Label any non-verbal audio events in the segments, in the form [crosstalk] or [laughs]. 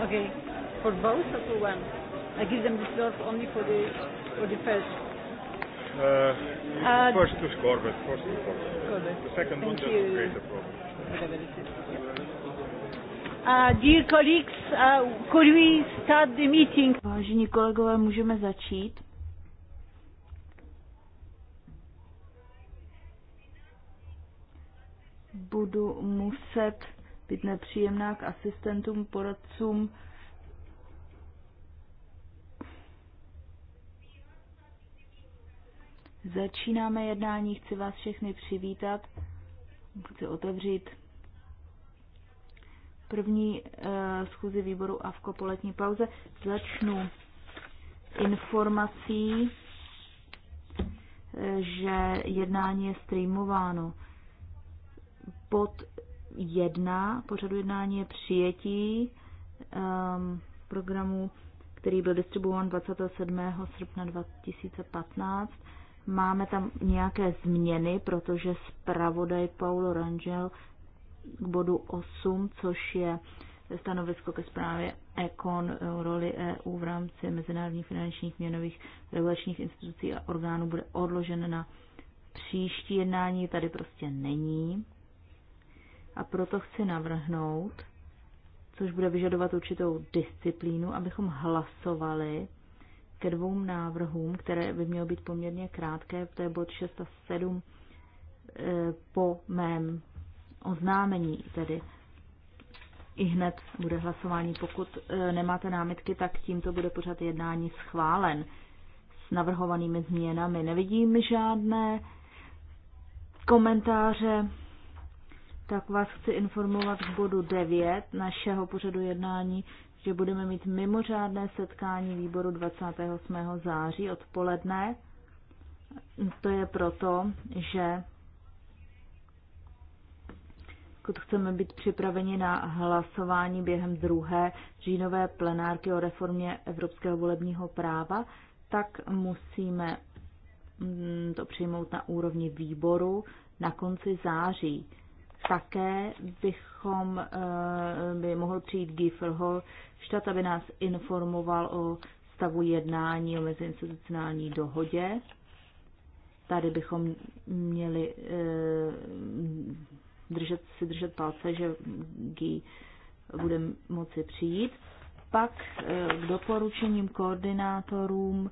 Okay. For both or for one? I give them the floor only for the for the first. Uh, uh, first to score, but First to score. Eh? The second Thank one you. doesn't create a problem. Whatever it is. Uh, dear colleagues, uh, could we start the meeting? Vážení kolegové, můžeme začít. Budu muset být nepříjemná k asistentům, poradcům. Začínáme jednání, chci vás všechny přivítat, chci otevřít první uh, schůzi výboru a v kopoletní pauze. Začnu informací, eh, že jednání je streamováno. pod jedna pořadu jednání je přijetí um, programu, který byl distribuován 27. srpna 2015. Máme tam nějaké změny, protože zpravodaj Paulo Rangel k bodu 8, což je stanovisko ke zprávě Econ roli EU v rámci mezinárodních finančních měnových regulačních institucí a orgánů bude odložen na příští jednání. Tady prostě není. A proto chci navrhnout, což bude vyžadovat určitou disciplínu, abychom hlasovali ke dvou návrhům, které by mělo být poměrně krátké, to je bod 6 a 7 eh, po mém oznámení, tedy i hned bude hlasování. Pokud eh, nemáte námitky, tak tímto bude pořád jednání schválen s navrhovanými změnami. Nevidím žádné komentáře, tak vás chci informovat k bodu 9 našeho pořadu jednání, že budeme mít mimořádné setkání výboru 28. září odpoledne. To je proto, že pokud chceme být připraveni na hlasování během druhé říjnové plenárky o reformě evropského volebního práva, tak musíme mm, to přijmout na úrovni výboru na konci září. Také bychom eh, by mohl přijít Giefer Štát aby nás informoval o stavu jednání o meziinstitucionální dohodě. Tady bychom měli eh, držet, si držet palce, že Guy bude moci přijít. Pak eh, k doporučením koordinátorům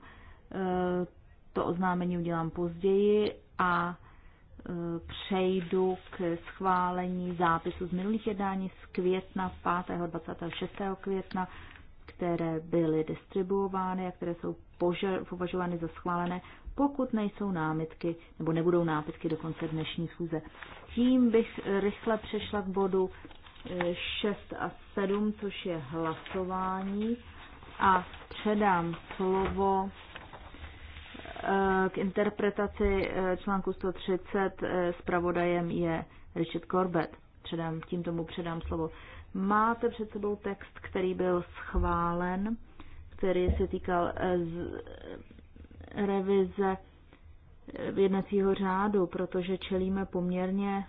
to oznámení udělám později a přejdu k schválení zápisu z minulých jednání z května 5. 26. května, které byly distribuovány a které jsou považovány za schválené, pokud nejsou námitky nebo nebudou námitky do konce dnešní schůze. Tím bych rychle přešla k bodu 6 eh, a 7, což je hlasování a předám slovo k interpretaci eh, článku 130 eh, zpravodajem je Richard Corbett. Předám, tím tomu předám slovo. Máte před sebou text, který byl schválen, který se týkal eh, z revize jednacího řádu, protože čelíme poměrně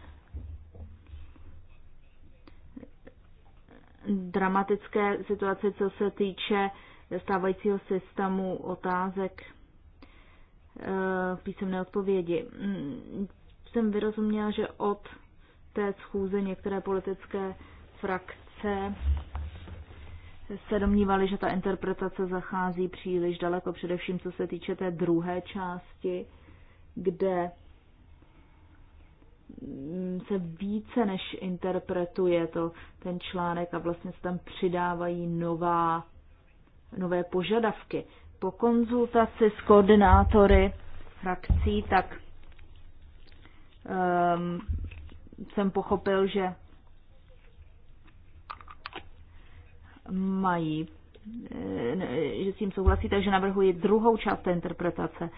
dramatické situaci, co se týče stávajícího systému otázek v eh, písemné odpovědi. Mm, jsem vyrozuměla, že od té schůze některé politické frakce se domnívali, že ta interpretace zachází příliš daleko, především co se týče té druhé části, kde mm, se více než interpretuje to, ten článek a vlastně se tam přidávají nová, nové požadavky po konzultaci s koordinátory frakcí, tak um, jsem pochopil, že mají, eh, že s tím souhlasí, takže navrhuji druhou část té interpretace.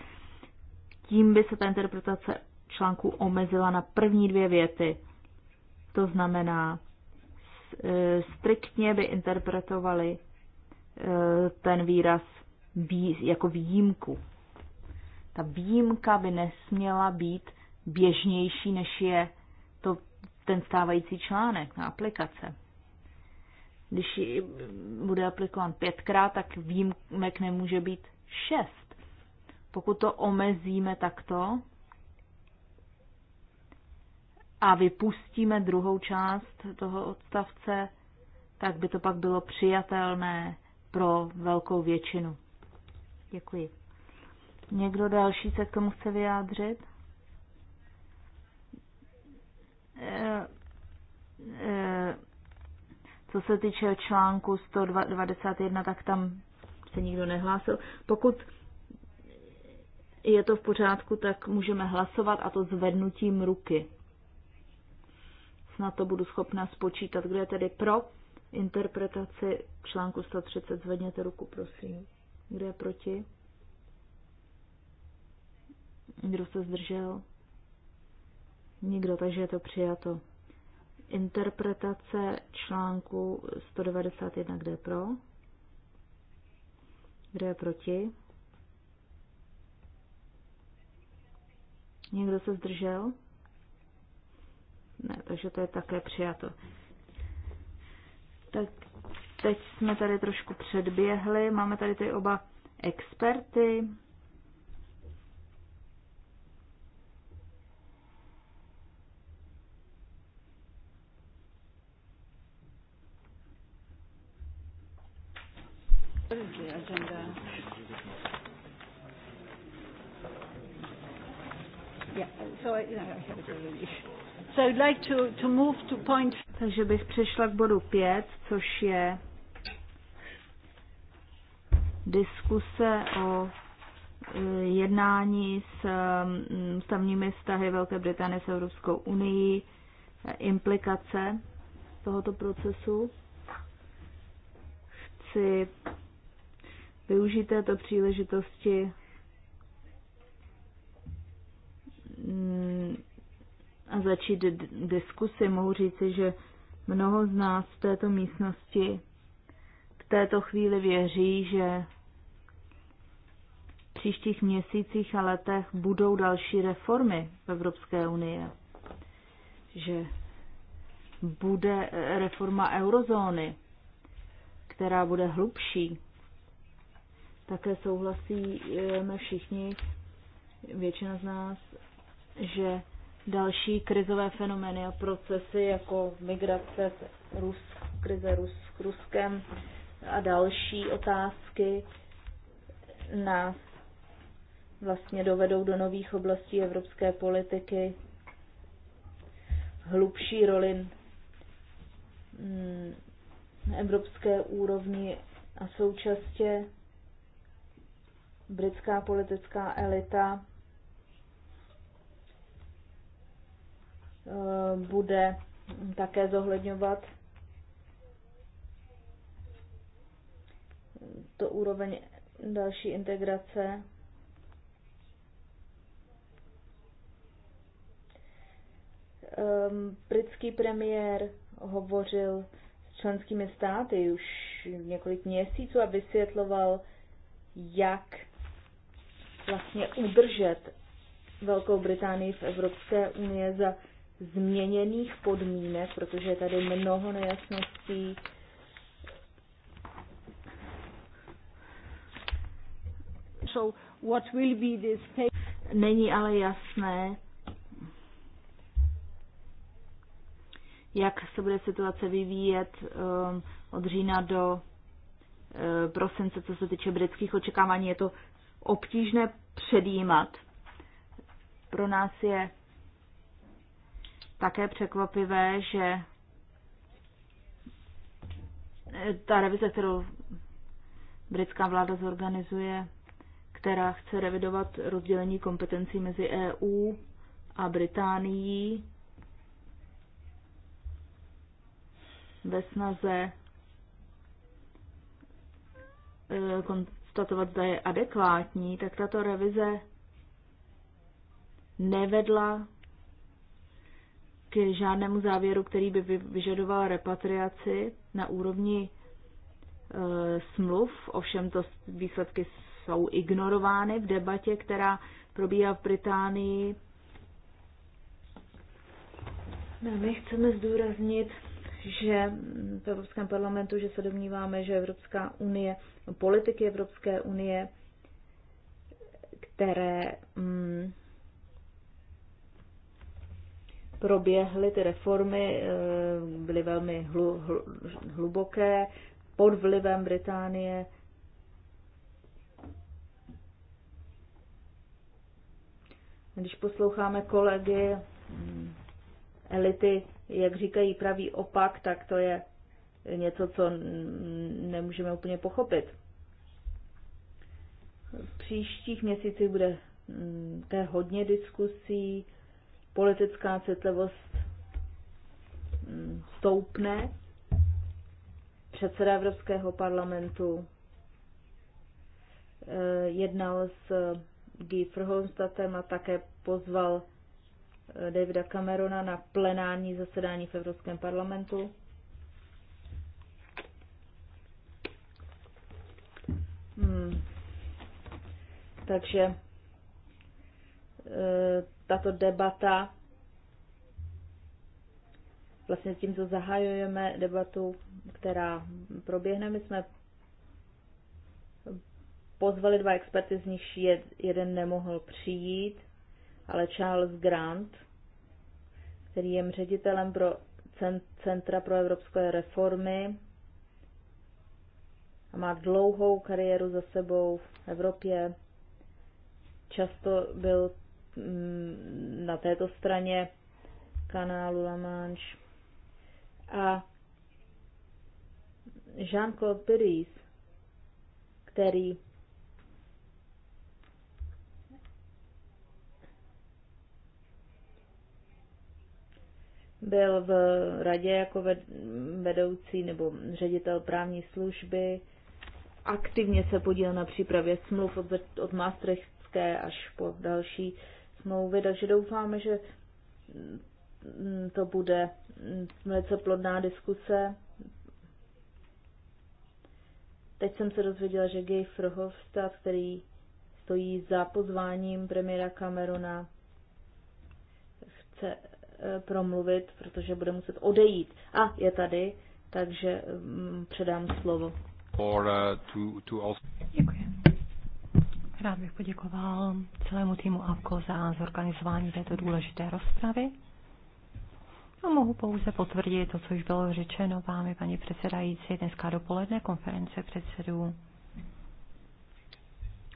Tím by se ta interpretace článku omezila na první dvě věty. To znamená, eh, striktně by interpretovali eh, ten výraz jako výjimku. Ta výjimka by nesměla být běžnější, než je to, ten stávající článek na aplikace. Když bude aplikován pětkrát, tak výjimek nemůže být šest. Pokud to omezíme takto a vypustíme druhou část toho odstavce, tak by to pak bylo přijatelné pro velkou většinu. Děkuji. Někdo další se k tomu chce vyjádřit? Eh, eh, co se týče článku 121, tak tam se nikdo nehlásil. Pokud je to v pořádku, tak můžeme hlasovat a to zvednutím ruky. Snad to budu schopna spočítat. Kdo je tedy pro interpretaci článku 130? Zvedněte ruku, prosím. Kdo je proti? Kdo se zdržel? Nikdo, takže je to přijato. Interpretace článku 191, kde je pro? Kdo je proti? Někdo se zdržel? Ne, takže to je také přijato. Tak Teď jsme tady trošku předběhli, máme tady ty oba experty. Takže bych přešla k bodu 5, což je Diskuse o e, jednání s mm, ústavními vztahy Velké Británie s Evropskou unii, e, implikace tohoto procesu. Chci využít této příležitosti mm, a začít diskusy. Mohu říci, že mnoho z nás v této místnosti této chvíli věří, že v příštích měsících a letech budou další reformy v Evropské unie. Že bude reforma eurozóny, která bude hlubší. Také souhlasíme všichni, většina z nás, že další krizové fenomény a procesy jako migrace, Rus, krize Rus, Ruskem, a další otázky nás vlastně dovedou do nových oblastí evropské politiky, hlubší roli mm, evropské úrovni a současně britská politická elita eh, bude také zohledňovat to úroveň další integrace. Um, britský premiér hovořil s členskými státy už několik měsíců a vysvětloval, jak vlastně udržet Velkou Británii v Evropské unii za změněných podmínek, protože je tady mnoho nejasností, So what will be this Není ale jasné, jak se bude situace vyvíjet um, od října do um, prosince, co se týče britských očekávání. Je to obtížné předjímat. Pro nás je také překvapivé, že eh, ta revize, kterou britská vláda zorganizuje, která chce revidovat rozdělení kompetencí mezi EU a Británií ve snaze e, konstatovat, zda je adekvátní, tak tato revize nevedla k žádnému závěru, který by vyžadoval repatriaci na úrovni e, smluv, ovšem to výsledky jsou ignorovány v debatě, která probíhá v Británii. No, my chceme zdůraznit, že v Evropském parlamentu, že se domníváme, že Evropská unie, politiky Evropské unie, které mm, proběhly, ty reformy eh, byly velmi hlu, hluboké pod vlivem Británie, Když posloucháme kolegy, mm, elity, jak říkají pravý opak, tak to je něco, co nemůžeme úplně pochopit. V příštích měsících bude mm, té hodně diskusí, politická citlivost mm, stoupne. Předseda Evropského parlamentu eh, jednal s Guy Verhofstadtem a také pozval eh, Davida Camerona na plenární zasedání v Evropském parlamentu. Hmm. Takže eh, tato debata, vlastně tím, co zahajujeme debatu, která proběhne, my jsme pozvali dva experty, z nich jeden nemohl přijít, ale Charles Grant, který je ředitelem pro Centra pro evropské reformy a má dlouhou kariéru za sebou v Evropě. Často byl mm, na této straně kanálu La Manche. A Jean-Claude Piris, který byl v radě jako vedoucí nebo ředitel právní služby, aktivně se podílel na přípravě smluv od, od Maastrichtské až po další smlouvy, takže doufáme, že to bude velice plodná diskuse. Teď jsem se dozvěděla, že Gay Frohovstad, který stojí za pozváním premiéra Camerona, chce Eh, promluvit, protože bude muset odejít. A je tady, takže mm, předám slovo. Or, uh, to, to also... Děkuji. Rád bych poděkoval celému týmu AVKO za zorganizování této důležité rozpravy. A mohu pouze potvrdit to, co už bylo řečeno vámi, paní předsedající, dneska dopoledne konference předsedů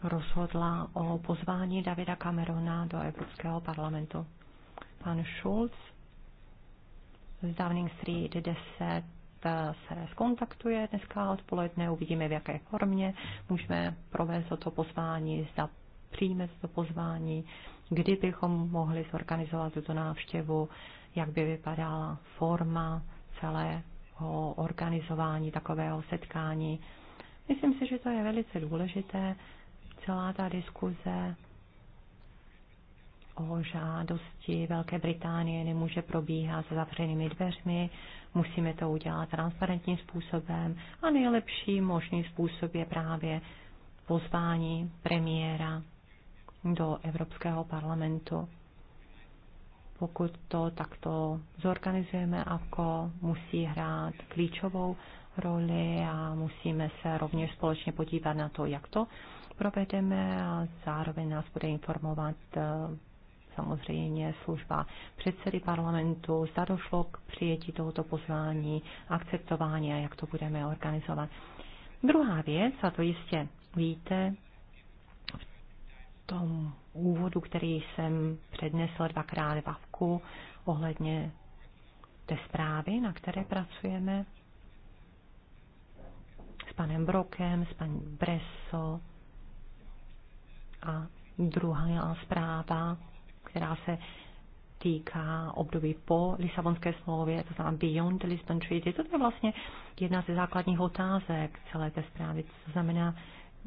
rozhodla o pozvání Davida Camerona do Evropského parlamentu. Pan Schulz z Downing Street 10 eh, se skontaktuje dneska odpoledne, uvidíme v jaké formě můžeme provést toto pozvání, zda přijme to pozvání, kdy bychom mohli zorganizovat tuto návštěvu, jak by vypadala forma celého organizování takového setkání. Myslím si, že to je velice důležité, celá ta diskuze o žádosti Velké Británie nemůže probíhat se zavřenými dveřmi, musíme to udělat transparentním způsobem a nejlepší možný způsob je právě pozvání premiéra do Evropského parlamentu. Pokud to takto zorganizujeme, AFKO musí hrát klíčovou roli a musíme se rovněž společně podívat na to, jak to provedeme a zároveň nás bude informovat eh, samozřejmě služba předsedy parlamentu, zda došlo k přijetí tohoto pozvání, akceptování a jak to budeme organizovat. Druhá věc, a to jistě víte, v tom úvodu, který jsem přednesl dvakrát v ohledně té zprávy, na které pracujeme s panem Brokem, s paní Bresso a druhá zpráva která se týká období po Lisabonské smlouvě, to znamená Beyond the Lisbon Treaty. To je vlastně jedna ze základních otázek celé té zprávy. To znamená,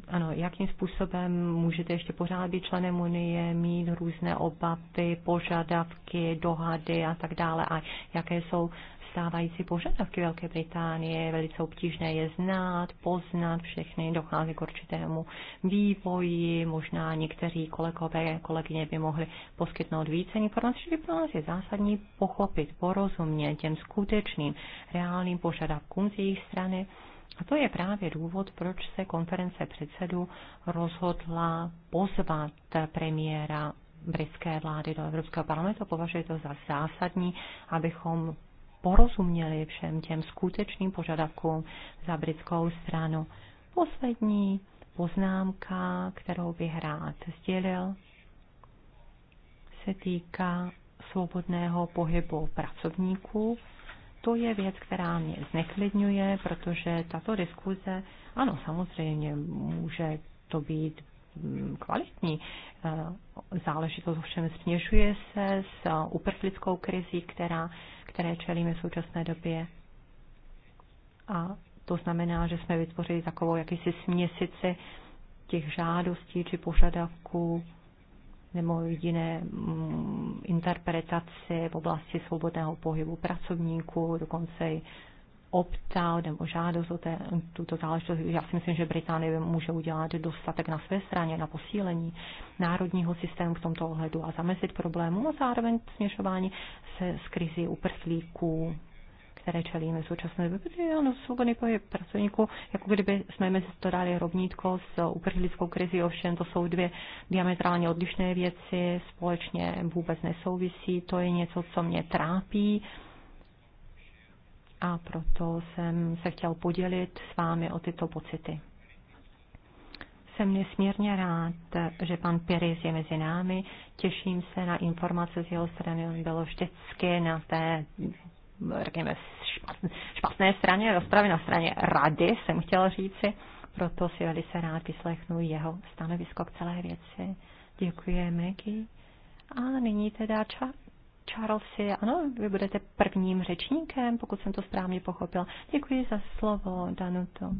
ano, jakým způsobem můžete ještě pořád být členem Unie, mít různé obavy, požadavky, dohady a tak dále a jaké jsou stávající požadavky Velké Británie, je velice obtížné je znát, poznat všechny, dochází k určitému vývoji, možná někteří kolegové, kolegyně by mohli poskytnout více informací, by pro nás je zásadní pochopit, porozumět těm skutečným, reálným požadavkům z jejich strany. A to je právě důvod, proč se konference předsedů rozhodla pozvat premiéra britské vlády do Evropského parlamentu. Považuji to za zásadní, abychom porozuměli všem těm skutečným požadavkům za britskou stranu. Poslední poznámka, kterou bych rád sdělil, se týká svobodného pohybu pracovníků. To je věc, která mě zneklidňuje, protože tato diskuze, ano, samozřejmě může to být Mm, kvalitní eh, záležitost, ovšem směšuje se s eh, uprchlickou krizí, která, které čelíme v současné době. A to znamená, že jsme vytvořili takovou jakýsi směsici těch žádostí či požadavků nebo jiné mm, interpretaci v oblasti svobodného pohybu pracovníků, dokonce i optal nebo žádost o té, tuto záležitost. Já si myslím, že Británie může udělat dostatek na své straně na posílení národního systému v tomto ohledu a zamezit problémům a zároveň směšování se z krizi uprchlíků které čelíme v současné době, ano, svobodný pohyb pracovníků, jako kdyby jsme mezi to dali rovnítko s uprchlickou krizi, ovšem to jsou dvě diametrálně odlišné věci, společně vůbec nesouvisí, to je něco, co mě trápí a proto jsem se chtěl podělit s vámi o tyto pocity. Jsem nesmírně rád, že pan Piris je mezi námi. Těším se na informace z jeho strany. On byl vždycky na té řekněme, špatné straně rozpravy, na straně rady, jsem chtěl říci. Proto si velice rád vyslechnu jeho stanovisko k celé věci. Děkuji, Maggie. A nyní teda čas Charlesy, ano, vy budete prvním řečníkem, pokud jsem to správně pochopil. Děkuji za slovo, Danuto.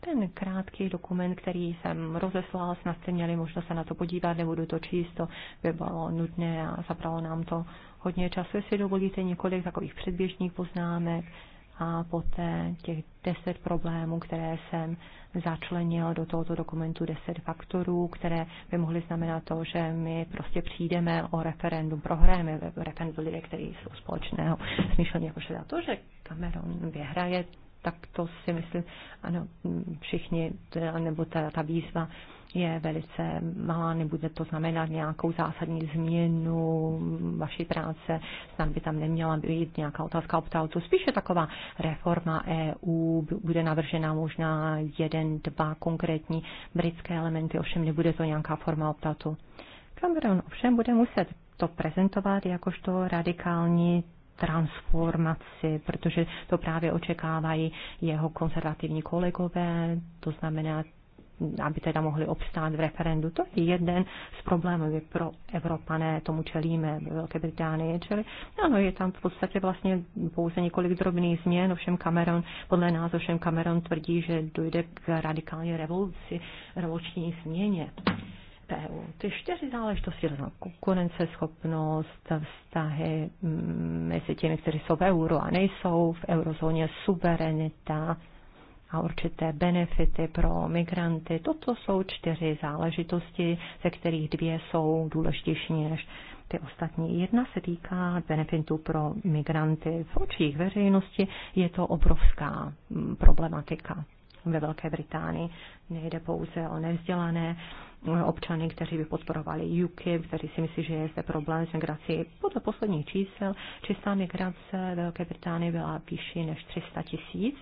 Ten krátký dokument, který jsem rozeslal, snad jste měli možnost se na to podívat, nebudu to číst, to by bylo nudné a zabralo nám to hodně času. Jestli dovolíte několik takových předběžných poznámek, a poté těch deset problémů, které jsem začlenil do tohoto dokumentu, deset faktorů, které by mohly znamenat to, že my prostě přijdeme o referendum, prohráme referendum lidé, který jsou společného smýšlení, jakože za to, že Cameron vyhraje, tak to si myslím, ano, všichni, nebo ta, ta výzva je velice malá, nebude to znamenat nějakou zásadní změnu vaší práce, snad by tam neměla být nějaká otázka opt spíše taková reforma EU, bude navržena možná jeden, dva konkrétní britské elementy, ovšem nebude to nějaká forma opt Cameron ovšem bude muset to prezentovat jakožto radikální transformaci, protože to právě očekávají jeho konzervativní kolegové, to znamená aby teda mohli obstát v referendu. To je jeden z problémů, kdy pro Evropané tomu čelíme Velké Británii. čeli. ano, je tam v podstatě vlastně pouze několik drobných změn, ovšem Cameron, podle nás ovšem Cameron tvrdí, že dojde k radikální revoluci, revoluční změně. EU. Ty čtyři záležitosti, konkurenceschopnost, vztahy mm, mezi těmi, kteří jsou v euro a nejsou v eurozóně, suverenita, a určité benefity pro migranty. Toto jsou čtyři záležitosti, ze kterých dvě jsou důležitější než ty ostatní. Jedna se týká benefitu pro migranty. V očích veřejnosti je to obrovská mm, problematika ve Velké Británii. Nejde pouze o nevzdělané mm, občany, kteří by podporovali UKIP, kteří si myslí, že je zde problém s migrací. Podle posledních čísel čistá migrace Velké Británie byla vyšší než 300 tisíc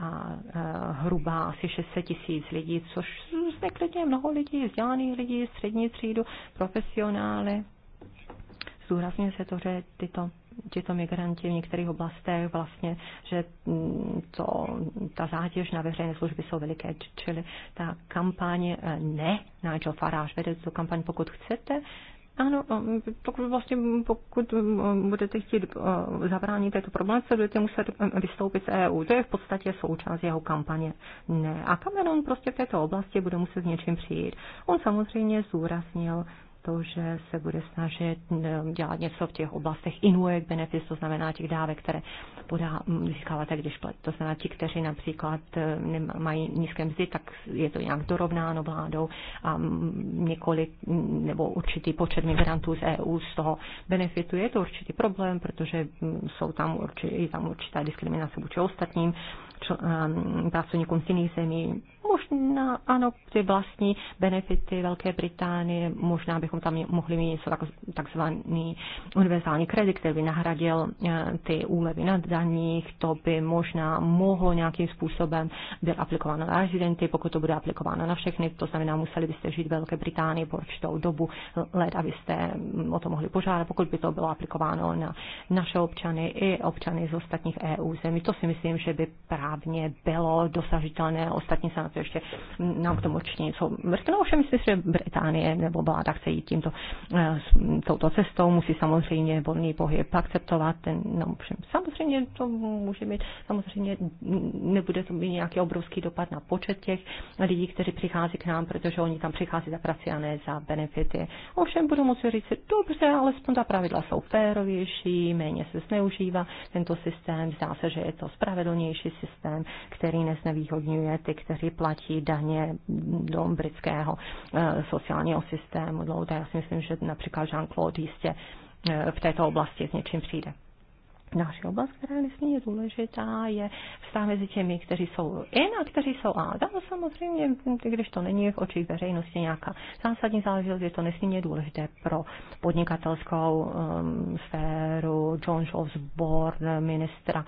a e, hrubá asi 600 tisíc lidí, což je mnoho lidí, vzdělaných lidí, střední třídu, profesionály. Zdůrazňuje se to, že tyto tito migranti v některých oblastech vlastně, že mm, to, ta zátěž na veřejné služby jsou veliké, čili ta kampaň e, ne, Nigel Farage vede tu kampaň, pokud chcete ano, pokud, vlastně, pokud budete chtít zabránit této problémce, budete muset um, vystoupit z EU. To je v podstatě součást jeho kampaně. Ne. A Cameron prostě v této oblasti bude muset s něčím přijít. On samozřejmě zúraznil to, že se bude snažit eh, dělat něco v těch oblastech inward benefits, to znamená těch dávek, které podá, hm, získáváte, když plat. To znamená ti, kteří například eh, mají nízké mzdy, tak je to nějak dorovnáno vládou a hm, několik hm, nebo určitý počet migrantů z EU z toho benefituje. Je to určitý problém, protože jsou tam, určitý, tam určitá diskriminace vůči ostatním pracovníkům z jiných zemí, Možná ano, ty vlastní benefity Velké Británie, možná bychom tam mohli mít něco tak, takzvaný univerzální kredit, který by nahradil eh, ty úlevy na daních, to by možná mohlo nějakým způsobem být aplikováno na rezidenty, pokud to bude aplikováno na všechny, to znamená, museli byste žít v Velké Británii po určitou dobu let, abyste mm, o to mohli požádat, pokud by to bylo aplikováno na naše občany i občany z ostatních EU zemí. To si myslím, že by právně bylo dosažitelné, ostatní se na ještě nám k tomu určitě něco mrkne. Ovšem myslím si, že Británie nebo vláda chce jít tímto, eh, touto cestou, musí samozřejmě volný pohyb akceptovat. Ten, no, všem, samozřejmě to může mít, samozřejmě nebude to mít nějaký obrovský dopad na počet těch lidí, kteří přichází k nám, protože oni tam přichází za prací a ne za benefity. Ovšem budu moci říct, dobře, alespoň ta pravidla jsou férovější, méně se zneužívá tento systém, zdá se, že je to spravedlnější systém, který neznevýhodňuje ty, kteří platí daně do britského eh, sociálního systému dlouhé. Já si myslím, že například Jean-Claude jistě eh, v této oblasti s něčím přijde. Další oblast, která je nesmírně důležitá, je vztah mezi těmi, kteří jsou in a kteří jsou out. A samozřejmě, když to není v očích veřejnosti nějaká zásadní záležitost, je to nesmírně důležité pro podnikatelskou um, sféru. John Jones board ministra uh,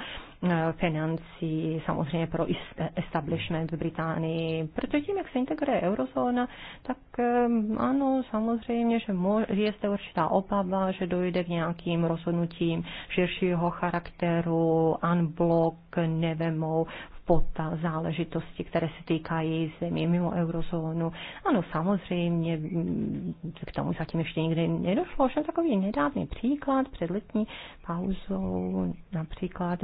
financí, samozřejmě pro establishment v Británii. Protože tím, jak se integruje eurozóna, tak ano, samozřejmě, že je zde určitá obava, že dojde k nějakým rozhodnutím širšího charakteru, unblock, nevemou v pota záležitosti, které se týkají zemí mimo eurozónu. Ano, samozřejmě, k tomu zatím ještě nikdy nedošlo, že takový nedávný příklad před letní pauzou, například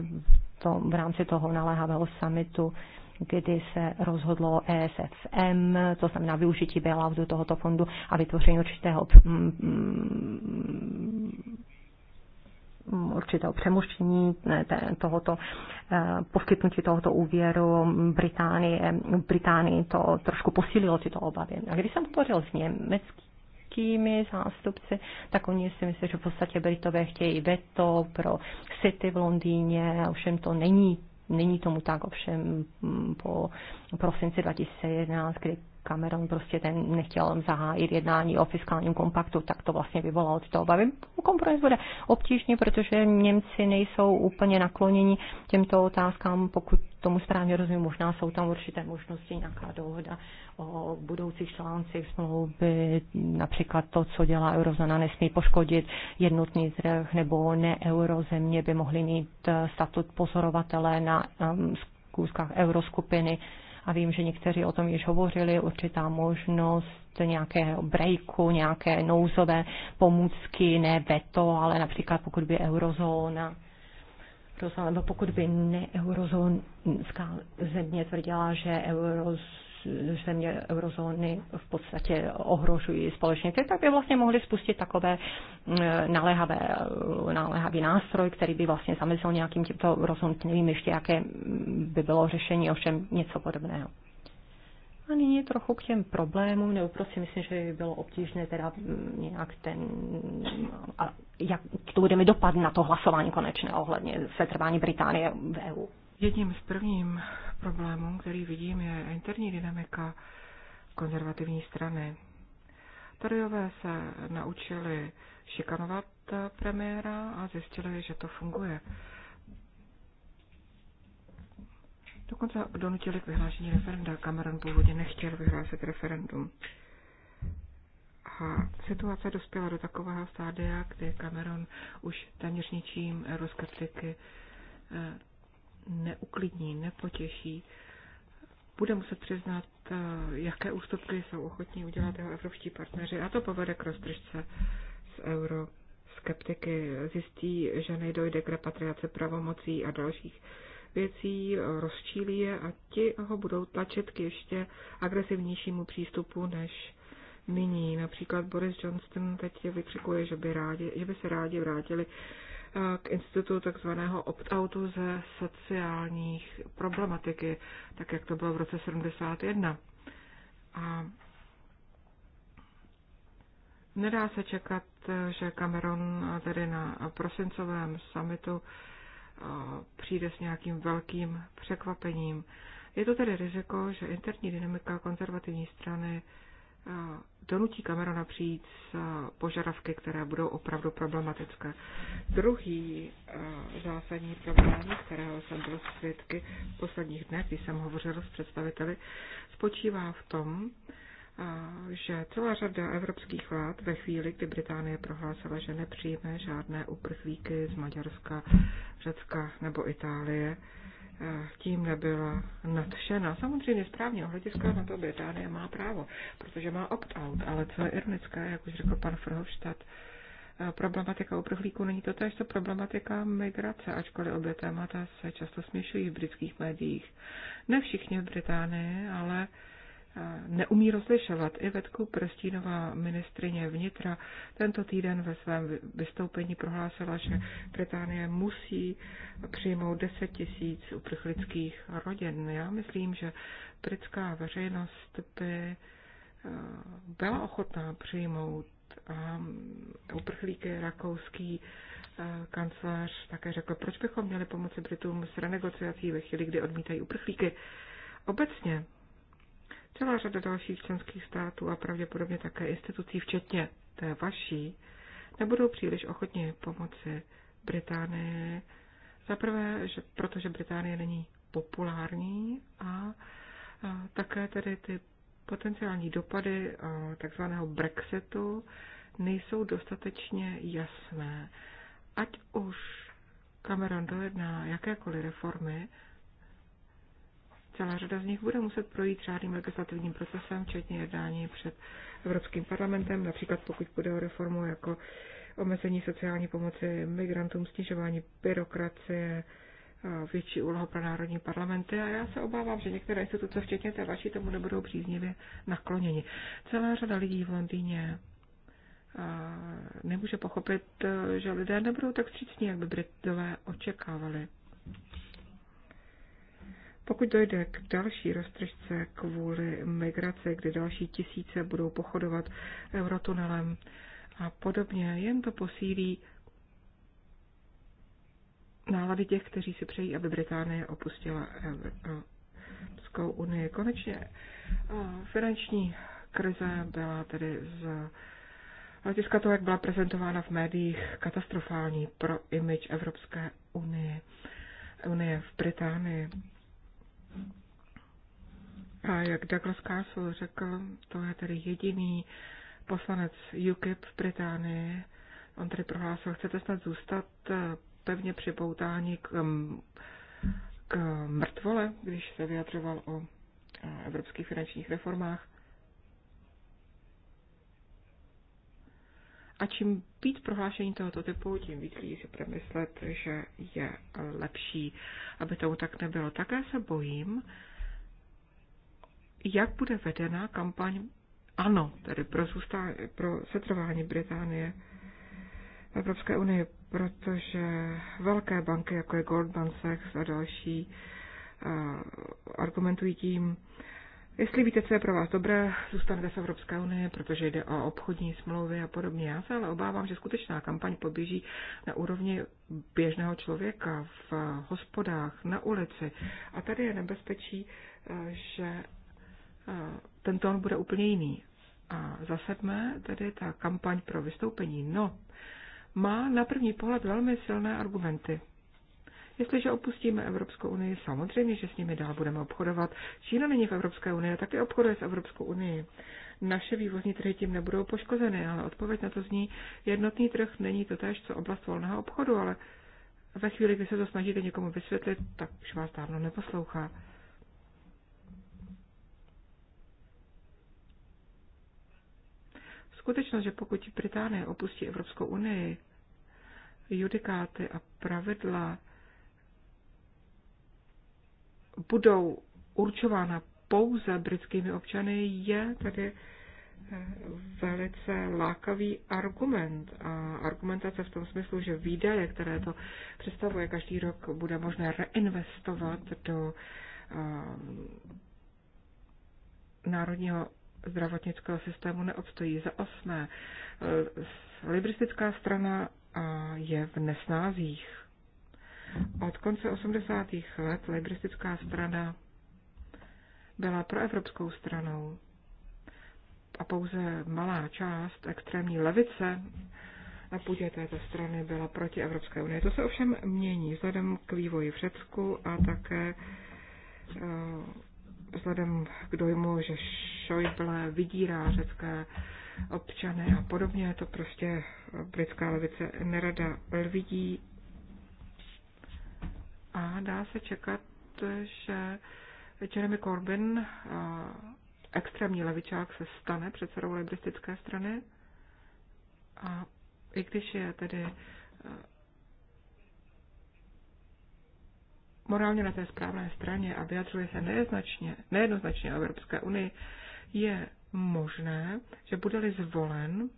to, v rámci toho naléhavého summitu kdy se rozhodlo o e ESFM, to znamená využití bailoutu tohoto fondu a vytvoření určitého určitého přemoštění tohoto, eh, poskytnutí tohoto úvěru Británii, Británii to trošku posílilo tyto obavy. A když jsem hovořil s německým britskými zástupci, tak oni si myslí, že v podstatě Britové chtějí veto pro City v Londýně, ovšem to není Není tomu tak ovšem mm, po prosinci 2011, kdy Cameron prostě ten nechtěl zahájit jednání o fiskálním kompaktu, tak to vlastně vyvolalo tyto obavy. Kompromis bude obtížný, protože Němci nejsou úplně nakloněni těmto otázkám, pokud tomu správně rozumím, možná jsou tam určité možnosti, nějaká dohoda o budoucích článcích smlouvy, například to, co dělá eurozona, nesmí poškodit jednotný trh, nebo ne eurozemě by mohly mít eh, statut pozorovatele na um, zkouškách euroskupiny a vím, že někteří o tom již hovořili, určitá možnost nějakého breaku, nějaké nouzové pomůcky, ne veto, ale například pokud by eurozóna nebo pokud by neeurozónská země tvrdila, že eurozóna země eurozóny v podstatě ohrožují společně tak by vlastně mohli spustit takové mm, naléhavé, naléhavý nástroj, který by vlastně zamezil nějakým tímto rozhodnutím, nevím ještě, jaké by bylo řešení, ovšem něco podobného. A nyní trochu k těm problémům, nebo prostě myslím, že by bylo obtížné teda mm, nějak ten, a jak to bude mi dopad na to hlasování konečné ohledně setrvání Británie v EU. Jedním z prvním problémů, který vidím, je interní dynamika konzervativní strany. Toriové se naučili šikanovat premiéra a zjistili, že to funguje. Dokonce donutili k vyhlášení referenda. Cameron původně nechtěl vyhlásit referendum. A situace dospěla do takového stádia, kdy Cameron už téměř ničím euroskeptiky eh, neuklidní, nepotěší. Bude muset přiznat, eh, jaké ústupky jsou ochotní udělat jeho evropští partneři a to povede k roztržce z euro. Skeptiky zjistí, že nejdojde k repatriaci pravomocí a dalších věcí, rozčílí je a ti ho budou tlačit k ještě agresivnějšímu přístupu než nyní. Například Boris Johnston teď vykřikuje, že by, rádi, že by se rádi vrátili k institutu takzvaného opt-outu ze sociálních problematiky, tak jak to bylo v roce 71. A nedá se čekat, že Cameron tedy na prosincovém summitu přijde s nějakým velkým překvapením. Je to tedy riziko, že interní dynamika konzervativní strany donutí Camerona přijít s požadavky, které budou opravdu problematické. Druhý zásadní problém, kterého jsem byl svědky v posledních dnech, když jsem hovořil s představiteli, spočívá v tom, že celá řada evropských vlád ve chvíli, kdy Británie prohlásila, že nepřijme žádné uprchlíky z Maďarska, Řecka nebo Itálie, tím nebyla nadšena. Samozřejmě správně hlediska na to Británie má právo, protože má opt-out, ale co je ironické, jak už řekl pan Frhofstadt, eh, problematika uprchlíků není to tež, co problematika migrace, ačkoliv obě témata se často směšují v britských médiích. Ne všichni v Británii, ale uh, neumí rozlišovat. Ivetku Prstínová ministrině vnitra tento týden ve svém vystoupení prohlásila, že Británie musí přijmout 10 tisíc uprchlických rodin. Já myslím, že britská veřejnost by e, byla ochotná přijmout uprchlíky rakouský e, kancelář také řekl, proč bychom měli pomoci Britům s renegociací ve chvíli, kdy odmítají uprchlíky. Obecně celá řada dalších členských států a pravděpodobně také institucí, včetně té vaší, nebudou příliš ochotně pomoci Británii. Za prvé, že, protože Británie není populární a, a také tedy ty potenciální dopady takzvaného Brexitu nejsou dostatečně jasné. Ať už Cameron dojedná jakékoliv reformy, Celá řada z nich bude muset projít řádným legislativním procesem, včetně jednání před Evropským parlamentem, například pokud bude o reformu jako omezení sociální pomoci migrantům, snižování byrokracie, větší úloha pro národní parlamenty a já se obávám, že některé instituce, včetně té vaší, tomu nebudou příznivě nakloněni. Celá řada lidí v Londýně nemůže pochopit, že lidé nebudou tak vstřícní, jak by Britové očekávali. Pokud dojde k další roztržce kvůli migraci, kdy další tisíce budou pochodovat eurotunelem a podobně, jen to posílí nálady těch, kteří si přejí, aby Británie opustila Evropskou unii. Konečně finanční krize byla tedy z hlediska toho, jak byla prezentována v médiích, katastrofální pro image Evropské unie, unie v Británii. A jak Douglas Castle řekl, to je tedy jediný poslanec UKIP v Británii. On tedy prohlásil, chcete snad zůstat eh, pevně připoutání k, mm, k mrtvole, když se vyjadřoval o eh, evropských finančních reformách. A čím být prohlášení tohoto typu, tím víc lidí si premyslet, že je lepší, aby tomu tak nebylo. Také se bojím, jak bude vedená kampaň ano, tedy pro, zůstá, pro setrvání Británie v Evropské unii, protože velké banky, jako je Goldman Sachs a další, eh, argumentují tím, jestli víte, co je pro vás dobré, zůstanete v Evropské unii, protože jde o obchodní smlouvy a podobně. Já se ale obávám, že skutečná kampaň poběží na úrovni běžného člověka v hospodách, na ulici. A tady je nebezpečí, eh, že ten tón bude úplně jiný. A za sedmé, tedy ta kampaň pro vystoupení, no, má na první pohled velmi silné argumenty. Jestliže opustíme Evropskou unii, samozřejmě, že s nimi dál budeme obchodovat. Čína není v Evropské unii, taky obchoduje s Evropskou unii. Naše vývozní trhy tím nebudou poškozeny, ale odpověď na to zní, jednotný trh není to též, co oblast volného obchodu, ale ve chvíli, kdy se to snažíte někomu vysvětlit, tak už vás dávno neposlouchá. Skutečnost, že pokud Británie opustí Evropskou unii, judikáty a pravidla budou určována pouze britskými občany, je tady eh, velice lákavý argument. A argumentace v tom smyslu, že výdaje, které to představuje každý rok, bude možné reinvestovat do eh, národního zdravotnického systému neobstojí. Za osmé, e, libristická strana je v nesnázích. Od konce 80. let libristická strana byla proevropskou stranou a pouze malá část extrémní levice na půdě této strany byla proti Evropské unii. To se ovšem mění vzhledem k vývoji v Řecku a také e, vzhledem k dojmu, že Schäuble vydírá řecké občany a podobně, to prostě britská levice nerada vidí. A dá se čekat, že Jeremy Corbyn, extrémní levičák, se stane předsedou libristické strany. A i když je tedy morálně na té správné straně a vyjadřuje se nejednoznačně, nejednoznačně o Evropské unii, je možné, že bude-li zvolen,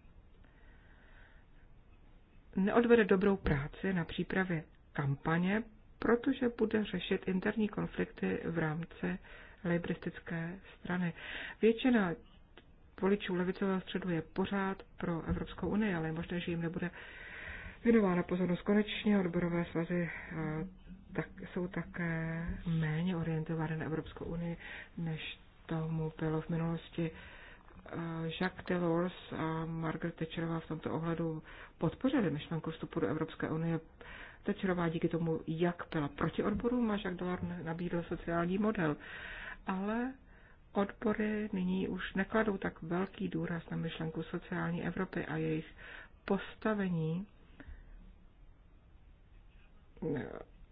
neodvede dobrou práci na přípravě kampaně, protože bude řešit interní konflikty v rámci libristické strany. Většina voličů levicového středu je pořád pro Evropskou unii, ale je možné, že jim nebude věnována pozornost. Konečně odborové svazy tak, jsou také méně orientované na Evropskou unii, než tomu bylo v minulosti. Eh, Jacques Delors a Margaret Thatcherová v tomto ohledu podpořili myšlenku vstupu do Evropské unie. Thatcherová díky tomu, jak byla proti odborům a Jacques Delors nabídl sociální model. Ale odbory nyní už nekladou tak velký důraz na myšlenku sociální Evropy a jejich postavení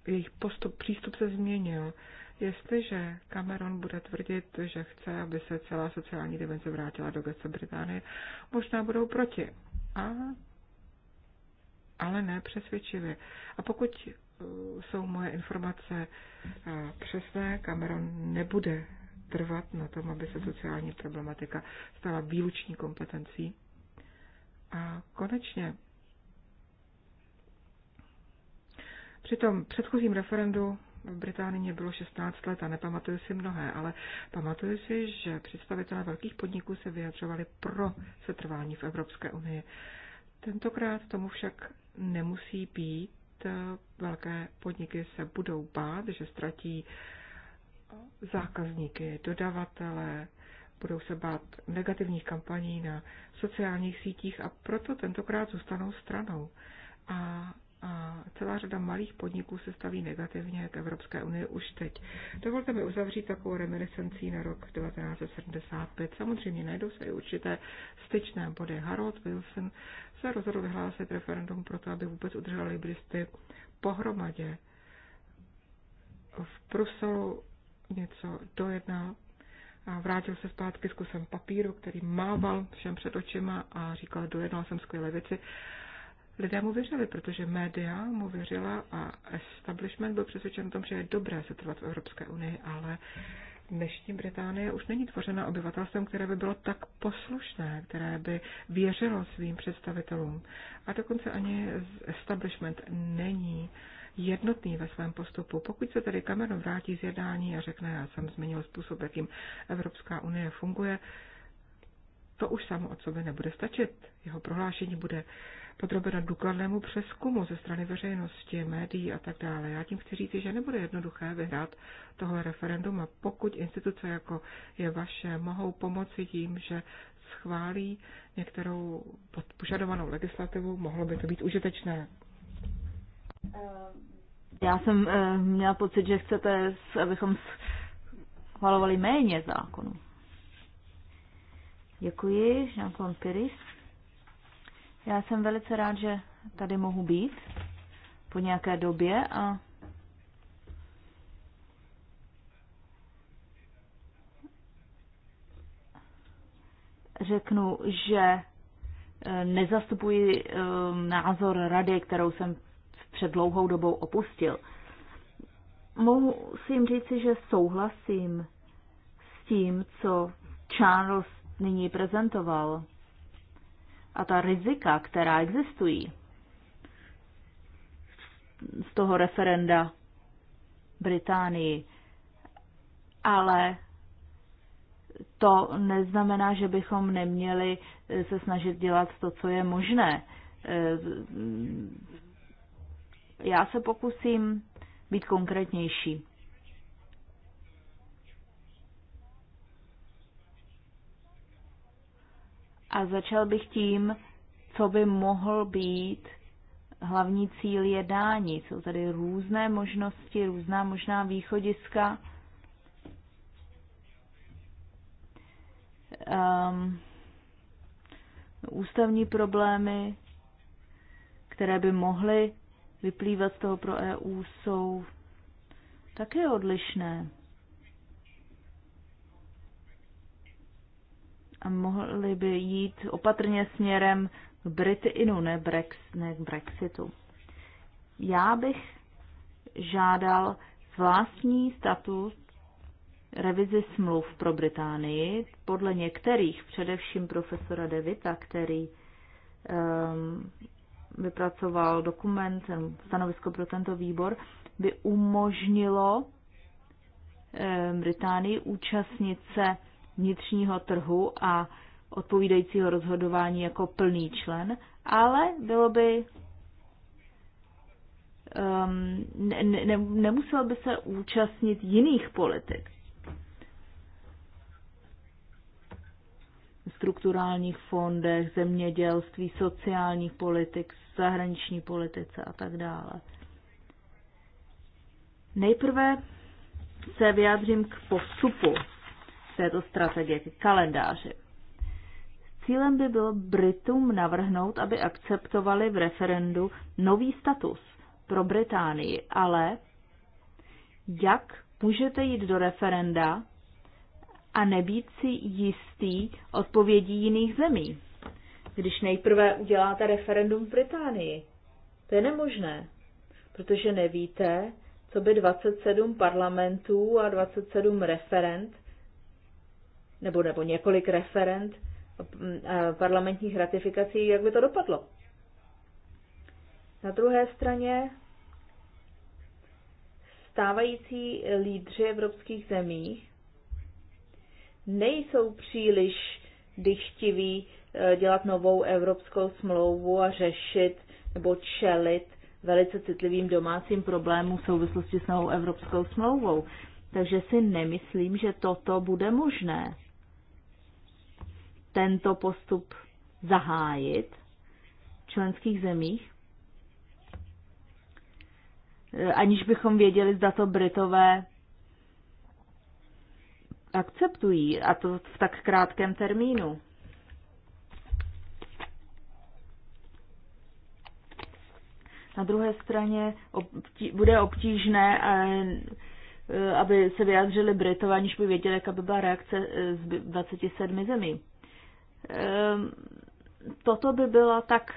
jejich postup, přístup se změnil. Jestliže Cameron bude tvrdit, že chce, aby se celá sociální dimenze vrátila do gece Británie, možná budou proti. A, ale ne přesvědčivě. A pokud uh, jsou moje informace uh, přesné, Cameron nebude trvat na tom, aby se sociální problematika stala výluční kompetencí. A konečně Při tom předchozím referendu v Británii mě bylo 16 let a nepamatuju si mnohé, ale pamatuju si, že představitelé velkých podniků se vyjadřovali pro setrvání v Evropské unii. Tentokrát tomu však nemusí být. Eh, velké podniky se budou bát, že ztratí zákazníky, dodavatele, budou se bát negativních kampaní na sociálních sítích a proto tentokrát zůstanou stranou. A a celá řada malých podniků se staví negativně k Evropské unii už teď. Dovolte mi uzavřít takovou reminiscencí na rok 1975. Samozřejmě najdou se i určité styčné body. Harold Wilson se rozhodl vyhlásit referendum proto, aby vůbec udrželi libristy pohromadě. V Bruselu něco dojednal a vrátil se zpátky s kusem papíru, který mával všem před očima a říkal, dojednal jsem skvělé věci lidé mu věřili, protože média mu věřila a establishment byl přesvědčen o tom, že je dobré trvat v Evropské unii, ale dnešní Británie už není tvořena obyvatelstvem, které by bylo tak poslušné, které by věřilo svým představitelům. A dokonce ani establishment není jednotný ve svém postupu. Pokud se tedy Cameron vrátí z jednání a řekne, já jsem změnil způsob, jakým Evropská unie funguje, to už samo od sobě nebude stačit. Jeho prohlášení bude podrobena důkladnému přeskumu ze strany veřejnosti, médií a tak dále. Já tím chci říct, že nebude jednoduché vyhrát tohle referendum a pokud instituce jako je vaše mohou pomoci tím, že schválí některou požadovanou legislativu, mohlo by to být užitečné. Eh, já jsem eh, měla pocit, že chcete, abychom schvalovali méně zákonů. Děkuji, Jean-Claude Piris. Já jsem velice rád, že tady mohu být po nějaké době a řeknu, že eh, nezastupuji eh, názor rady, kterou jsem před dlouhou dobou opustil. Mohu si jim říci, že souhlasím s tím, co Charles nyní prezentoval a ta rizika, která existují z toho referenda Británii. Ale to neznamená, že bychom neměli se snažit dělat to, co je možné. Eh, já se pokusím být konkrétnější. A začal bych tím, co by mohl být hlavní cíl jednání. Jsou tady různé možnosti, různá možná východiska. Um, ústavní problémy, které by mohly vyplývat z toho pro EU, jsou také odlišné. a mohli by jít opatrně směrem k Britinu, no, ne, Brex, ne k Brexitu. Já bych žádal zvláštní status revizi smluv pro Británii, podle některých, především profesora Devita, který um, vypracoval dokument, stanovisko pro tento výbor, by umožnilo um, Británii účastnit se vnitřního trhu a odpovídajícího rozhodování jako plný člen, ale bylo by um, ne, ne, nemusel by se účastnit jiných politik. strukturálních fondech, zemědělství, sociálních politik, zahraniční politice a tak dále. Nejprve se vyjádřím k postupu této strategie, k kalendáři. Cílem by bylo Britům navrhnout, aby akceptovali v referendu nový status pro Británii, ale jak můžete jít do referenda a nebýt si jistý odpovědí jiných zemí, když nejprve uděláte referendum v Británii? To je nemožné, protože nevíte, co by 27 parlamentů a 27 referent nebo, nebo několik referent mm, parlamentních ratifikací, jak by to dopadlo. Na druhé straně stávající lídři evropských zemí nejsou příliš dychtiví e, dělat novou evropskou smlouvu a řešit nebo čelit velice citlivým domácím problémům v souvislosti s novou evropskou smlouvou. Takže si nemyslím, že toto bude možné tento postup zahájit v členských zemích, aniž bychom věděli, zda to Britové akceptují, a to v tak krátkém termínu. Na druhé straně obtí, bude obtížné, eh, eh, aby se vyjádřili Britové, aniž by věděli, jaká by byla reakce eh, z 27 zemí. Ehm, toto by byla tak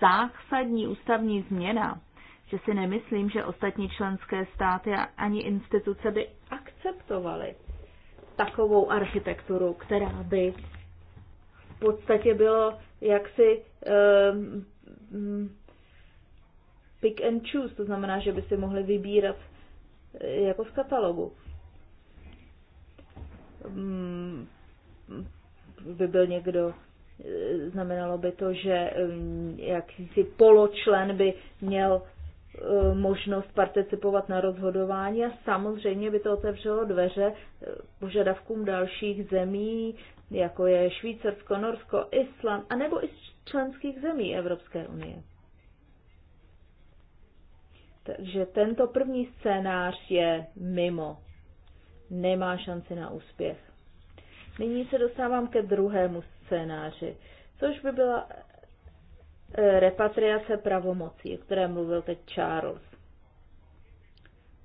zásadní ústavní změna, že si nemyslím, že ostatní členské státy a ani instituce by akceptovaly takovou architekturu, která by v podstatě bylo jaksi um, pick and choose, to znamená, že by si mohli vybírat eh, jako z katalogu. Um, by byl někdo, eh, znamenalo by to, že eh, jakýsi poločlen by měl eh, možnost participovat na rozhodování a samozřejmě by to otevřelo dveře požadavkům dalších zemí, jako je Švýcarsko, Norsko, Island, anebo i členských zemí Evropské unie. Takže tento první scénář je mimo. Nemá šanci na úspěch. Nyní se dostávám ke druhému scénáři, což by byla eh, repatriace pravomocí, o které mluvil teď Charles.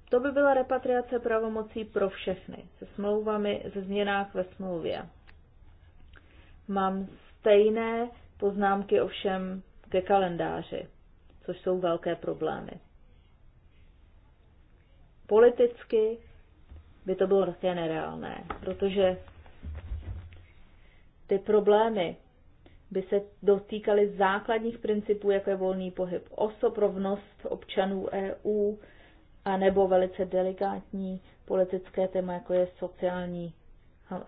To by byla repatriace pravomocí pro všechny, se smlouvami, ze změnách ve smlouvě. Mám stejné poznámky ovšem ke kalendáři, což jsou velké problémy. Politicky by to bylo také nereálné, protože ty problémy by se dotýkaly základních principů, jako je volný pohyb osob, rovnost občanů EU, a nebo velice delikátní politické téma, jako je sociální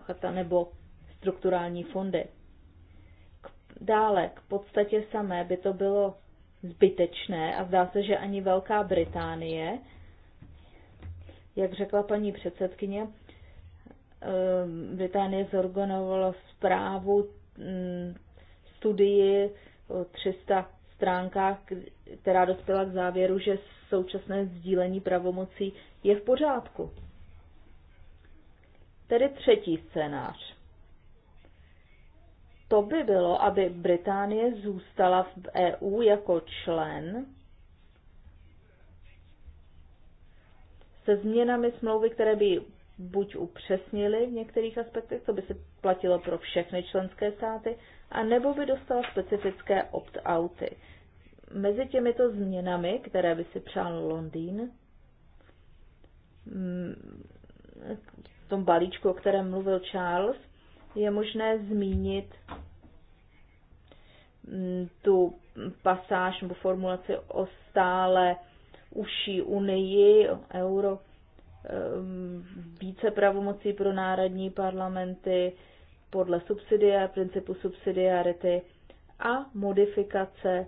chata nebo strukturální fondy. Dále, k podstatě samé by to bylo zbytečné a zdá se, že ani Velká Británie, jak řekla paní předsedkyně, Eh, Británie zorganovala zprávu, mm, studii o 300 stránkách, která dospěla k závěru, že současné sdílení pravomocí je v pořádku. Tedy třetí scénář. To by bylo, aby Británie zůstala v EU jako člen se změnami smlouvy, které by buď upřesnili v některých aspektech, co by se platilo pro všechny členské státy, a nebo by dostala specifické opt-outy. Mezi těmito změnami, které by si přál Londýn, mm, v tom balíčku, o kterém mluvil Charles, je možné zmínit mm, tu pasáž nebo formulaci o stále uší unii, euro, Ehm, více pravomocí pro národní parlamenty podle subsidia, principu subsidiarity a modifikace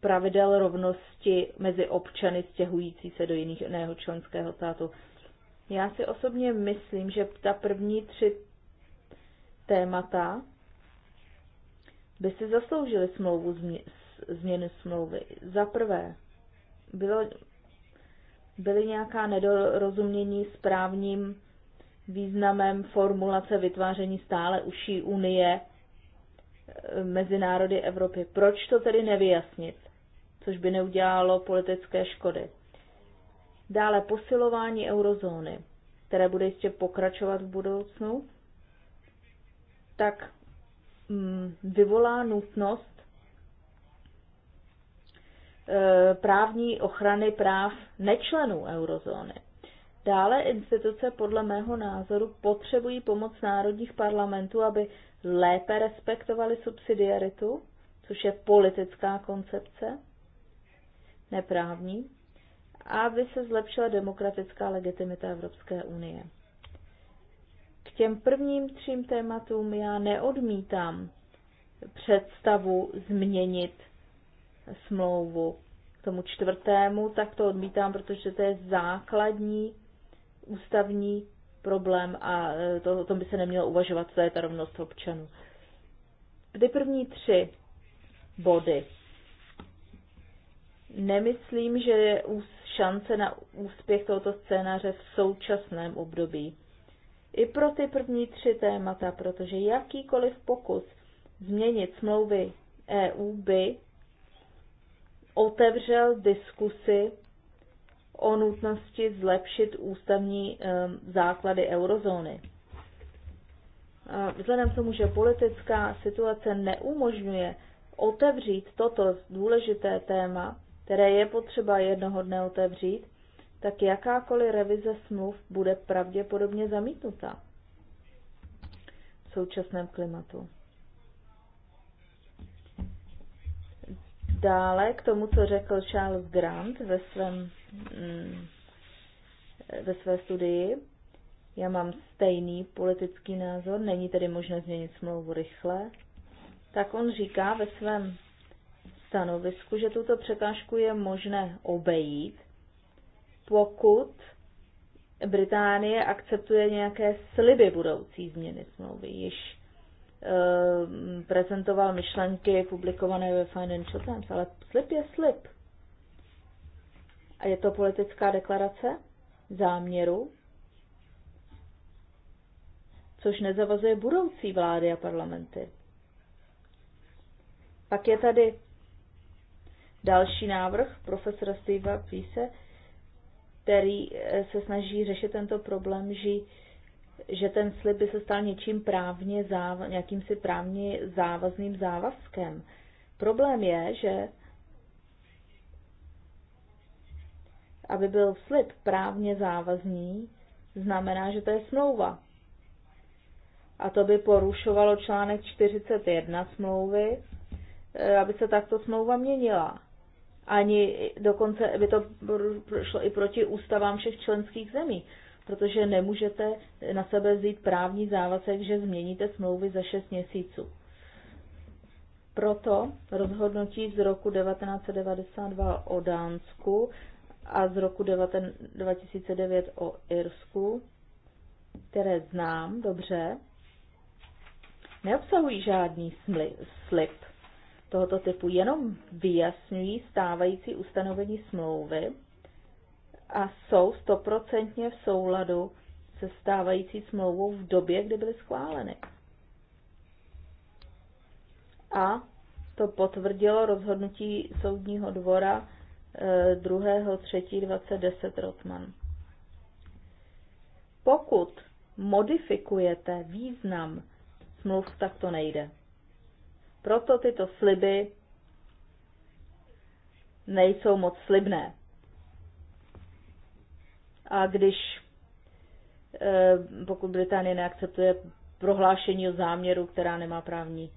pravidel rovnosti mezi občany stěhující se do jiného členského státu. Já si osobně myslím, že ta první tři témata by si zasloužily smlouvu změny smlouvy. Za prvé, bylo byly nějaká nedorozumění s právním významem formulace vytváření stále uší unie e, mezi národy Evropy. Proč to tedy nevyjasnit, což by neudělalo politické škody? Dále posilování eurozóny, které bude ještě pokračovat v budoucnu, tak mm, vyvolá nutnost E, právní ochrany práv nečlenů eurozóny. Dále instituce podle mého názoru potřebují pomoc národních parlamentů, aby lépe respektovali subsidiaritu, což je politická koncepce, neprávní, aby se zlepšila demokratická legitimita Evropské unie. K těm prvním třím tématům já neodmítám představu změnit smlouvu. K tomu čtvrtému, tak to odmítám, protože to je základní ústavní problém a e, to, o tom by se nemělo uvažovat, co je ta rovnost občanů. Ty první tři body. Nemyslím, že je šance na úspěch tohoto scénáře v současném období. I pro ty první tři témata, protože jakýkoliv pokus změnit smlouvy EU by otevřel diskusy o nutnosti zlepšit ústavní ehm, základy eurozóny. Vzhledem k tomu, že politická situace neumožňuje otevřít toto důležité téma, které je potřeba jednoho dne otevřít, tak jakákoliv revize smluv bude pravděpodobně zamítnuta v současném klimatu. Dále k tomu, co řekl Charles Grant ve, svém, mm, ve své studii, já mám stejný politický názor, není tedy možné změnit smlouvu rychle, tak on říká ve svém stanovisku, že tuto překážku je možné obejít, pokud Británie akceptuje nějaké sliby budoucí změny smlouvy. Již Eh, prezentoval myšlenky publikované ve Financial Times, ale slib je slib. A je to politická deklarace záměru, což nezavazuje budoucí vlády a parlamenty. Pak je tady další návrh profesora Stevea Píse, který eh, se snaží řešit tento problém, že že ten slib by se stal něčím právně záv- si právně závazným závazkem. Problém je, že aby byl slib právně závazný, znamená, že to je smlouva. A to by porušovalo článek 41 smlouvy, e, aby se takto smlouva měnila. Ani dokonce by to šlo i proti ústavám všech členských zemí protože nemůžete na sebe vzít právní závazek, že změníte smlouvy za 6 měsíců. Proto rozhodnutí z roku 1992 o Dánsku a z roku 2009 o Irsku, které znám dobře, neobsahují žádný slib tohoto typu, jenom vyjasňují stávající ustanovení smlouvy a jsou stoprocentně v souladu se stávající smlouvou v době, kdy byly schváleny. A to potvrdilo rozhodnutí soudního dvora 2.3.2010 eh, Rotman. Pokud modifikujete význam smluv, tak to nejde. Proto tyto sliby nejsou moc slibné. A když eh, pokud Británie neakceptuje prohlášení o záměru, která nemá právní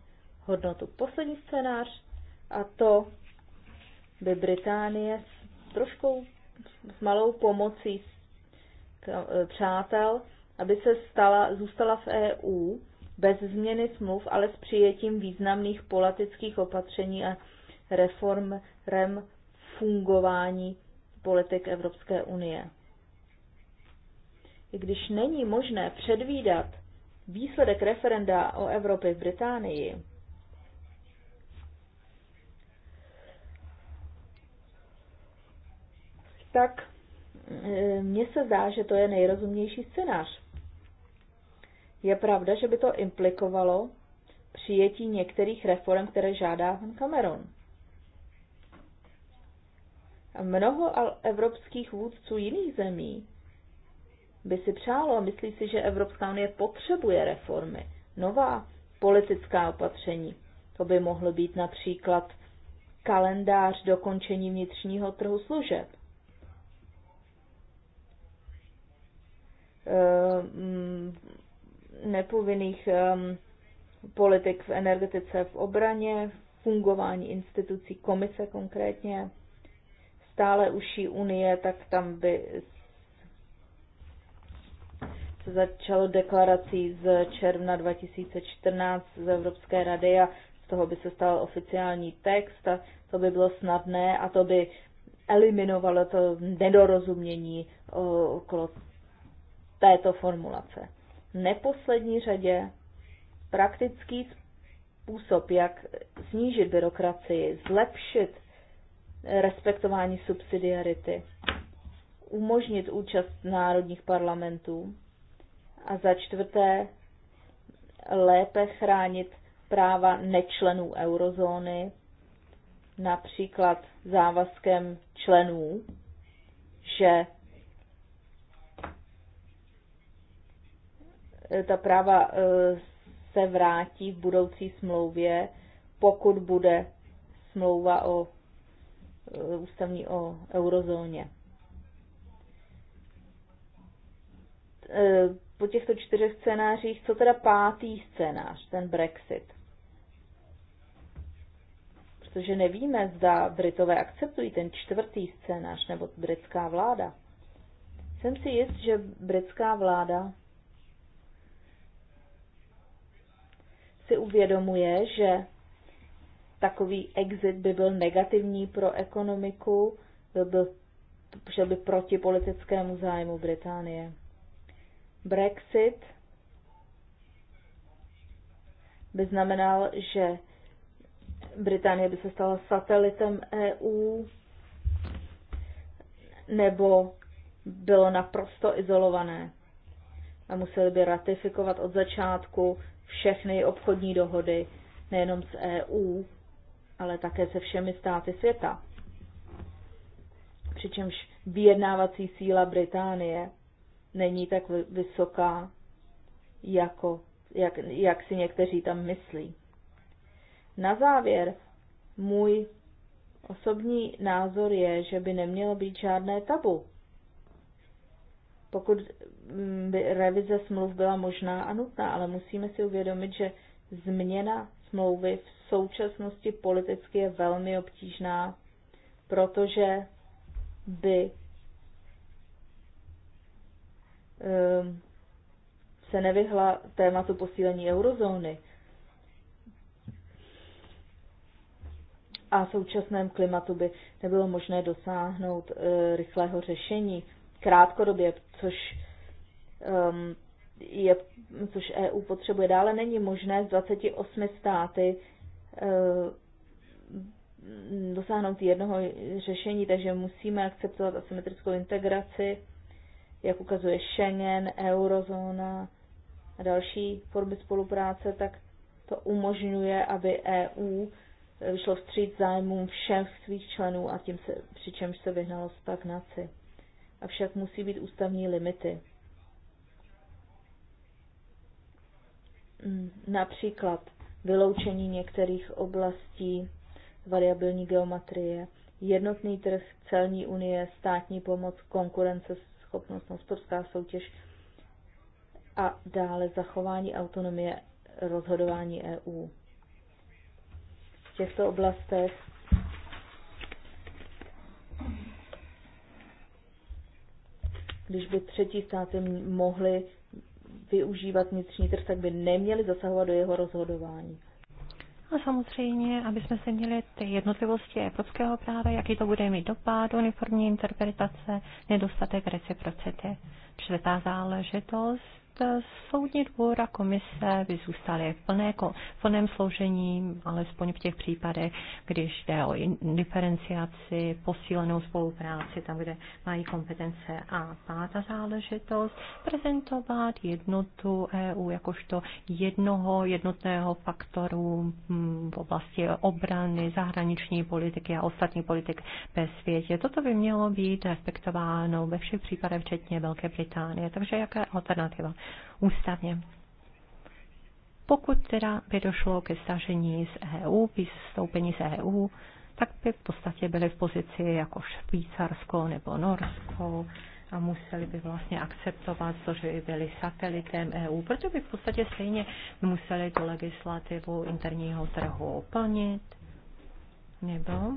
hodnotu. Poslední scénář a to by Británie s trošku s malou pomocí eh, přátel, aby se stala, zůstala v EU bez změny smluv, ale s přijetím významných politických opatření a reform rem fungování politik Evropské unie když není možné předvídat výsledek referenda o Evropě v Británii, tak eh, mně se zdá, že to je nejrozumnější scénář. Je pravda, že by to implikovalo přijetí některých reform, které žádá pan Cameron. Mnoho evropských vůdců jiných zemí by si přálo a myslí si, že Evropská unie potřebuje reformy, nová politická opatření. To by mohlo být například kalendář dokončení vnitřního trhu služeb. Eh, mm, nepovinných politik v energetice, v obraně, fungování institucí, komise konkrétně, stále užší unie, tak tam by se začalo deklarací z června 2014 z Evropské rady a z toho by se stal oficiální text a to by bylo snadné a to by eliminovalo to nedorozumění okolo této formulace. V neposlední řadě praktický způsob, jak snížit byrokracii, zlepšit respektování subsidiarity, umožnit účast národních parlamentů a za čtvrté lépe chránit práva nečlenů eurozóny, například závazkem členů, že ta práva e, se vrátí v budoucí smlouvě, pokud bude smlouva o e, ústavní o eurozóně. E, po těchto čtyřech scénářích, co teda pátý scénář, ten Brexit? Protože nevíme, zda Britové akceptují ten čtvrtý scénář nebo britská vláda. Jsem si jist, že britská vláda si uvědomuje, že takový exit by byl negativní pro ekonomiku, byl, byl, šel by proti politickému zájmu Británie. Brexit by znamenal, že Británie by se stala satelitem EU nebo bylo naprosto izolované a museli by ratifikovat od začátku všechny obchodní dohody, nejenom s EU, ale také se všemi státy světa. Přičemž vyjednávací síla Británie není tak vysoká, jako, jak, jak si někteří tam myslí. Na závěr, můj osobní názor je, že by nemělo být žádné tabu. Pokud mm, by revize smluv byla možná a nutná, ale musíme si uvědomit, že změna smlouvy v současnosti politicky je velmi obtížná, protože by Ehm, se nevyhla tématu posílení eurozóny a v současném klimatu by nebylo možné dosáhnout e, rychlého řešení krátkodobě, což ehm, je, což EU potřebuje. Dále není možné z 28 státy e, dosáhnout jednoho řešení, takže musíme akceptovat asymetrickou integraci jak ukazuje Schengen, eurozóna a další formy spolupráce, tak to umožňuje, aby EU vyšlo vstříc zájmům všech svých členů a tím se, přičemž se vyhnalo stagnaci. Avšak musí být ústavní limity. Hmm, například vyloučení některých oblastí variabilní geometrie, jednotný trh, celní unie, státní pomoc, konkurence schopnost, hospodářská soutěž a dále zachování autonomie rozhodování EU. V těchto oblastech když by třetí státy mohly využívat vnitřní trh, tak by neměly zasahovat do jeho rozhodování. A samozřejmě, aby jsme se měli ty jednotlivosti evropského práva, jaký to bude mít dopad, uniformní interpretace, nedostatek reciprocity. Čtvrtá záležitost, Eh, soudní dvůr a komise by zůstaly v, plné, plném sloužení, alespoň v těch případech, když jde o diferenciaci, posílenou spolupráci, tam, kde mají kompetence. A pátá záležitost, prezentovat jednotu EU jakožto jednoho jednotného faktoru hm, v oblasti obrany, zahraniční politiky a ostatní politik ve světě. Toto by mělo být respektováno ve všech případech, včetně Velké Británie. Takže jaká je alternativa? ústavně. Pokud teda by došlo ke stažení z EU, vystoupení z EU, tak by v podstatě byli v pozici jako Švýcarsko nebo Norsko a museli by vlastně akceptovat to, že by byli satelitem EU, proto by v podstatě stejně museli tu legislativu interního trhu plnit. Nebo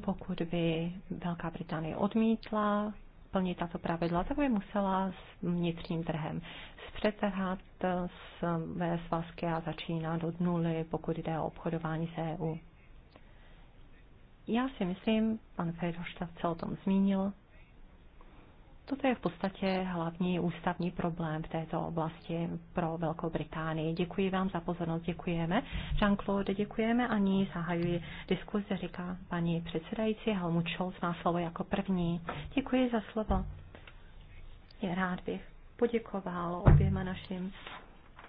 pokud by Velká Británie odmítla plnit tato pravidla, tak by musela s vnitřním trhem zpřetrhat své svazky a začínat od nuly, pokud jde o obchodování s EU. Já si myslím, pan Ferdoštav se o tom zmínil, Toto je v podstatě hlavní ústavní problém v této oblasti pro Velkou Británii. Děkuji vám za pozornost, děkujeme. Jean-Claude, děkujeme. A ní zahajuji diskuzi, říká paní předsedající. Helmut Scholz má slovo jako první. Děkuji za slovo. Je rád bych poděkoval oběma našim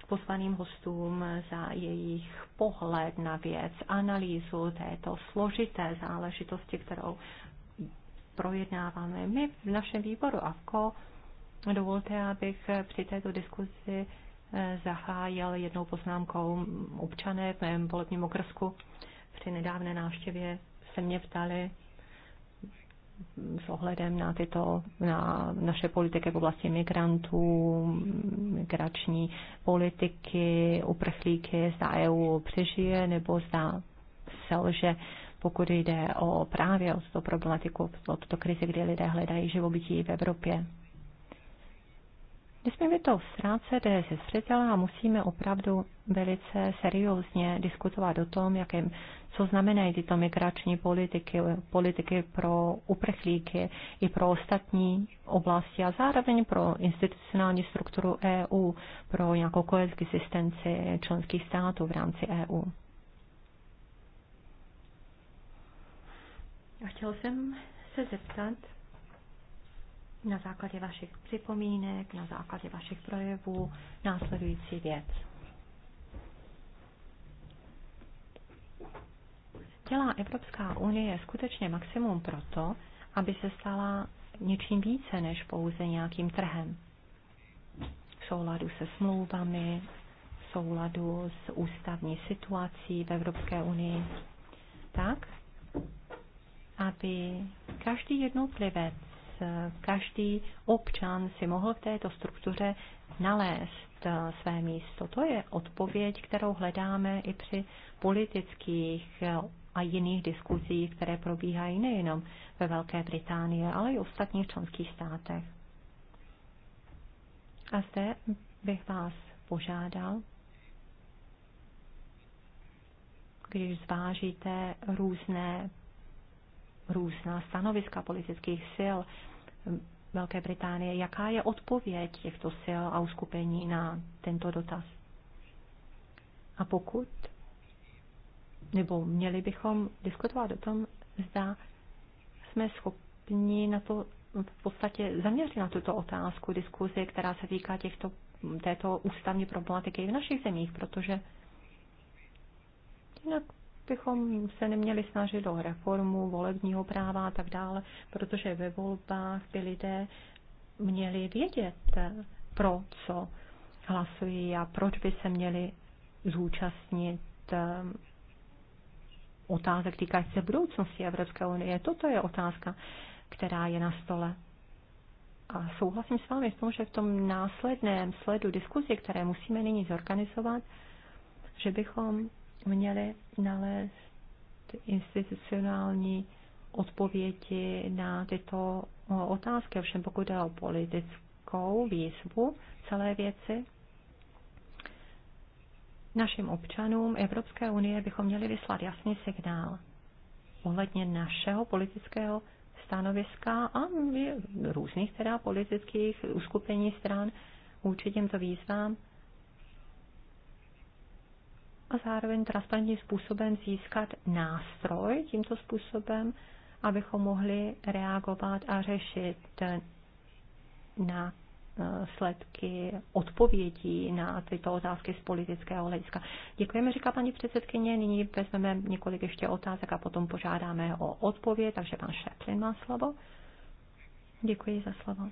pozvaným hostům za jejich pohled na věc, analýzu této složité záležitosti, kterou projednáváme my v našem výboru AVKO. Dovolte, abych při této diskuzi eh, zahájil jednou poznámkou občané v mém volebním okrsku. Při nedávné návštěvě se mě ptali s ohledem na, tyto, na naše politiky v oblasti migrantů, migrační politiky, uprchlíky, zda EU přežije nebo zda selže pokud jde o právě o tuto problematiku, o tuto krizi, kdy lidé hledají živobytí v Evropě. Nesmíme to ztrácet ze zřetele a musíme opravdu velice seriózně diskutovat o tom, jakém, co znamenají tyto migrační politiky, politiky pro uprchlíky i pro ostatní oblasti a zároveň pro institucionální strukturu EU, pro nějakou koexistenci členských států v rámci EU. Chtěl jsem se zeptat na základě vašich připomínek, na základě vašich projevů následující věc. Dělá Evropská unie skutečně maximum proto, aby se stala něčím více než pouze nějakým trhem. V souladu se smlouvami, v souladu s ústavní situací v Evropské unii. Tak, aby každý jednotlivec, každý občan si mohl v této struktuře nalézt eh, své místo. To je odpověď, kterou hledáme i při politických eh, a jiných diskuzích, které probíhají nejenom ve Velké Británii, ale i ostatních členských státech. A zde bych vás požádal, když zvážíte různé různá stanoviska politických sil Velké Británie. Jaká je odpověď těchto sil a uskupení na tento dotaz? A pokud, nebo měli bychom diskutovat o tom, zda jsme schopni na to v podstatě zaměřit na tuto otázku diskuzi, která se týká těchto, této ústavní problematiky i v našich zemích, protože jinak bychom se neměli snažit o reformu volebního práva a tak dále, protože ve volbách by lidé měli vědět, pro co hlasují a proč by se měli zúčastnit ehm, otázek týkající se budoucnosti Evropské unie. Toto je otázka, která je na stole. A souhlasím s vámi v tom, že v tom následném sledu diskuzi, které musíme nyní zorganizovat, že bychom měli nalézt institucionální odpovědi na tyto eh, otázky. Ovšem pokud jde o politickou výzvu celé věci, našim občanům Evropské unie bychom měli vyslat jasný signál ohledně našeho politického stanoviska a různých teda politických uskupení stran vůči těmto výzvám a zároveň transparentním způsobem získat nástroj tímto způsobem, abychom mohli reagovat a řešit eh, na eh, sledky odpovědí na tyto otázky z politického hlediska. Děkujeme, říká paní předsedkyně. Nyní vezmeme několik ještě otázek a potom požádáme o odpověď, takže pan Šeplin má slovo. Děkuji za slovo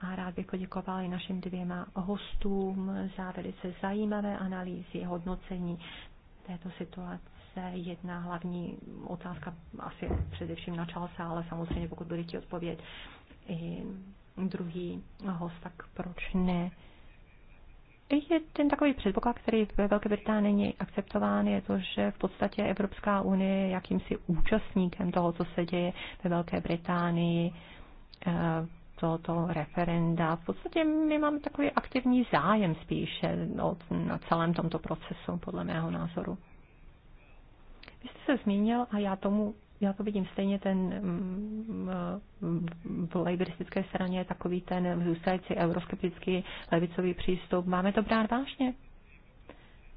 a rád bych poděkoval i našim dvěma hostům za velice zajímavé analýzy, hodnocení této situace. Jedna hlavní otázka asi především na čase, ale samozřejmě pokud ti odpověď i druhý host, tak proč ne? je ten takový předpoklad, který ve Velké Británii není akceptován, je to, že v podstatě Evropská unie je jakýmsi účastníkem toho, co se děje ve Velké Británii eh, tohoto referenda. V podstatě my máme takový aktivní zájem spíše od na celém tomto procesu, podle mého názoru. Vy jste se zmínil a já tomu já to vidím stejně ten mm, v lejbristické straně takový ten zůstající euroskeptický levicový přístup. Máme to brát vážně?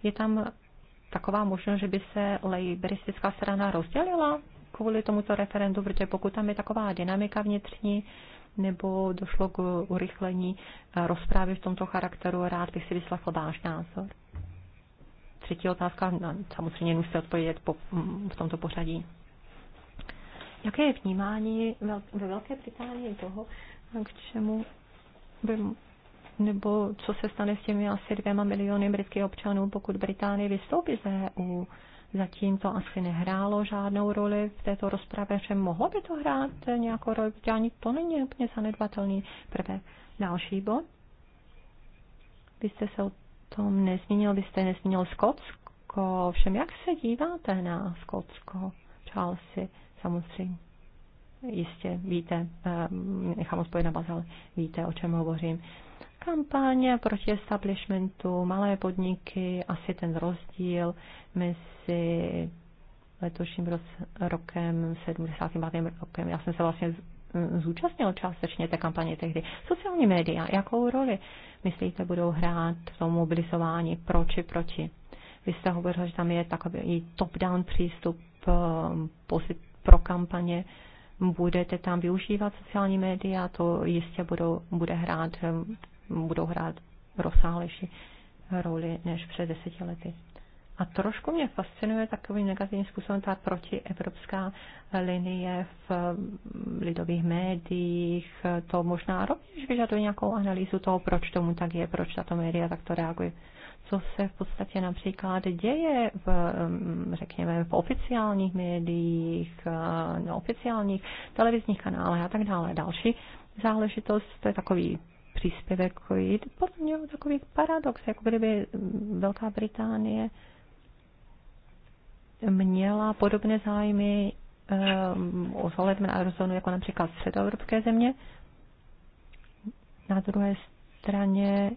Je tam taková možnost, že by se lejbristická strana rozdělila kvůli tomuto referendu, protože pokud tam je taková dynamika vnitřní, nebo došlo k urychlení eh, rozprávy v tomto charakteru? Rád bych si vyslechl váš názor. Třetí otázka, no, samozřejmě musíte odpovědět po, v tomto pořadí. Jaké je vnímání ve Velké Británii toho, k čemu by, nebo co se stane s těmi asi dvěma miliony britských občanů, pokud Británie vystoupí z EU? Zatím to asi nehrálo žádnou roli v této rozpravě, že mohlo by to hrát nějakou roli, protože ani to není úplně zanedbatelný prvek. Další bod. Vy jste se o tom nezmínil, vy jste nezmínil Skotsko. Všem, jak se díváte na Skotsko, si samozřejmě? Jistě víte, eh, nechám odpověď na Bazal, víte, o čem hovořím kampaň proti establishmentu, malé podniky, asi ten rozdíl mezi letošním roz, rokem, 75. rokem. Já jsem se vlastně zúčastnil částečně té kampaně tehdy. Sociální média, jakou roli, myslíte, budou hrát v tom mobilizování, proč i proti? Vy jste hovořil, že tam je takový top-down přístup ehm, pro kampaně. Budete tam využívat sociální média, to jistě budou, bude hrát ehm, budou hrát rozsáhlejší roli než před deseti lety. A trošku mě fascinuje takovým negativním způsobem ta protievropská linie v lidových médiích. To možná rovněž vyžaduje nějakou analýzu toho, proč tomu tak je, proč tato média takto reaguje. Co se v podstatě například děje v, mm, řekněme, v oficiálních médiích, eh, neoficiálních televizních kanálech a tak dále. Další záležitost, to je takový příspěvek jít podle mě takový paradox, jako kdyby Velká Británie měla podobné zájmy eh, o ohledem na eurozónu jako například středoevropské země. Na druhé straně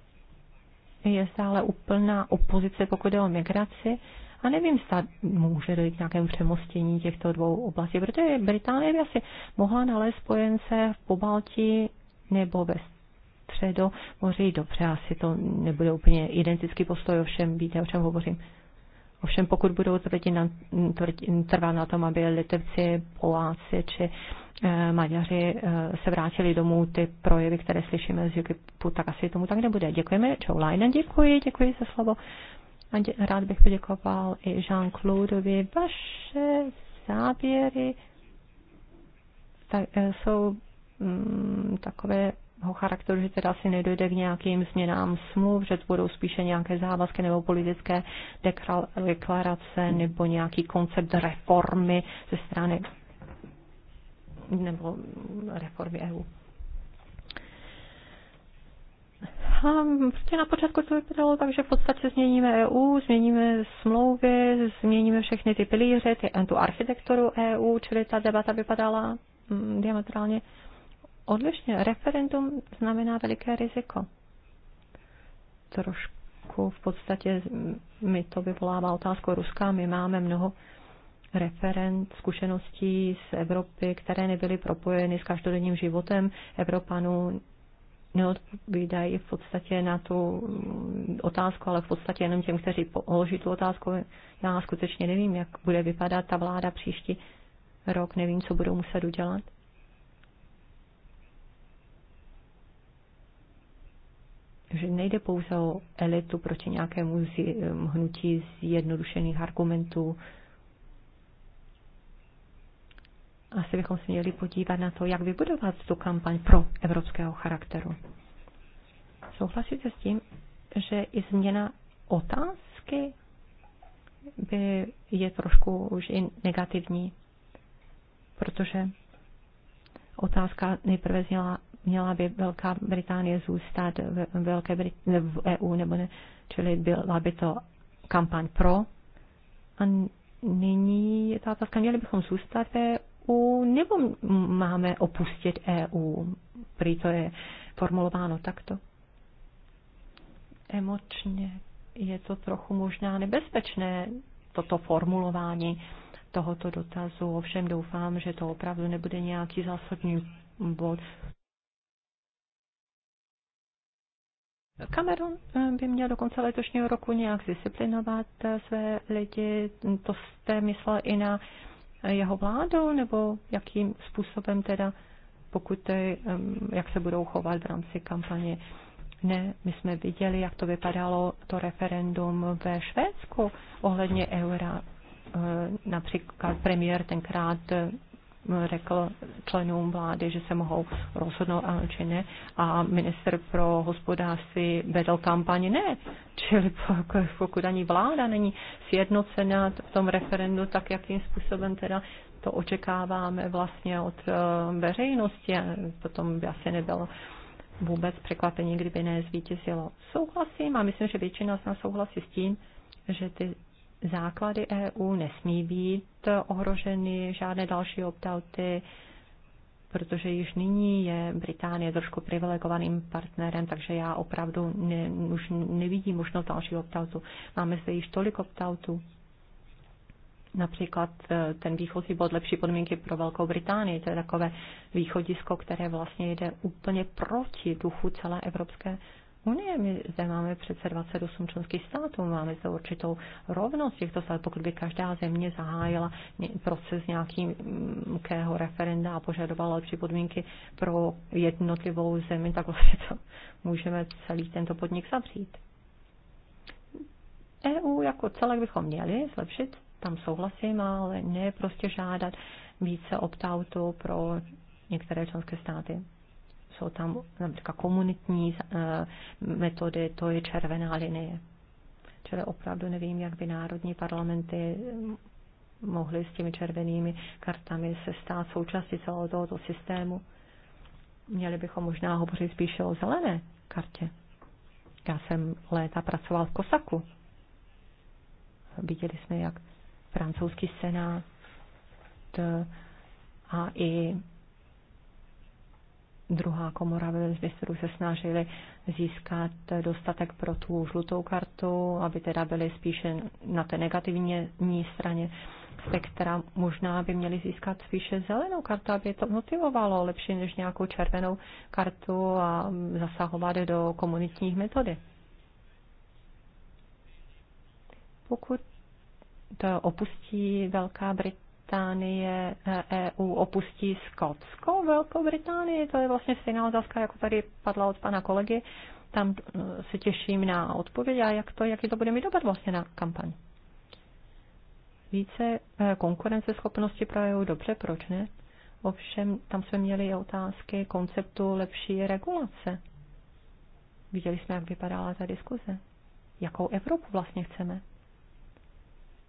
je stále úplná opozice, pokud jde o migraci. A nevím, zda může dojít k nějakému přemostění těchto dvou oblastí, protože Británie by asi mohla nalézt spojence v Pobalti nebo ve středo moří. Dobře, asi to nebude úplně identický postoj, ovšem víte, o čem hovořím. Ovšem pokud budou tvrdit na, trvat na tom, aby Litevci, Poláci či e, Maďaři e, se vrátili domů, ty projevy, které slyšíme z Jukipu, tak asi tomu tak nebude. Děkujeme, Čau, Leinen, děkuji, děkuji za slovo. A dě, rád bych poděkoval i Jean-Claudeovi. Vaše záběry tak, eh, jsou mm, takové jeho charakteru, že teda asi nedojde k nějakým změnám smluv, že to budou spíše nějaké závazky nebo politické deklarace nebo nějaký koncept reformy ze strany nebo reformy EU. A prostě na počátku to vypadalo tak, že v podstatě změníme EU, změníme smlouvy, změníme všechny ty pilíře, ty, tu architekturu EU, čili ta debata vypadala mm, diametrálně odlišně. Referendum znamená veliké riziko. Trošku v podstatě mi to vyvolává otázku Ruska. My máme mnoho referent zkušeností z Evropy, které nebyly propojeny s každodenním životem Evropanů, neodpovídají v podstatě na tu otázku, ale v podstatě jenom těm, kteří položí tu otázku. Já skutečně nevím, jak bude vypadat ta vláda příští rok, nevím, co budou muset udělat. že nejde pouze o elitu proti nějakému z, eh, hnutí zjednodušených argumentů. Asi bychom se měli podívat na to, jak vybudovat tu kampaň pro evropského charakteru. Souhlasíte s tím, že i změna otázky by je trošku už i negativní, protože otázka nejprve zněla, měla by Velká Británie zůstat v, Velké Brit- v EU nebo ne, čili byla by to kampaň pro. A nyní je ta otázka, měli bychom zůstat v EU nebo máme opustit EU? Prý to je formulováno takto. Emočně je to trochu možná nebezpečné, toto formulování tohoto dotazu. Ovšem doufám, že to opravdu nebude nějaký zásadní bod. Kamerun eh, by měl do konce letošního roku nějak disciplinovat eh, své lidi. To jste myslel i na eh, jeho vládu, nebo jakým způsobem teda, pokud te, mm, jak se budou chovat v rámci kampaně. Ne, my jsme viděli, jak to vypadalo, to referendum ve Švédsku ohledně eura. Například premiér tenkrát řekl členům vlády, že se mohou rozhodnout ano či ne. A minister pro hospodářství vedl kampani, ne. Čili pokud ani vláda není sjednocená v tom referendu, tak jakým způsobem teda to očekáváme vlastně od eh, veřejnosti. Potom by asi nebylo vůbec překvapení, kdyby ne zvítězilo. Souhlasím a myslím, že většina z nás souhlasí s tím, že ty základy EU, nesmí být ohroženy žádné další optauty, protože již nyní je Británie trošku privilegovaným partnerem, takže já opravdu ne, už nevidím možnost dalšího optautu. Máme zde již tolik optautů. Například eh, ten výchozí bod lepší podmínky pro Velkou Británii, to je takové východisko, které vlastně jde úplně proti duchu celé Evropské unie. My zde máme přece 28 členských států, máme zde určitou rovnost těchto států. Pokud by každá země zahájila proces nějakého referenda a požadovala lepší podmínky pro jednotlivou zemi, tak vlastně to můžeme celý tento podnik zavřít. EU jako celek bychom měli zlepšit, tam souhlasím, ale ne prostě žádat více optautu pro některé členské státy. Jsou tam například komunitní eh, metody, to je červená linie. Čili opravdu nevím, jak by národní parlamenty mohly s těmi červenými kartami se stát součástí celého tohoto systému. Měli bychom možná hovořit spíše o zelené kartě. Já jsem léta pracoval v Kosaku. Viděli jsme, jak francouzský senát eh, a i druhá komora ve smyslu se snažili získat dostatek pro tu žlutou kartu, aby teda byli spíše na té negativní straně spektra. Možná by měli získat spíše zelenou kartu, aby to motivovalo lepší než nějakou červenou kartu a zasahovat do komunitních metody. Pokud to opustí Velká Británie, Británie EU eh, e opustí Skotsko, Velkou Británii, to je vlastně stejná otázka, jako tady padla od pana kolegy. Tam eh, se těším na odpověď a jak to, jaký to bude mít dopad vlastně na kampaň. Více eh, konkurenceschopnosti pro EU, dobře, proč ne? Ovšem, tam jsme měli otázky konceptu lepší regulace. Viděli jsme, jak vypadala ta diskuze. Jakou Evropu vlastně chceme?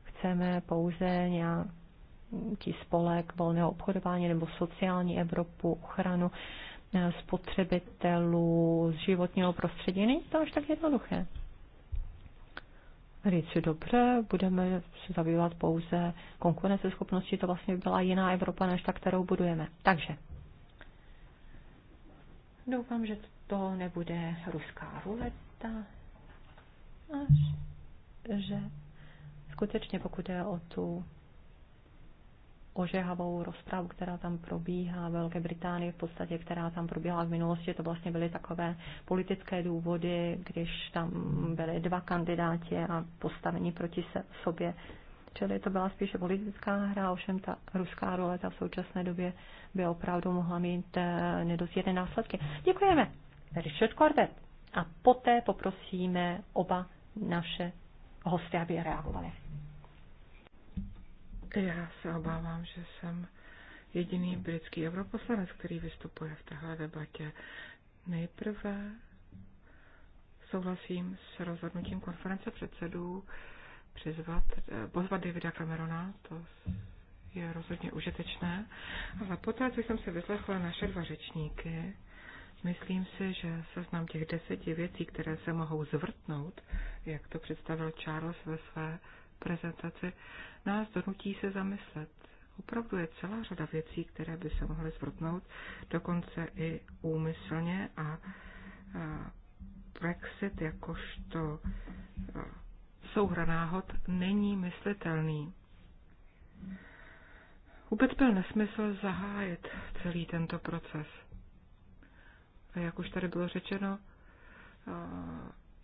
Chceme pouze nějak nějaký spolek volného obchodování nebo sociální Evropu, ochranu eh, spotřebitelů, z životního prostředí. Není to až tak jednoduché. Říci dobře, budeme se zabývat pouze konkurenceschopností, to vlastně by byla jiná Evropa, než ta, kterou budujeme. Takže doufám, že to nebude ruská ruleta, až že skutečně pokud je o tu ožehavou rozpravu, která tam probíhá v Velké Británii, v podstatě, která tam probíhala v minulosti. To vlastně byly takové politické důvody, když tam byly dva kandidáti a postavení proti se, sobě. Čili to byla spíše politická hra, ovšem ta ruská ruleta v současné době by opravdu mohla mít eh, nedozírné následky. Děkujeme. Richard Corbett. A poté poprosíme oba naše hosty, aby reagovali. Já se obávám, že jsem jediný britský europoslanec, který vystupuje v téhle debatě. Nejprve souhlasím s rozhodnutím konference předsedů přizvat, eh, pozvat Davida Camerona, to je rozhodně užitečné, ale poté, co jsem si vyslechla naše dva řečníky, myslím si, že seznam těch deseti věcí, které se mohou zvrtnout, jak to představil Charles ve své prezentaci nás donutí se zamyslet. Opravdu je celá řada věcí, které by se mohly zvrtnout, dokonce i úmyslně a Brexit jakožto souhra náhod není myslitelný. Vůbec byl nesmysl zahájit celý tento proces. A jak už tady bylo řečeno,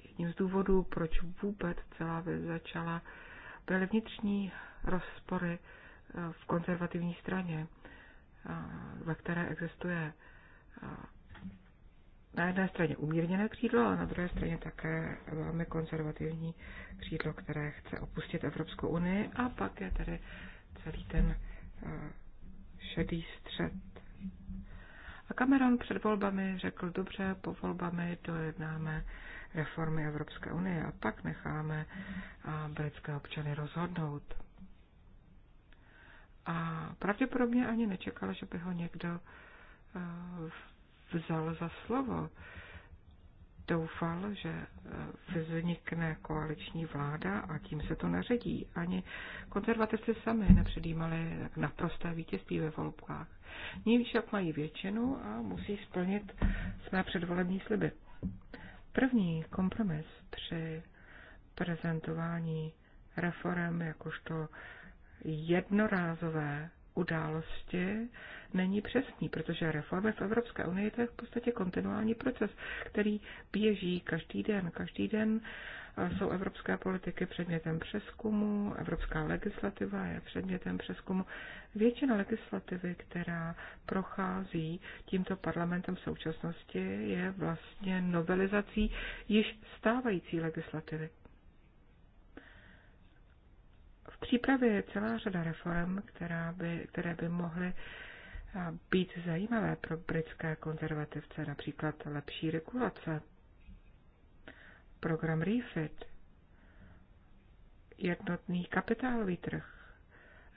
jedním z důvodů, proč vůbec celá věc začala, byly vnitřní rozpory eh, v konzervativní straně, eh, ve které existuje eh, na jedné straně umírněné křídlo, a na druhé straně také velmi konzervativní křídlo, které chce opustit Evropskou unii. A pak je tedy celý ten šedý střed. A Cameron před volbami řekl, dobře, po volbami dojednáme reformy Evropské unie a pak necháme britské občany rozhodnout. A pravděpodobně ani nečekal, že by ho někdo eh, vzal za slovo. Doufal, že eh, vznikne koaliční vláda a tím se to naředí. Ani konzervativci sami nepředjímali naprosté vítězství ve volbách. Ní však mají většinu a musí splnit své předvolební sliby. První kompromis při prezentování reform jakožto jednorázové události není přesný, protože reformy v Evropské unii to je v podstatě kontinuální proces, který běží každý den. Každý den eh, jsou evropské politiky předmětem přeskumu, evropská legislativa je předmětem přeskumu. Většina legislativy, která prochází tímto parlamentem v současnosti, je vlastně novelizací již stávající legislativy přípravě je celá řada reform, která by, které by mohly eh, být zajímavé pro britské konzervativce, například lepší regulace, program REFIT, jednotný kapitálový trh,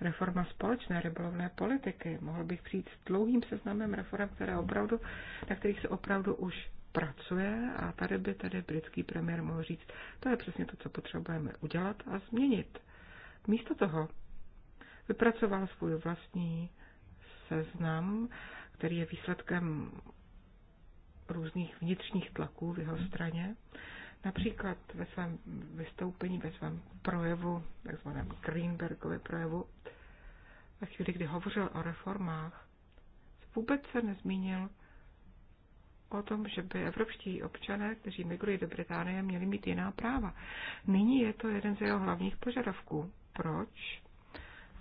reforma společné rybolovné politiky. Mohl bych přijít s dlouhým seznamem reform, které opravdu, na kterých se opravdu už pracuje a tady by tady britský premiér mohl říct, to je přesně to, co potřebujeme udělat a změnit. Místo toho vypracoval svůj vlastní seznam, který je výsledkem různých vnitřních tlaků v jeho straně. Například ve svém vystoupení, ve svém projevu, takzvaném Greenbergově projevu, ve chvíli, kdy hovořil o reformách, vůbec se nezmínil o tom, že by evropští občané, kteří migrují do Británie, měli mít jiná práva. Nyní je to jeden z jeho hlavních požadavků. Proč?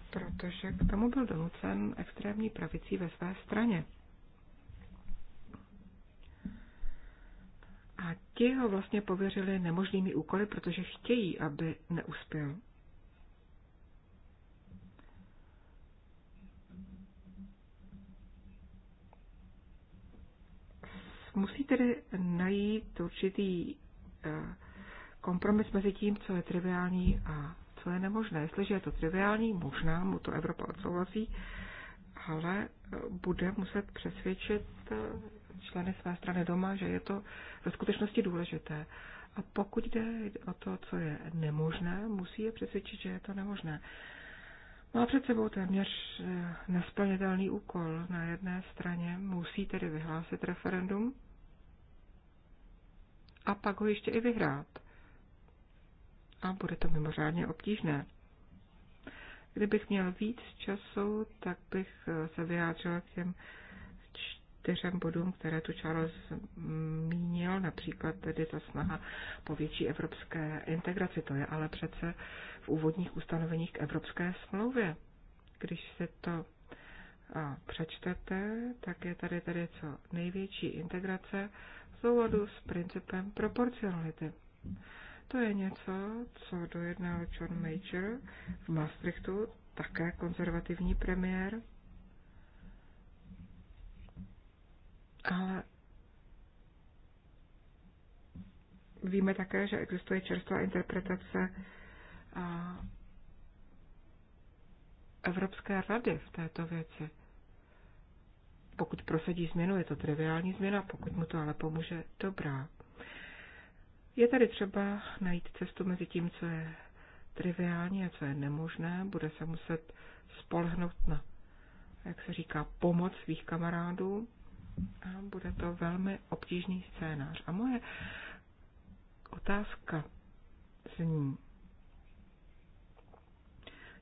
Protože k tomu byl donucen extrémní pravicí ve své straně. A ti ho vlastně pověřili nemožnými úkoly, protože chtějí, aby neuspěl. Musí tedy najít určitý eh, kompromis mezi tím, co je triviální a co je nemožné. Jestliže je to triviální, možná mu to Evropa odsouhlasí, ale eh, bude muset přesvědčit eh, členy své strany doma, že je to ve skutečnosti důležité. A pokud jde o to, co je nemožné, musí je přesvědčit, že je to nemožné. Má před sebou téměř eh, nesplnitelný úkol. Na jedné straně musí tedy vyhlásit referendum a pak ho ještě i vyhrát a bude to mimořádně obtížné. Kdybych měl víc času, tak bych eh, se vyjádřil k těm čtyřem bodům, které tu Charles zmínil, například tedy ta snaha po větší evropské integraci. To je ale přece v úvodních ustanoveních k evropské smlouvě. Když se to přečtete, tak je tady tady co největší integrace v souladu s principem proporcionality. To je něco, co dojednal John Major v Maastrichtu, také konzervativní premiér. Ale víme také, že existuje čerstvá interpretace Evropské rady v této věci. Pokud prosadí změnu, je to triviální změna, pokud mu to ale pomůže, dobrá. Je tady třeba najít cestu mezi tím, co je triviální a co je nemožné. Bude se muset spolehnout na, jak se říká, pomoc svých kamarádů. A bude to velmi obtížný scénář. A moje otázka zní,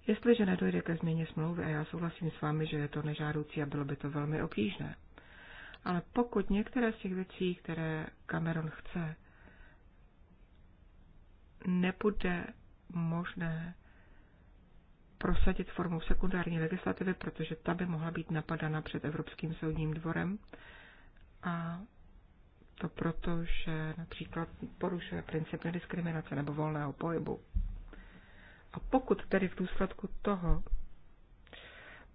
jestliže nedojde ke změně smlouvy, a já souhlasím s vámi, že je to nežádoucí a bylo by to velmi obtížné, ale pokud některé z těch věcí, které Cameron chce, nebude možné prosadit formou sekundární legislativy, protože ta by mohla být napadána před Evropským soudním dvorem. A to proto, že například porušuje princip nediskriminace nebo volného pohybu. A pokud tedy v důsledku toho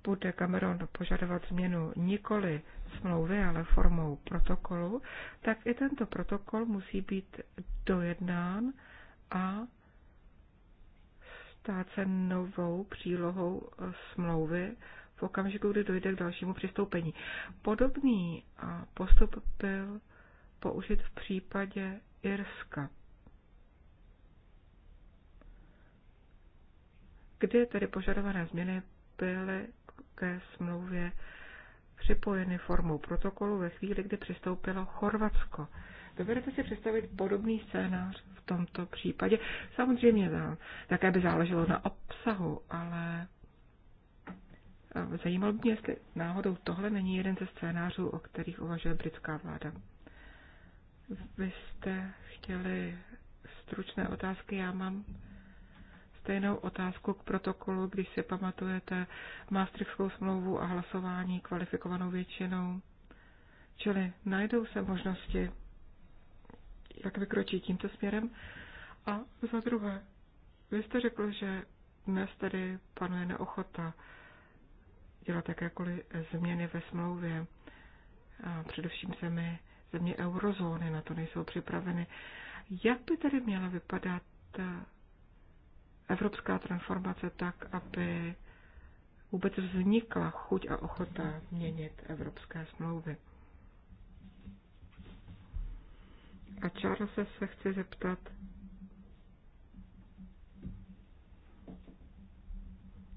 bude Cameron požadovat změnu nikoli smlouvy, ale formou protokolu, tak i tento protokol musí být dojednán a stát se novou přílohou eh, smlouvy v okamžiku, kdy dojde k dalšímu přistoupení. Podobný eh, postup byl použit v případě Irska. kdy tedy požadované změny byly ke smlouvě připojeny formou protokolu ve chvíli, kdy přistoupilo Chorvatsko. Dovedete si představit podobný scénář v tomto případě? Samozřejmě také by záleželo na obsahu, ale eh, zajímalo by mě, jestli náhodou tohle není jeden ze scénářů, o kterých uvažuje britská vláda. Vy jste chtěli stručné otázky, já mám stejnou otázku k protokolu, když si pamatujete Maastrichtskou smlouvu a hlasování kvalifikovanou většinou. Čili najdou se možnosti jak vykročí tímto směrem. A za druhé, vy jste řekl, že dnes tedy panuje neochota dělat jakékoliv změny ve smlouvě. A především zemi, země eurozóny na to nejsou připraveny. Jak by tedy měla vypadat eh, evropská transformace tak, aby vůbec vznikla chuť a ochota měnit evropské smlouvy? A Charlesa se chce zeptat,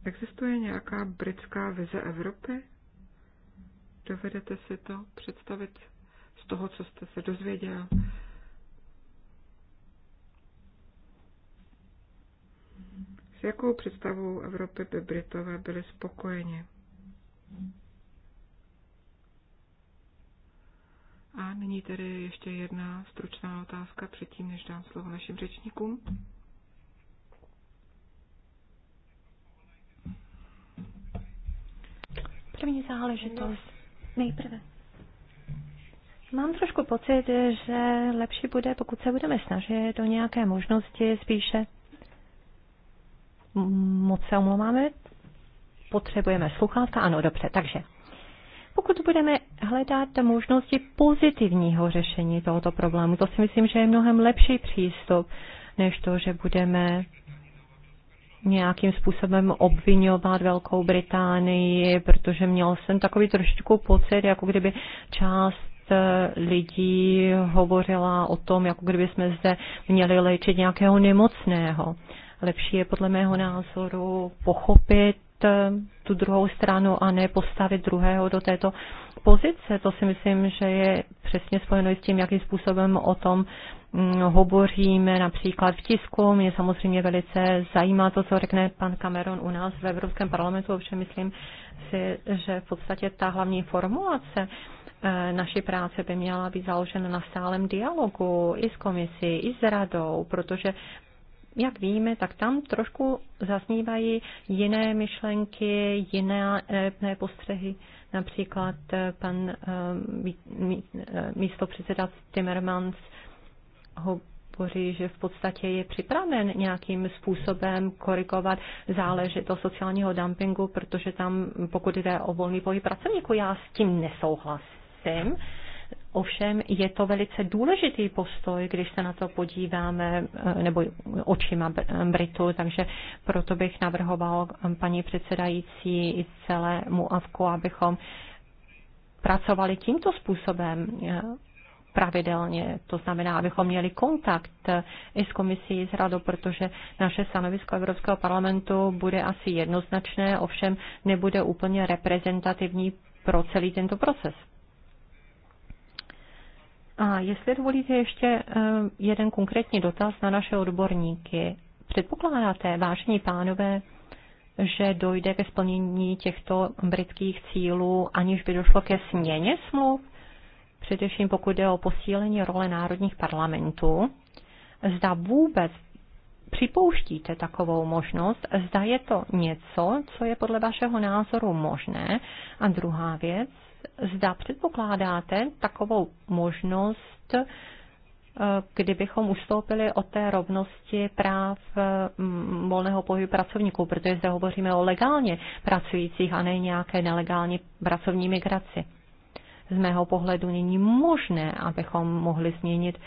existuje nějaká britská vize Evropy? Dovedete si to představit z toho, co jste se dozvěděl? S jakou představou Evropy by Britové byli spokojeni? A nyní tedy ještě jedna stručná otázka předtím, než dám slovo našim řečníkům. První záležitost. Nejprve. Mám trošku pocit, že lepší bude, pokud se budeme snažit do nějaké možnosti spíše. Moc se omlouváme. Potřebujeme sluchátka? Ano, dobře. Takže pokud budeme hledat možnosti pozitivního řešení tohoto problému. To si myslím, že je mnohem lepší přístup, než to, že budeme nějakým způsobem obvinovat Velkou Británii, protože měl jsem takový trošičku pocit, jako kdyby část eh, lidí hovořila o tom, jako kdyby jsme zde měli léčit nějakého nemocného. Lepší je podle mého názoru pochopit Eh, tu druhou stranu a ne postavit druhého do této pozice. To si myslím, že je přesně spojeno s tím, jakým způsobem o tom mm, hovoříme například v tisku. Mě samozřejmě velice zajímá to, co řekne pan Cameron u nás v Evropském parlamentu, ovšem myslím si, že v podstatě ta hlavní formulace eh, naší práce by měla být založena na stálem dialogu i s komisí, i s radou, protože jak víme, tak tam trošku zaznívají jiné myšlenky, jiné eh, ne, postřehy. Například eh, pan eh, místopředseda Timmermans hovoří, že v podstatě je připraven nějakým způsobem korigovat záležitost sociálního dumpingu, protože tam, pokud jde o volný pohyb pracovníků, já s tím nesouhlasím Ovšem je to velice důležitý postoj, když se na to podíváme, eh, nebo očima Britu, takže proto bych navrhoval eh, paní předsedající i celému AVKu, abychom pracovali tímto způsobem eh, pravidelně, to znamená, abychom měli kontakt i s komisí, s radou, protože naše stanovisko Evropského parlamentu bude asi jednoznačné, ovšem nebude úplně reprezentativní pro celý tento proces. A jestli dovolíte ještě eh, jeden konkrétní dotaz na naše odborníky. Předpokládáte, vážení pánové, že dojde ke splnění těchto britských cílů, aniž by došlo ke směně smluv, především pokud jde o posílení role národních parlamentů. Zda vůbec připouštíte takovou možnost, zda je to něco, co je podle vašeho názoru možné. A druhá věc, zda předpokládáte takovou možnost, eh, kdybychom ustoupili od té rovnosti práv eh, volného pohybu pracovníků, protože zde hovoříme o legálně pracujících a ne nějaké nelegální pracovní migraci. Z mého pohledu není možné, abychom mohli změnit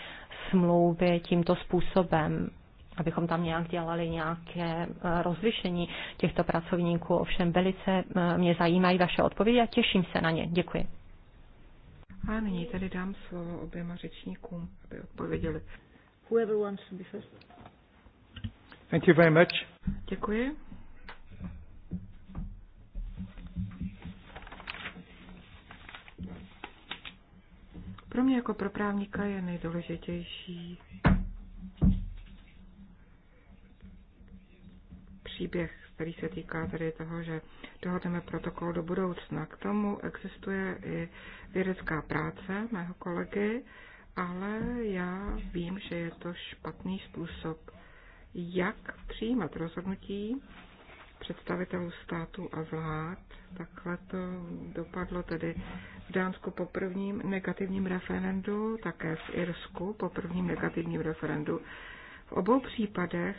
smlouvy tímto způsobem abychom tam nějak dělali nějaké e, rozlišení těchto pracovníků. Ovšem velice e, mě zajímají vaše odpovědi a těším se na ně. Děkuji. A nyní tedy dám slovo oběma řečníkům, aby odpověděli. Whoever wants to be first. Thank you very much. Děkuji. Pro mě jako pro právníka je nejdůležitější příběh, který se týká tedy toho, že dohodneme protokol do budoucna. K tomu existuje i vědecká práce mého kolegy, ale já vím, že je to špatný způsob, jak přijímat rozhodnutí představitelů státu a vlád. Takhle to dopadlo tedy v Dánsku po prvním negativním referendu, také v Irsku po prvním negativním referendu. V obou případech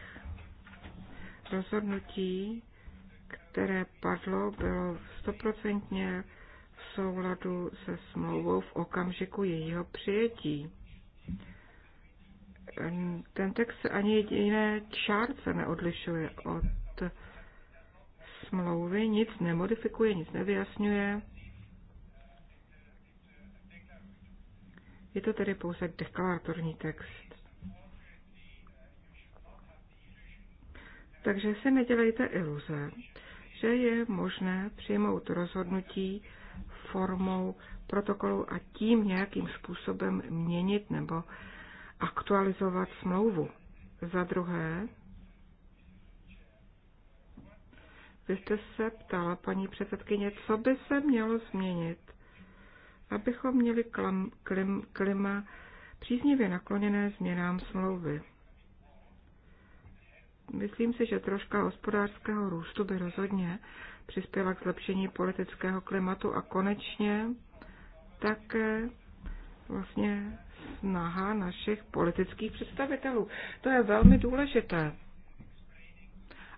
Rozhodnutí, které padlo, bylo stoprocentně v souladu se smlouvou v okamžiku jejího přijetí. Ten text se ani jediné čárce neodlišuje od smlouvy, nic nemodifikuje, nic nevyjasňuje. Je to tedy pouze deklaratorní text. Takže si nedělejte iluze, že je možné přijmout rozhodnutí formou protokolu a tím nějakým způsobem měnit nebo aktualizovat smlouvu. Za druhé, vy jste se ptala, paní předsedkyně, co by se mělo změnit, abychom měli klim, klima příznivě nakloněné změnám smlouvy. Myslím si, že troška hospodářského růstu by rozhodně přispěla k zlepšení politického klimatu a konečně také vlastně snaha našich politických představitelů. To je velmi důležité,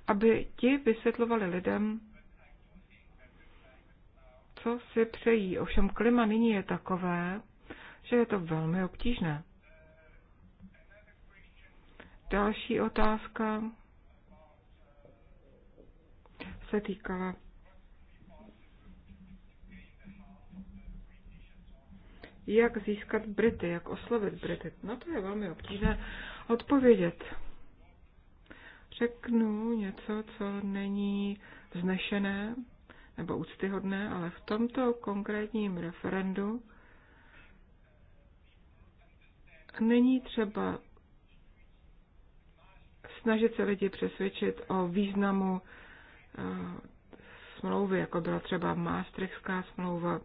aby ti vysvětlovali lidem, co si přejí. Ovšem klima nyní je takové, že je to velmi obtížné. Další otázka se týkala jak získat Brity, jak oslovit Brity. no to je velmi obtížné odpovědět. Řeknu něco, co není vznešené nebo úctyhodné, ale v tomto konkrétním referendu není třeba snažit se lidi přesvědčit o významu eh, smlouvy, jako byla třeba Maastrichtská smlouva.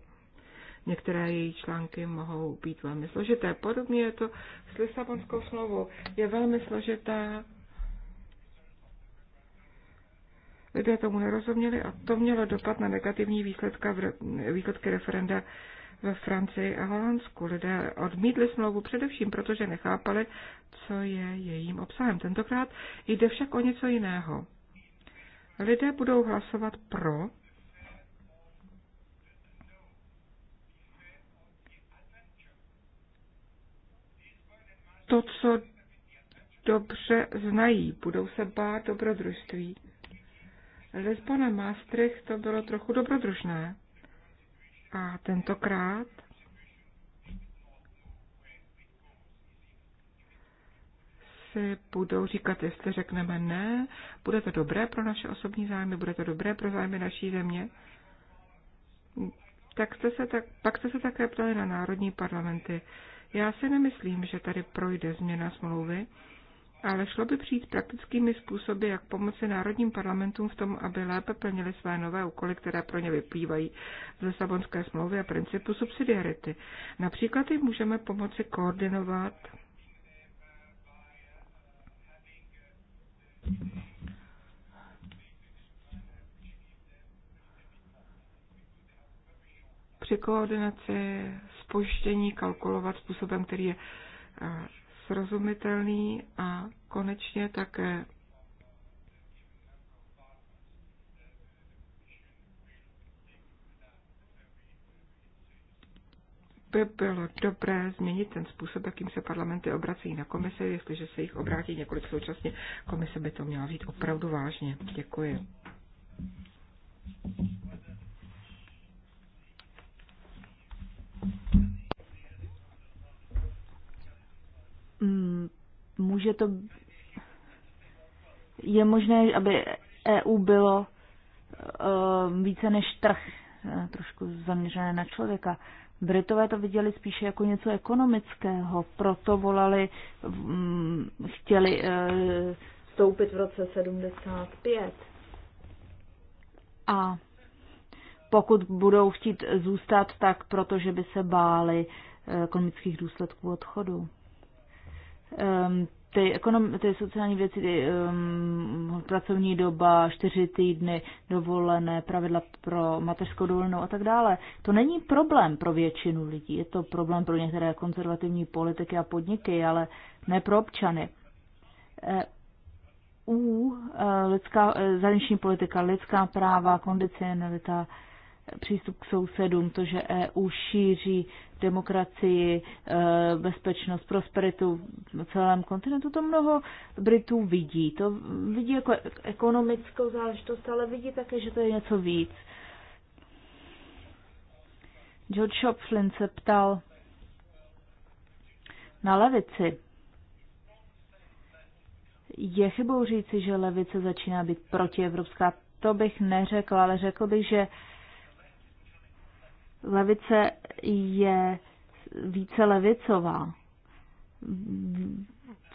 Některé její články mohou být velmi složité. Podobně je to s Lisabonskou smlouvou. Je velmi složitá. Lidé tomu nerozuměli a to mělo dopad na negativní výsledka v re, výsledky referenda ve Francii a Holandsku. Lidé odmítli smlouvu především, protože nechápali, co je jejím obsahem. Tentokrát jde však o něco jiného. Lidé budou hlasovat pro to, co dobře znají, budou se bát dobrodružství. Lisbona Maastricht to bylo trochu dobrodružné. A tentokrát si budou říkat, jestli řekneme ne, bude to dobré pro naše osobní zájmy, bude to dobré pro zájmy naší země. Tak jste se tak, pak jste se také ptali na národní parlamenty. Já si nemyslím, že tady projde změna smlouvy ale šlo by přijít praktickými způsoby, jak pomoci národním parlamentům v tom, aby lépe plnili své nové úkoly, které pro ně vyplývají z Lisabonské smlouvy a principu subsidiarity. Například jim můžeme pomoci koordinovat při koordinaci spoždění kalkulovat způsobem, který je eh, srozumitelný a konečně také by bylo dobré změnit ten způsob, jakým se parlamenty obrací na komise. Jestliže se jich obrátí několik současně, komise by to měla vzít opravdu vážně. Děkuji. Mm, může to, je možné, aby EU bylo eh, více než trh, eh, trošku zaměřené na člověka. Britové to viděli spíše jako něco ekonomického, proto volali, mm, chtěli eh, vstoupit v roce 75. A pokud budou chtít zůstat, tak protože by se báli ekonomických důsledků odchodu um, ty, ekonom, ty sociální věci, ty, um, pracovní doba, čtyři týdny dovolené, pravidla pro mateřskou dovolenou a tak dále. To není problém pro většinu lidí, je to problém pro některé konzervativní politiky a podniky, ale ne pro občany. e, e lidská, e, zahraniční politika, lidská práva, kondicionalita, přístup k sousedům, to, že EU šíří demokracii, e, bezpečnost, prosperitu na celém kontinentu, to mnoho Britů vidí. To vidí jako ekonomickou záležitost, ale vidí také, že to je něco víc. George Shopflin se ptal na levici. Je chybou říci, že levice začíná být protievropská. To bych neřekl, ale řekl bych, že levice je více levicová.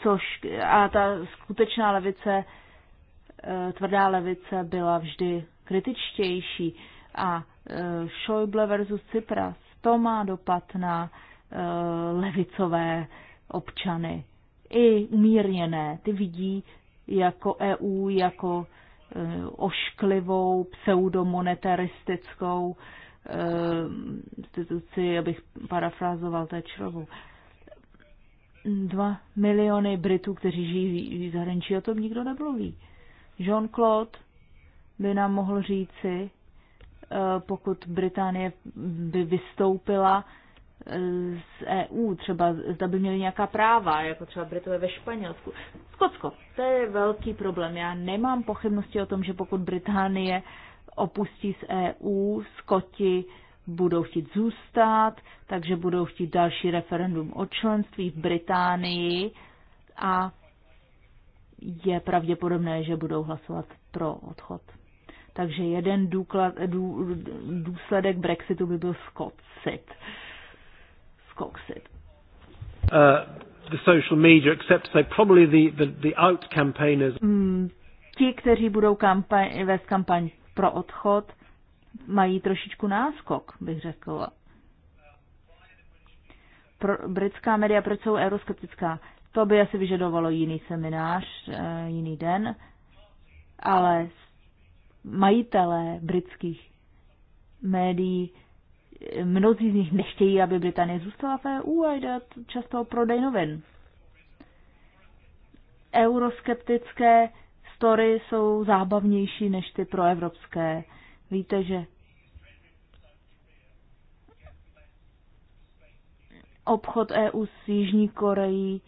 Což, a ta skutečná levice, eh, tvrdá levice byla vždy kritičtější. A eh, Schäuble versus Cypras, to má dopad na eh, levicové občany. I umírněné, ty vidí jako EU, jako ošklivou, pseudomonetaristickou Eh, instituci, abych parafrázoval člověku. Dva miliony Britů, kteří žijí v zahraničí, o tom nikdo nemluví. Jean-Claude by nám mohl říci, eh, pokud Británie by vystoupila eh, z EU, třeba zda by měli nějaká práva, jako třeba Britové ve Španělsku. Skotsko, to je velký problém. Já nemám pochybnosti o tom, že pokud Británie opustí z EU, Skoti budou chtít zůstat, takže budou chtít další referendum o členství v Británii a je pravděpodobné, že budou hlasovat pro odchod. Takže jeden důklad, dů, důsledek Brexitu by byl skocit. Skoksit. Uh, the social media, except say probably the, the, the out campaigners. Mm, ti, kteří budou kampaň, vést kampaň pro odchod mají trošičku náskok, bych řekla. Pro, britská média, proč jsou euroskeptická? To by asi vyžadovalo jiný seminář, eh, jiný den, ale majitelé britských médií, eh, mnozí z nich nechtějí, aby Británie zůstala v EU a jde často o prodej novin. Euroskeptické story jsou zábavnější než ty proevropské. Víte, že obchod EU s Jižní Koreí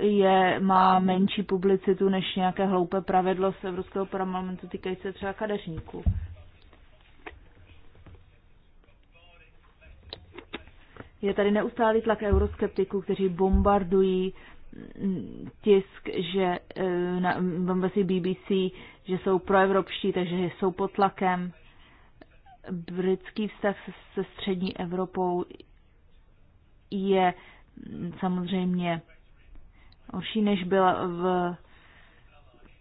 je, má menší publicitu než nějaké hloupé pravidlo z Evropského parlamentu týkající se třeba kadeřníků. Je tady neustálý tlak euroskeptiků, kteří bombardují tisk, že eh, na Bombasi BBC, že jsou proevropští, takže jsou pod tlakem. Britský vztah se, se střední Evropou je mm, samozřejmě horší, než byla v,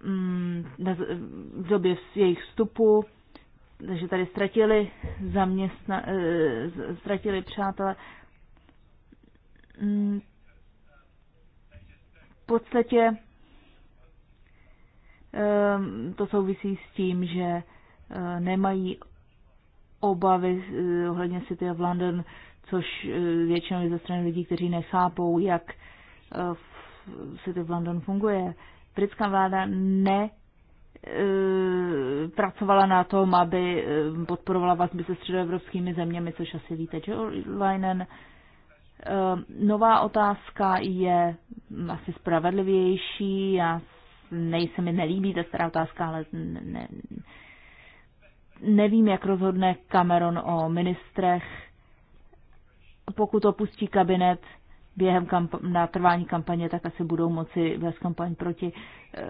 mm, v době jejich vstupu, takže tady ztratili, zaměstna, eh, ztratili přátelé mm, podstatě ehm, to souvisí s tím, že eh, nemají obavy eh, ohledně City of London, což eh, většinou je ze strany lidí, kteří nechápou, jak City of London funguje. Britská vláda ne pracovala na tom, aby podporovala vazby se středoevropskými zeměmi, což asi víte, že Leinen Eh, nová otázka je asi spravedlivější. Já nejsem mi nelíbí ta stará otázka, ale ne, ne, nevím, jak rozhodne Cameron o ministrech. Pokud opustí kabinet během kamp- na trvání kampaně, tak asi budou moci vést kampaň proti. Eh,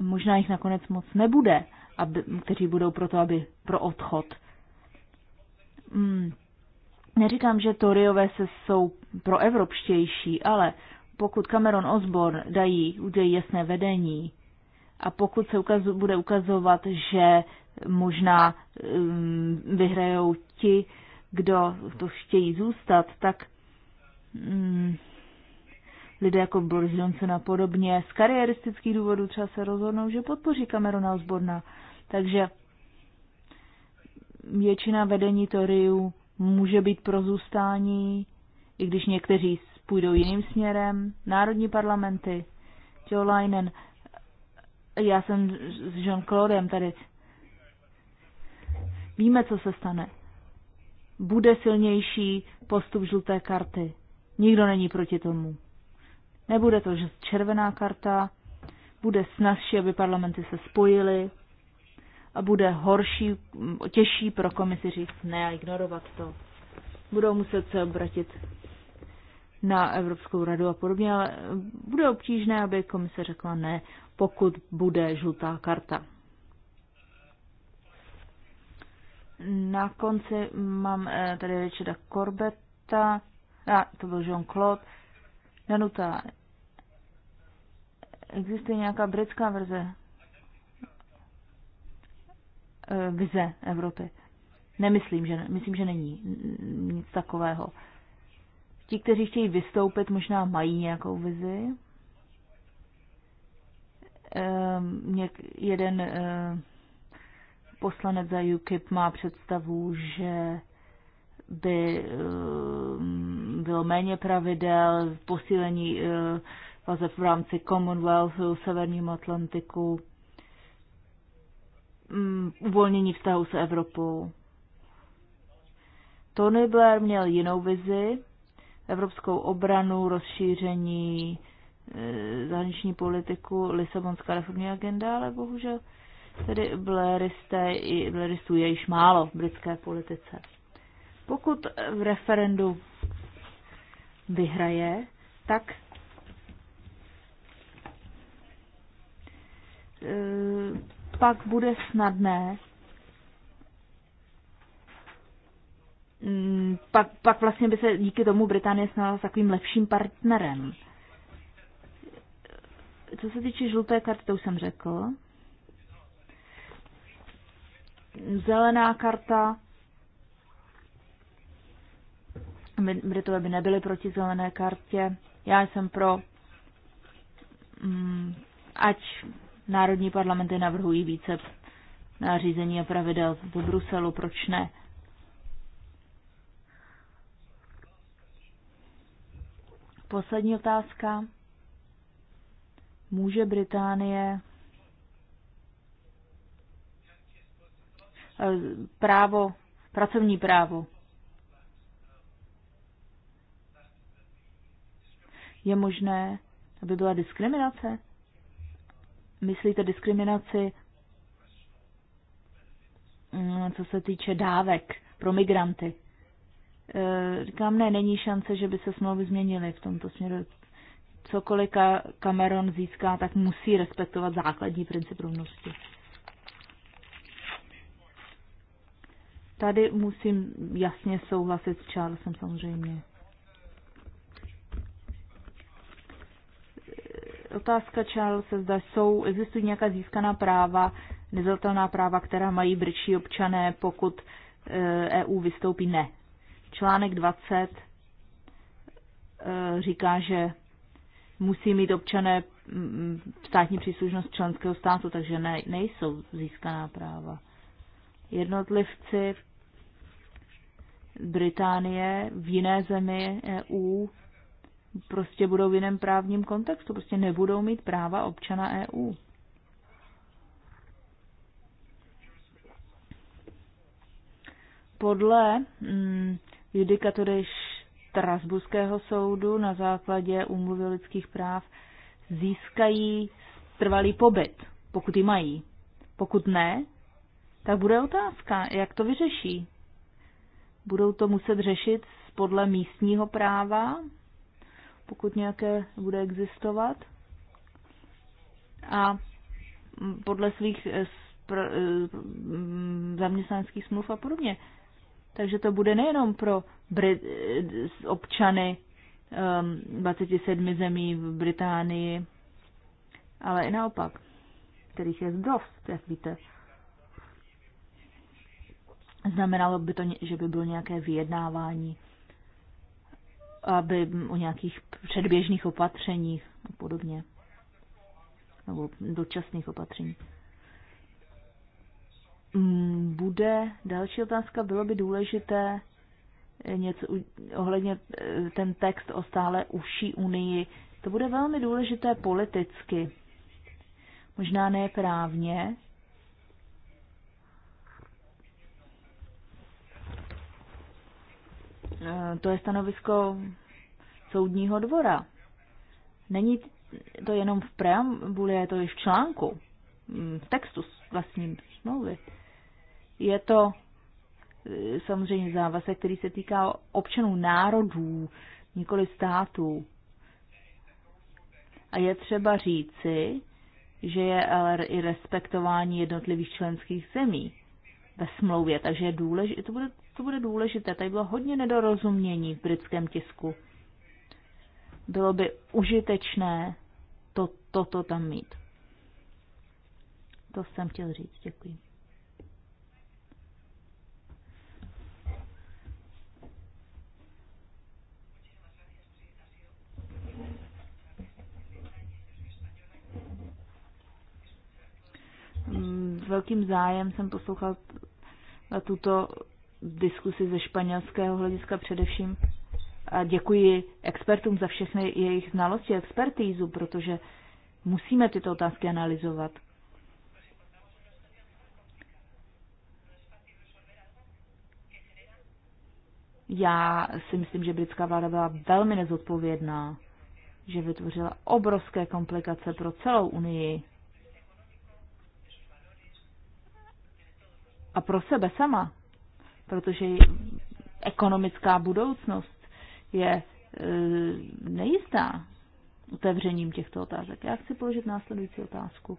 možná jich nakonec moc nebude, aby, kteří budou pro to, aby pro odchod. Hmm Neříkám, že Toriové se jsou proevropštější, ale pokud Cameron Osborne dají, udějí jasné vedení a pokud se ukazu, bude ukazovat, že možná um, vyhrajou ti, kdo to chtějí zůstat, tak um, lidé jako Boris Johnson a podobně z kariéristických důvodů třeba se rozhodnou, že podpoří Camerona Osborna. Takže většina vedení Toriů může být pro zůstání, i když někteří půjdou jiným směrem, národní parlamenty, Joe Leinen, já jsem s Jean-Claudem tady. Víme, co se stane. Bude silnější postup žluté karty. Nikdo není proti tomu. Nebude to že červená karta, bude snazší, aby parlamenty se spojily, bude horší, těžší pro komisi říct ne a ignorovat to. Budou muset se obratit na Evropskou radu a podobně, ale bude obtížné, aby komise řekla ne, pokud bude žlutá karta. Na konci mám eh, tady Richarda Corbetta, a to byl Jean-Claude, Danuta, existuje nějaká britská verze Eh, vize Evropy. Nemyslím, že, myslím, že není nic takového. Ti, kteří chtějí vystoupit, možná mají nějakou vizi. Ehm, něk, jeden eh, poslanec za UKIP má představu, že by ehm, bylo méně pravidel, posílení eh, vazeb v rámci Commonwealthu, Severním Atlantiku, mm, uvolnění vztahu s Evropou. Tony Blair měl jinou vizi, evropskou obranu, rozšíření, e, zahraniční politiku, Lisabonská reformní agenda, ale bohužel tedy Blairisté i Blairistů je již málo v britské politice. Pokud v referendu vyhraje, tak e, pak bude snadné mm, pak, pak vlastně by se díky tomu Británie stala takovým lepším partnerem. Co se týče žluté karty, to už jsem řekl. Zelená karta. Britové by nebyli proti zelené kartě. Já jsem pro, mm, ať Národní parlamenty navrhují více nařízení a pravidel do Bruselu, proč ne? Poslední otázka. Může Británie eh, právo, pracovní právo. Je možné, aby byla diskriminace? myslíte diskriminaci, mm, co se týče dávek pro migranty? E, říkám, ne, není šance, že by se smlouvy změnily v tomto směru. Cokoliv Cameron získá, tak musí respektovat základní princip rovnosti. Tady musím jasně souhlasit s Charlesem samozřejmě. Otázka se zda jsou, existují nějaká získaná práva, nezatelná práva, která mají britští občané, pokud EU eh, e vystoupí? Ne. Článek 20 eh, říká, že musí mít občané mm, státní příslušnost členského státu, takže ne, nejsou získaná práva. Jednotlivci Británie v jiné zemi EU prostě budou v jiném právním kontextu, prostě nebudou mít práva občana EU. Podle mm, judikatury Strasburského soudu na základě úmluvy o lidských práv získají trvalý pobyt, pokud ji mají. Pokud ne, tak bude otázka, jak to vyřeší. Budou to muset řešit podle místního práva, pokud nějaké bude existovat. A podle svých eh, eh, mm, zaměstnaneckých smluv a podobně. Takže to bude nejenom pro Brit- eh, občany 27 ehm, zemí v Británii, ale i naopak, kterých je dost, jak víte. Znamenalo by to, že by bylo nějaké vyjednávání aby o nějakých předběžných opatřeních a podobně, nebo dočasných opatřeních. Mm, bude další otázka, bylo by důležité něco ohledně eh, ten text o stále uší unii. To bude velmi důležité politicky, možná ne právně, Eh, to je stanovisko soudního dvora. Není to jenom v preambuli, je to i v článku, mm, v textu vlastní smlouvy. Je to eh, samozřejmě závazek, který se týká občanů národů, nikoli států. A je třeba říci, že je ale i respektování jednotlivých členských zemí ve smlouvě, takže je důležité, to bude co bude důležité. Tady bylo hodně nedorozumění v britském tisku. Bylo by užitečné to, toto tam mít. To jsem chtěl říct. Děkuji. S velkým zájem jsem poslouchal tuto diskusi ze španělského hlediska především. A děkuji expertům za všechny jejich znalosti a expertízu, protože musíme tyto otázky analyzovat. Já si myslím, že britská vláda byla velmi nezodpovědná, že vytvořila obrovské komplikace pro celou Unii a pro sebe sama protože ekonomická budoucnost je e, nejistá otevřením těchto otázek. Já chci položit následující otázku.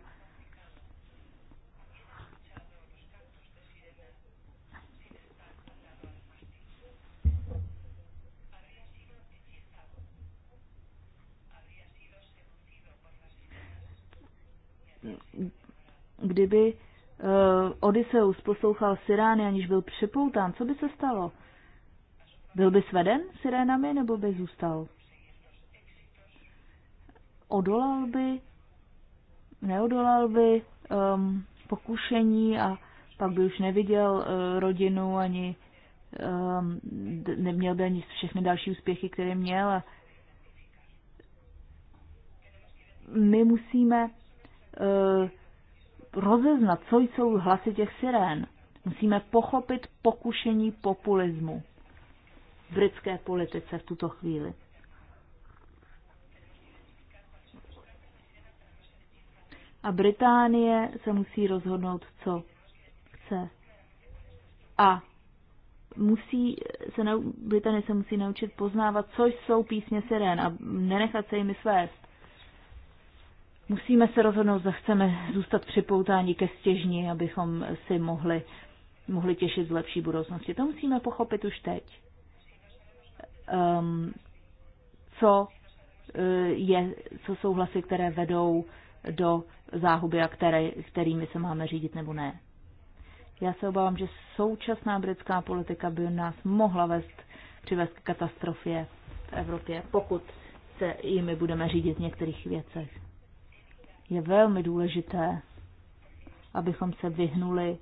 Kdyby Eh, Odysseus poslouchal Sirány, aniž byl přepoután, co by se stalo? Byl by sveden sirénami nebo by zůstal? Odolal by? Neodolal by um, pokušení a pak by už neviděl uh, rodinu ani um, neměl by ani všechny další úspěchy, které měl. A my musíme uh, rozeznat, co jsou hlasy těch sirén. Musíme pochopit pokušení populismu v britské politice v tuto chvíli. A Británie se musí rozhodnout, co chce. A musí se, Británie se musí naučit poznávat, co jsou písně sirén a nenechat se jimi svést. Musíme se rozhodnout, zda chceme zůstat připoutáni ke stěžni, abychom si mohli, mohli těšit z lepší budoucnosti. To musíme pochopit už teď. Um, co, eh, je, co jsou hlasy, které vedou do záhuby a které, kterými se máme řídit nebo ne. Já se obávám, že současná britská politika by nás mohla vést, přivést k katastrofě v Evropě, pokud se jimi budeme řídit v některých věcech je velmi důležité, abychom se vyhnuli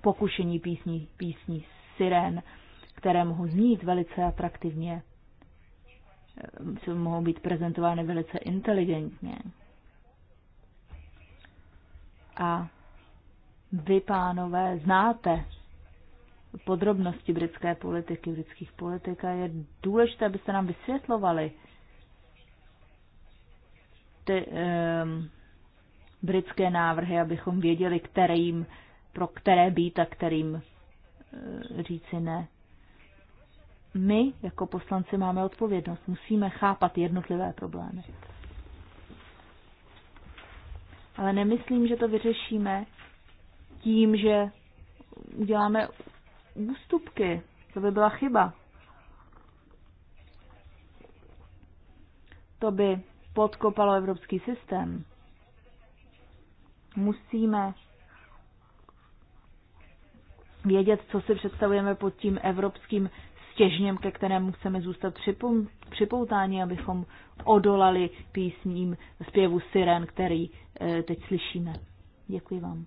pokušení písní, písní sirén, které mohou znít velice atraktivně, mohou být prezentovány velice inteligentně. A vy, pánové, znáte podrobnosti britské politiky, britských politik a je důležité, abyste nám vysvětlovali, ty um, britské návrhy, abychom věděli, kterým, pro které být a kterým uh, říci ne. My jako poslanci máme odpovědnost, musíme chápat jednotlivé problémy. Ale nemyslím, že to vyřešíme tím, že uděláme ústupky. To by byla chyba. To by podkopalo evropský systém. Musíme vědět, co si představujeme pod tím evropským stěžněm, ke kterému chceme zůstat připoutáni, abychom odolali písním zpěvu siren, který eh, teď slyšíme. Děkuji vám.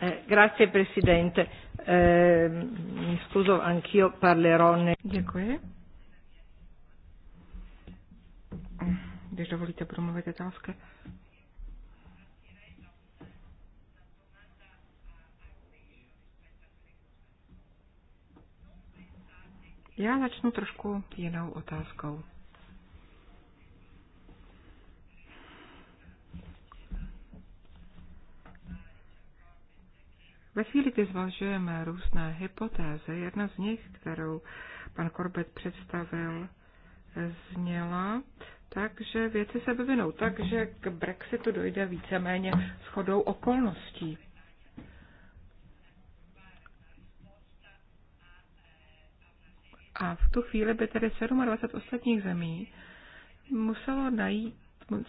Eh, grazie Presidente, eh, scuso anch'io parlerò. ne. Děkuji když dovolíte, budu mluvit Já začnu trošku jinou otázkou. Ve chvíli, kdy zvažujeme různé hypotézy, jedna z nich, kterou pan Korbet představil, zněla, takže věci se vyvinou tak, že k Brexitu dojde víceméně shodou okolností. A v tu chvíli by tedy 27 ostatních zemí muselo najít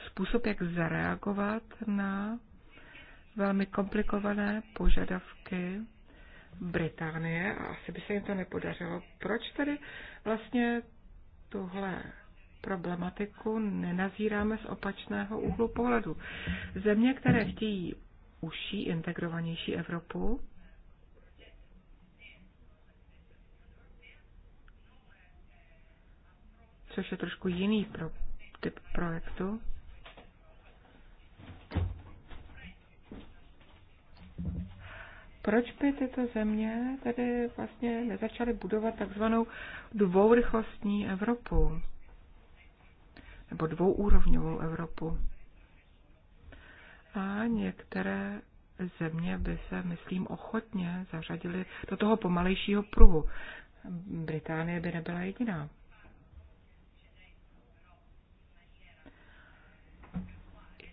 způsob, jak zareagovat na velmi komplikované požadavky Británie a asi by se jim to nepodařilo. Proč tedy vlastně tohle problematiku nenazíráme z opačného úhlu pohledu. Země, které chtějí užší, integrovanější Evropu, což je trošku jiný pro typ projektu, proč by tyto země tedy vlastně nezačaly budovat takzvanou dvourychlostní Evropu? nebo dvouúrovňovou Evropu. A některé země by se, myslím, ochotně zařadily do toho pomalejšího pruhu. Británie by nebyla jediná.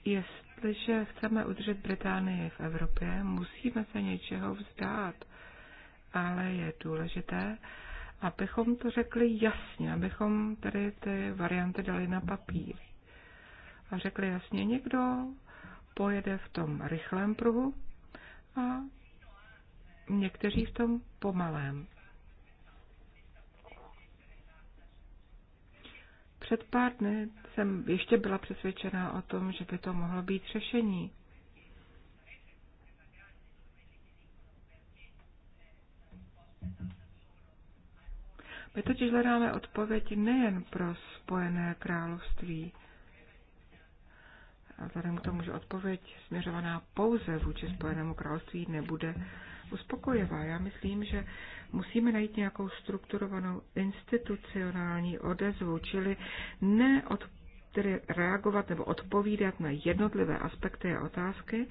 Jestliže chceme udržet Británii v Evropě, musíme se něčeho vzdát. Ale je důležité, abychom to řekli jasně, abychom tedy ty varianty dali na papír. A řekli jasně, někdo pojede v tom rychlém pruhu a někteří v tom pomalém. Před pár dny jsem ještě byla přesvědčená o tom, že by to mohlo být řešení. My totiž hledáme odpověď nejen pro Spojené království, a vzhledem k tomu, že odpověď směřovaná pouze vůči Spojenému království nebude uspokojivá. Já myslím, že musíme najít nějakou strukturovanou institucionální odezvu, čili ne od, tedy reagovat nebo odpovídat na jednotlivé aspekty a otázky,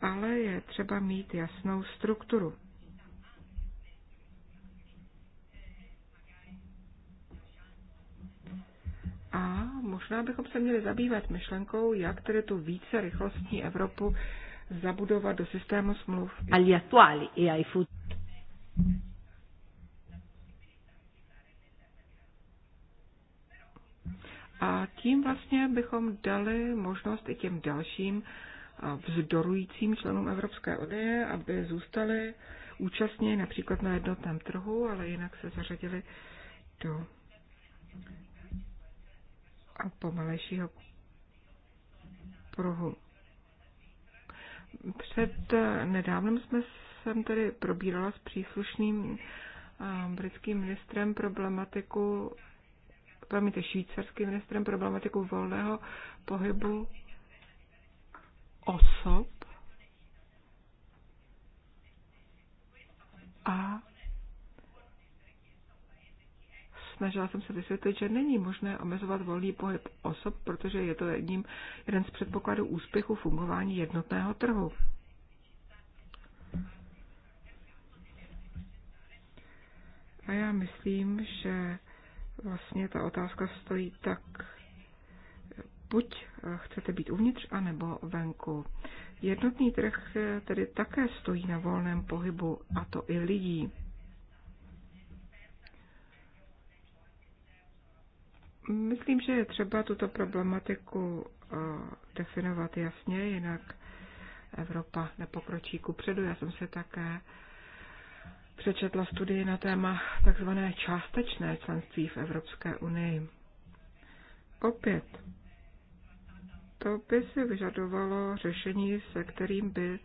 ale je třeba mít jasnou strukturu. A možná bychom se měli zabývat myšlenkou, jak tedy tu více rychlostní Evropu zabudovat do systému smluv. Agli attuali e ai fut. A tím vlastně bychom dali možnost i těm dalším vzdorujícím členům Evropské unie, aby zůstali účastně například na jednotném trhu, ale jinak se zařadili do a pomalejšího pruhu. Před eh, nedávnem jsme jsem tedy probírala s příslušným eh, britským ministrem problematiku, promiňte, švýcarským ministrem problematiku volného pohybu osob a snažila jsem se vysvětlit, že není možné omezovat volný pohyb osob, protože je to jedním, jeden z předpokladů úspěchu fungování jednotného trhu. A já myslím, že vlastně ta otázka stojí tak, buď chcete být uvnitř, anebo venku. Jednotný trh tedy také stojí na volném pohybu, a to i lidí. Myslím, že je třeba tuto problematiku eh, definovat jasně, jinak Evropa nepokročí ku předu. Já jsem se také přečetla studii na téma takzvané částečné členství v Evropské unii. Opět, to by si vyžadovalo řešení, se kterým by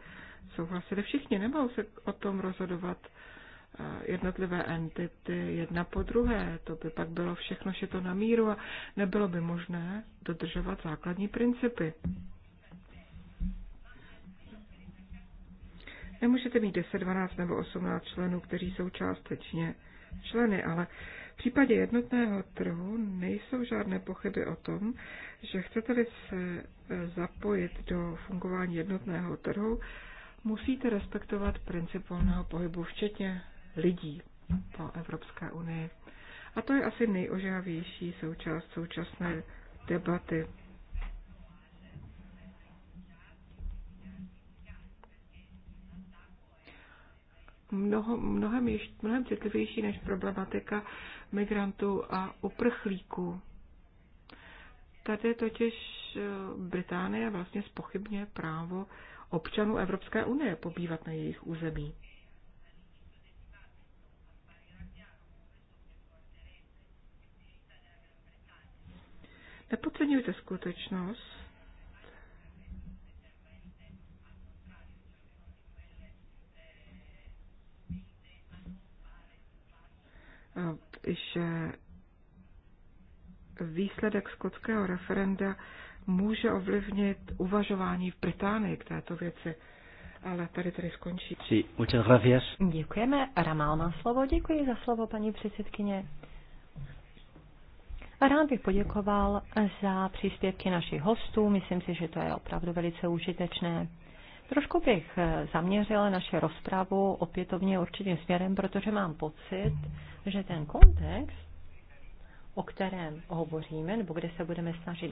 souhlasili všichni. Nemohou se o tom rozhodovat jednotlivé entity jedna po druhé. To by pak bylo všechno to na míru a nebylo by možné dodržovat základní principy. Nemůžete mít 10, 12 nebo 18 členů, kteří jsou částečně členy, ale v případě jednotného trhu nejsou žádné pochyby o tom, že chcete-li se e, zapojit do fungování jednotného trhu, musíte respektovat princip volného pohybu, včetně lidí po Evropské unii. A to je asi nejožávější součást současné debaty. Mnoho, mnohem, ještě, mnohem citlivější než problematika migrantů a uprchlíků. Tady totiž eh, Británie vlastně spochybně právo občanů Evropské unie pobývat na jejich území. Nepodceňujte skutečnost, že výsledek skotského referenda může ovlivnit uvažování v Británii k této věci. Ale tady tady skončí. Sí, muchas gracias. Děkujeme. Ramal má slovo. Děkuji za slovo, paní předsedkyně. Rád bych poděkoval za příspěvky našich hostů. Myslím si, že to je opravdu velice užitečné. Trošku bych zaměřila naše rozpravu opětovně určitým směrem, protože mám pocit, že ten kontext, o kterém hovoříme, nebo kde se budeme snažit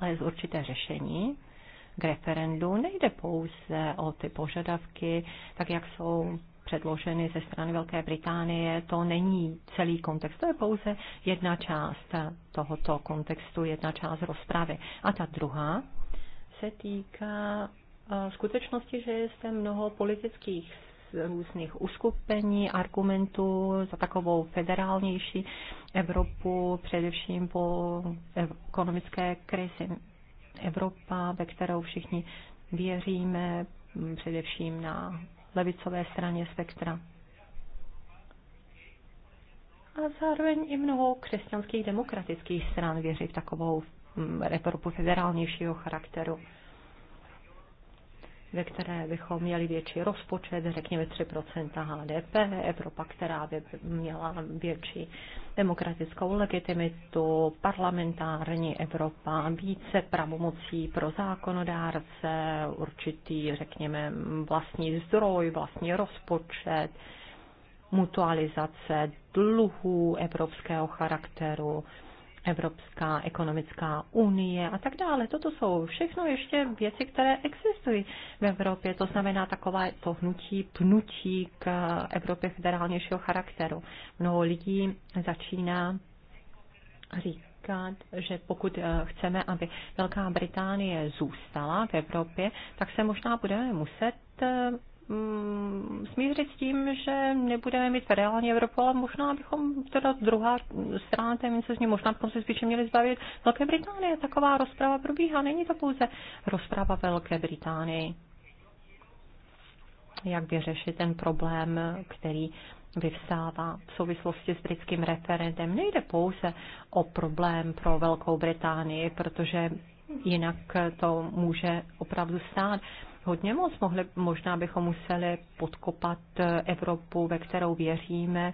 nalézt určité řešení, k referendu nejde pouze o ty požadavky, tak jak jsou předloženy ze strany Velké Británie, to není celý kontext, to je pouze jedna část tohoto kontextu, jedna část rozpravy. A ta druhá se týká eh, skutečnosti, že je zde mnoho politických různých uskupení, argumentů za takovou federálnější Evropu, především po ekonomické krizi. Evropa, ve kterou všichni věříme, především na levicové straně spektra. A zároveň i mnoho křesťanských demokratických stran věří v takovou mm, reformu federálnějšího charakteru ve které bychom měli větší rozpočet, řekněme 3% HDP, Evropa, která by měla větší demokratickou legitimitu, parlamentární Evropa, více pravomocí pro zákonodárce, určitý, řekněme, vlastní zdroj, vlastní rozpočet, mutualizace dluhů evropského charakteru, Evropská ekonomická unie a tak dále. Toto jsou všechno ještě věci, které existují v Evropě. To znamená takové to hnutí, pnutí k Evropě federálnějšího charakteru. Mnoho lidí začíná říkat, že pokud eh, chceme, aby Velká Británie zůstala v Evropě, tak se možná budeme muset eh, Mm, smířit s tím, že nebudeme mít federální Evropu, ale možná bychom teda druhá strana té mince z ní možná bychom se spíše měli zbavit. Velké Británie taková rozprava probíhá, není to pouze rozprava Velké Británii. Jak vyřešit ten problém, který vyvstává v souvislosti s britským referendem. Nejde pouze o problém pro Velkou Británii, protože jinak to může opravdu stát hodně moc. Mohli, možná bychom museli podkopat eh, Evropu, ve kterou věříme,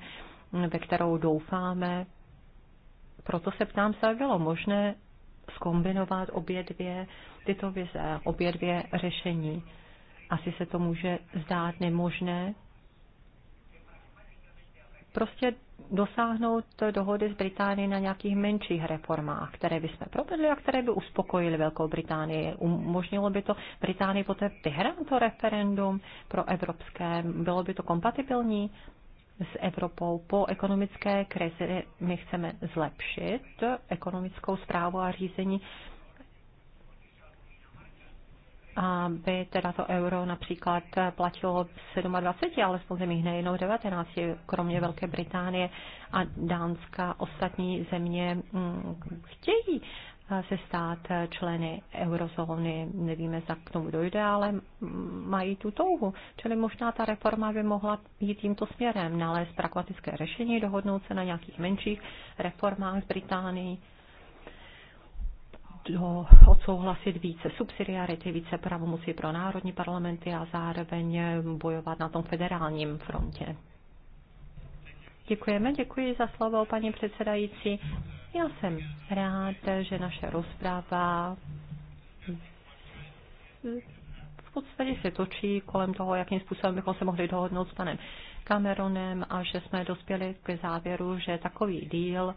ve kterou doufáme. Proto se ptám, zda bylo možné skombinovat obě dvě tyto vize, obě dvě řešení. Asi se to může zdát nemožné. Prostě dosáhnout dohody s Británií na nějakých menších reformách, které by jsme provedli a které by uspokojily Velkou Británii. Umožnilo by to Británii poté vyhrát to referendum pro evropské, bylo by to kompatibilní s Evropou. Po ekonomické krizi my chceme zlepšit ekonomickou zprávu a řízení aby teda to euro například platilo 27, ale spolu zemích nejenom 19, kromě Velké Británie a Dánska. Ostatní země mm, chtějí eh, se stát eh, členy eurozóny. Nevíme, za k tomu dojde, ale mm, mají tu touhu. Čili možná ta reforma by mohla jít tímto směrem, nalézt pragmatické řešení, dohodnout se na nějakých menších reformách v Británii do, odsouhlasit více subsidiarity, více pravomocí pro národní parlamenty a zároveň bojovat na tom federálním frontě. Děkujeme, děkuji za slovo, paní předsedající. Já jsem rád, že naše rozprava v podstatě se točí kolem toho, jakým způsobem bychom se mohli dohodnout s panem Cameronem a že jsme dospěli k závěru, že takový díl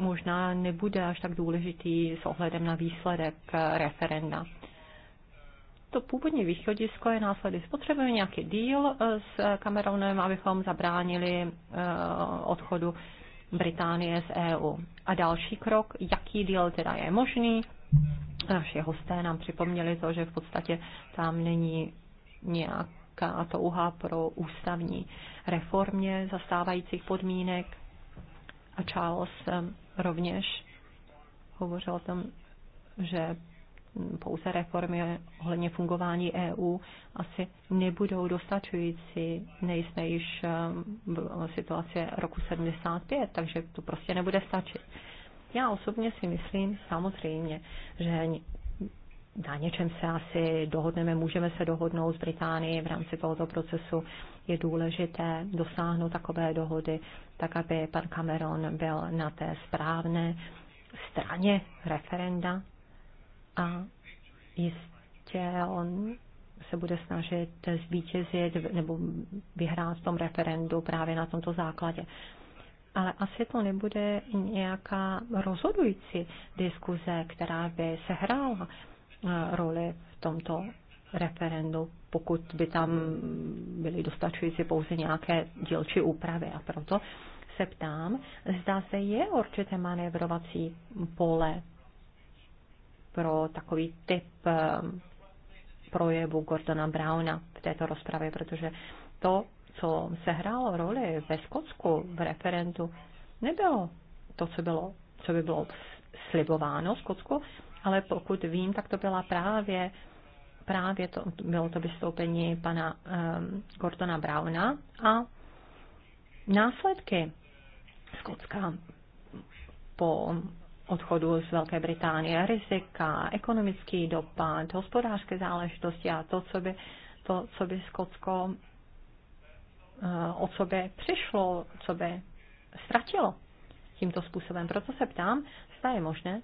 možná nebude až tak důležitý s ohledem na výsledek referenda. To původní východisko je následně. Potřebujeme nějaký díl eh, s Cameronem, abychom zabránili eh, odchodu Británie z EU. A další krok, jaký díl teda je možný. Naši hosté nám připomněli to, že v podstatě tam není nějaká touha pro ústavní reformě zastávajících podmínek. A Charles eh, rovněž hovořil o tom, že pouze reformy ohledně fungování EU asi nebudou dostačující, nejsme již eh, v situaci roku 75, takže to prostě nebude stačit. Já osobně si myslím samozřejmě, že na něčem se asi dohodneme, můžeme se dohodnout s Británií v rámci tohoto procesu. Je důležité dosáhnout takové dohody, tak aby pan Cameron byl na té správné straně referenda a jistě on se bude snažit zvítězit nebo vyhrát v tom referendu právě na tomto základě. Ale asi to nebude nějaká rozhodující diskuze, která by se hrála Eh, roli v tomto referendu, pokud by tam byly dostačující pouze nějaké dílčí úpravy. A proto se ptám, zda se je určité manévrovací pole pro takový typ eh, projevu Gordona Browna v této rozpravě, protože to, co se hrálo roli ve Skotsku v referendu, nebylo to, co, bylo, co by bylo slibováno Skotsku, ale pokud vím, tak to byla právě právě to, bylo to vystoupení pana um, Gordona Browna a následky Skotska po odchodu z Velké Británie, rizika, ekonomický dopad, hospodářské záležitosti a to, co by, to, co by Skotsko uh, o sobě přišlo, co by ztratilo tímto způsobem. Proto se ptám, zda je možné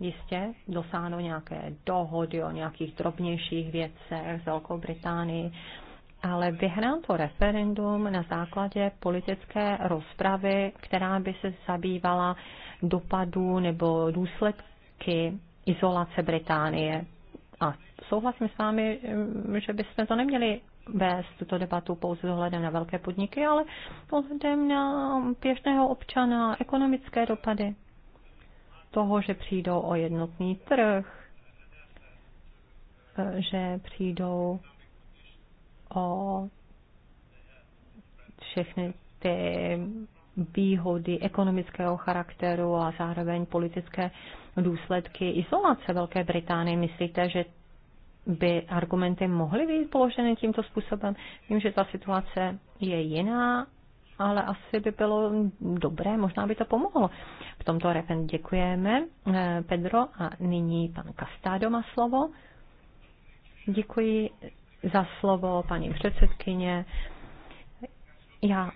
jistě dosáhnout nějaké dohody o nějakých drobnějších věcech s Velkou Británií, ale vyhrál to referendum na základě politické rozpravy, která by se zabývala dopadů nebo důsledky izolace Británie. A souhlasím s vámi, že bychom to neměli vést tuto debatu pouze s ohledem na velké podniky, ale pohledem ohledem na pěšného občana, ekonomické dopady toho, že přijdou o jednotný trh, eh, že přijdou o všechny ty výhody ekonomického charakteru a zároveň politické důsledky izolace Velké Británie. Myslíte, že by argumenty mohly být položeny tímto způsobem? Vím, že ta situace je jiná, ale asi by bylo dobré, možná by to pomohlo. V tomto repen děkujeme, eh, Pedro, a nyní pan Kastádo má slovo. Děkuji za slovo, paní předsedkyně. Já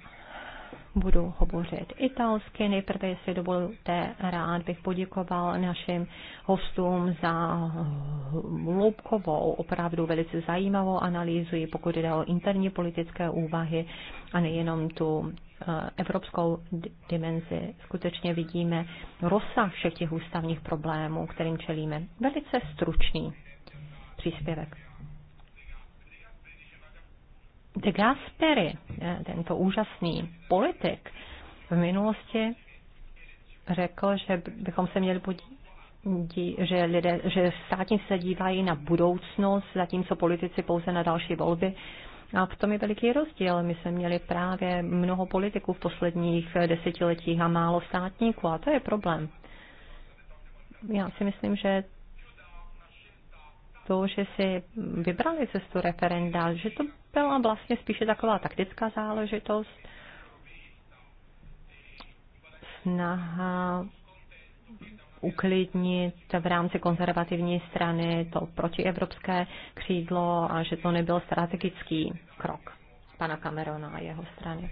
budu hovořit italsky. Nejprve, jestli dovolíte, rád bych poděkoval našim hostům za hloubkovou, opravdu velice zajímavou analýzu, pokud jde o interní politické úvahy a nejenom tu eh, evropskou dimenzi. Skutečně vidíme rozsah všech těch ústavních problémů, kterým čelíme. Velice stručný příspěvek de Gasperi, eh, tento úžasný politik, v minulosti řekl, že bychom se měli podívat že, lidé, že státníci se dívají na budoucnost, zatímco politici pouze na další volby. A v tom je veliký rozdíl. My jsme měli právě mnoho politiků v posledních desetiletích a málo státníků a to je problém. Já si myslím, že to, že si vybrali cestu referenda, že to byla vlastně spíše taková taktická záležitost. Snaha uklidnit v rámci konzervativní strany to protievropské křídlo a že to nebyl strategický krok pana Camerona a jeho strany.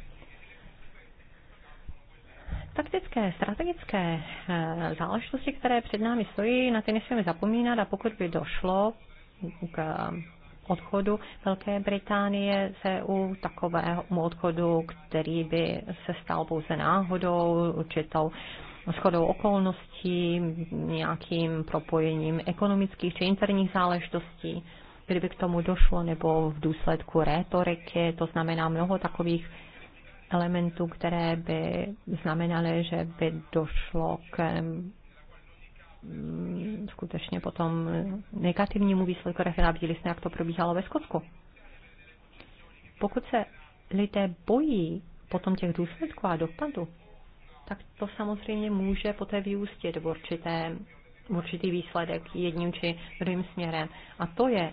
Taktické, strategické eh, záležitosti, které před námi stojí, na ty nesmíme zapomínat a pokud by došlo k odchodu Velké Británie z EU, takovému odchodu, který by se stal pouze náhodou, určitou shodou okolností, nějakým propojením ekonomických či interních záležitostí, kdyby k tomu došlo, nebo v důsledku rétoriky, to znamená mnoho takových elementů, které by znamenaly, že by došlo k Mm, skutečně potom negativnímu výsledku referenda. Viděli jsme, jak to probíhalo ve Skotsku. Pokud se lidé bojí potom těch důsledků a dopadů, tak to samozřejmě může poté vyústit v určité, určitý výsledek jedním či druhým směrem. A to je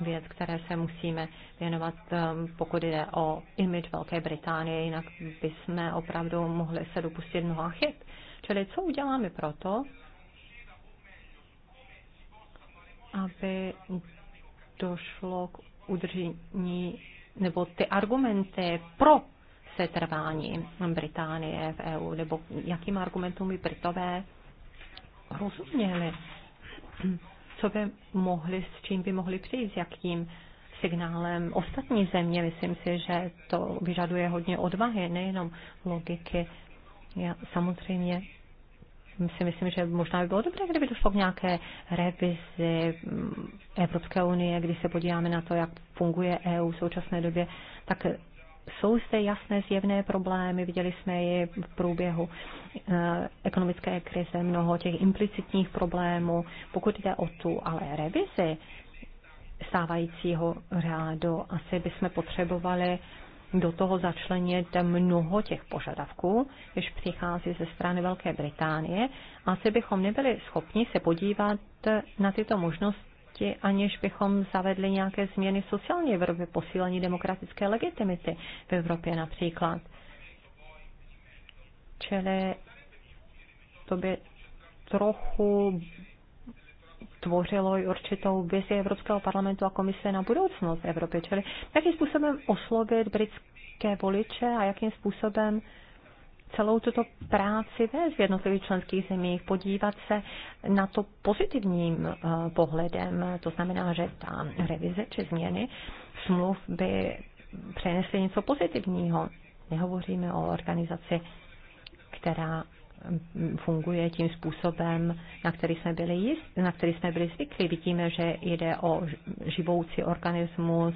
věc, které se musíme věnovat, um, pokud jde o image Velké Británie, jinak bychom opravdu mohli se dopustit mnoha chyb. Čili co uděláme proto, aby došlo k udržení nebo ty argumenty pro setrvání Británie v EU, nebo jakým argumentům by Britové rozuměli, co by mohli, s čím by mohli přijít, s jakým signálem ostatní země. Myslím si, že to vyžaduje hodně odvahy, nejenom logiky. Já, samozřejmě si myslím, že možná by bylo dobré, kdyby došlo k nějaké revizi mm, Evropské unie, když se podíváme na to, jak funguje EU v současné době, tak jsou zde jasné zjevné problémy, viděli jsme je v průběhu eh, ekonomické krize, mnoho těch implicitních problémů. Pokud jde o tu ale revizi stávajícího řádu, asi bychom potřebovali do toho začlenit mnoho těch požadavků, když přichází ze strany Velké Británie. Asi bychom nebyli schopni se podívat na tyto možnosti, aniž bychom zavedli nějaké změny v sociální Evropě, posílení demokratické legitimity v Evropě například. Čili to by trochu tvořilo i určitou vizi Evropského parlamentu a komise na budoucnost Evropy. Čili jakým způsobem oslovit britské voliče a jakým způsobem celou tuto práci vést v jednotlivých členských zemích, podívat se na to pozitivním eh, pohledem, to znamená, že ta revize či změny smluv by přinesly něco pozitivního. Nehovoříme o organizaci, která funguje tím způsobem, na který jsme byli, jist, na který jsme byli zvyklí. Vidíme, že jde o živoucí organismus,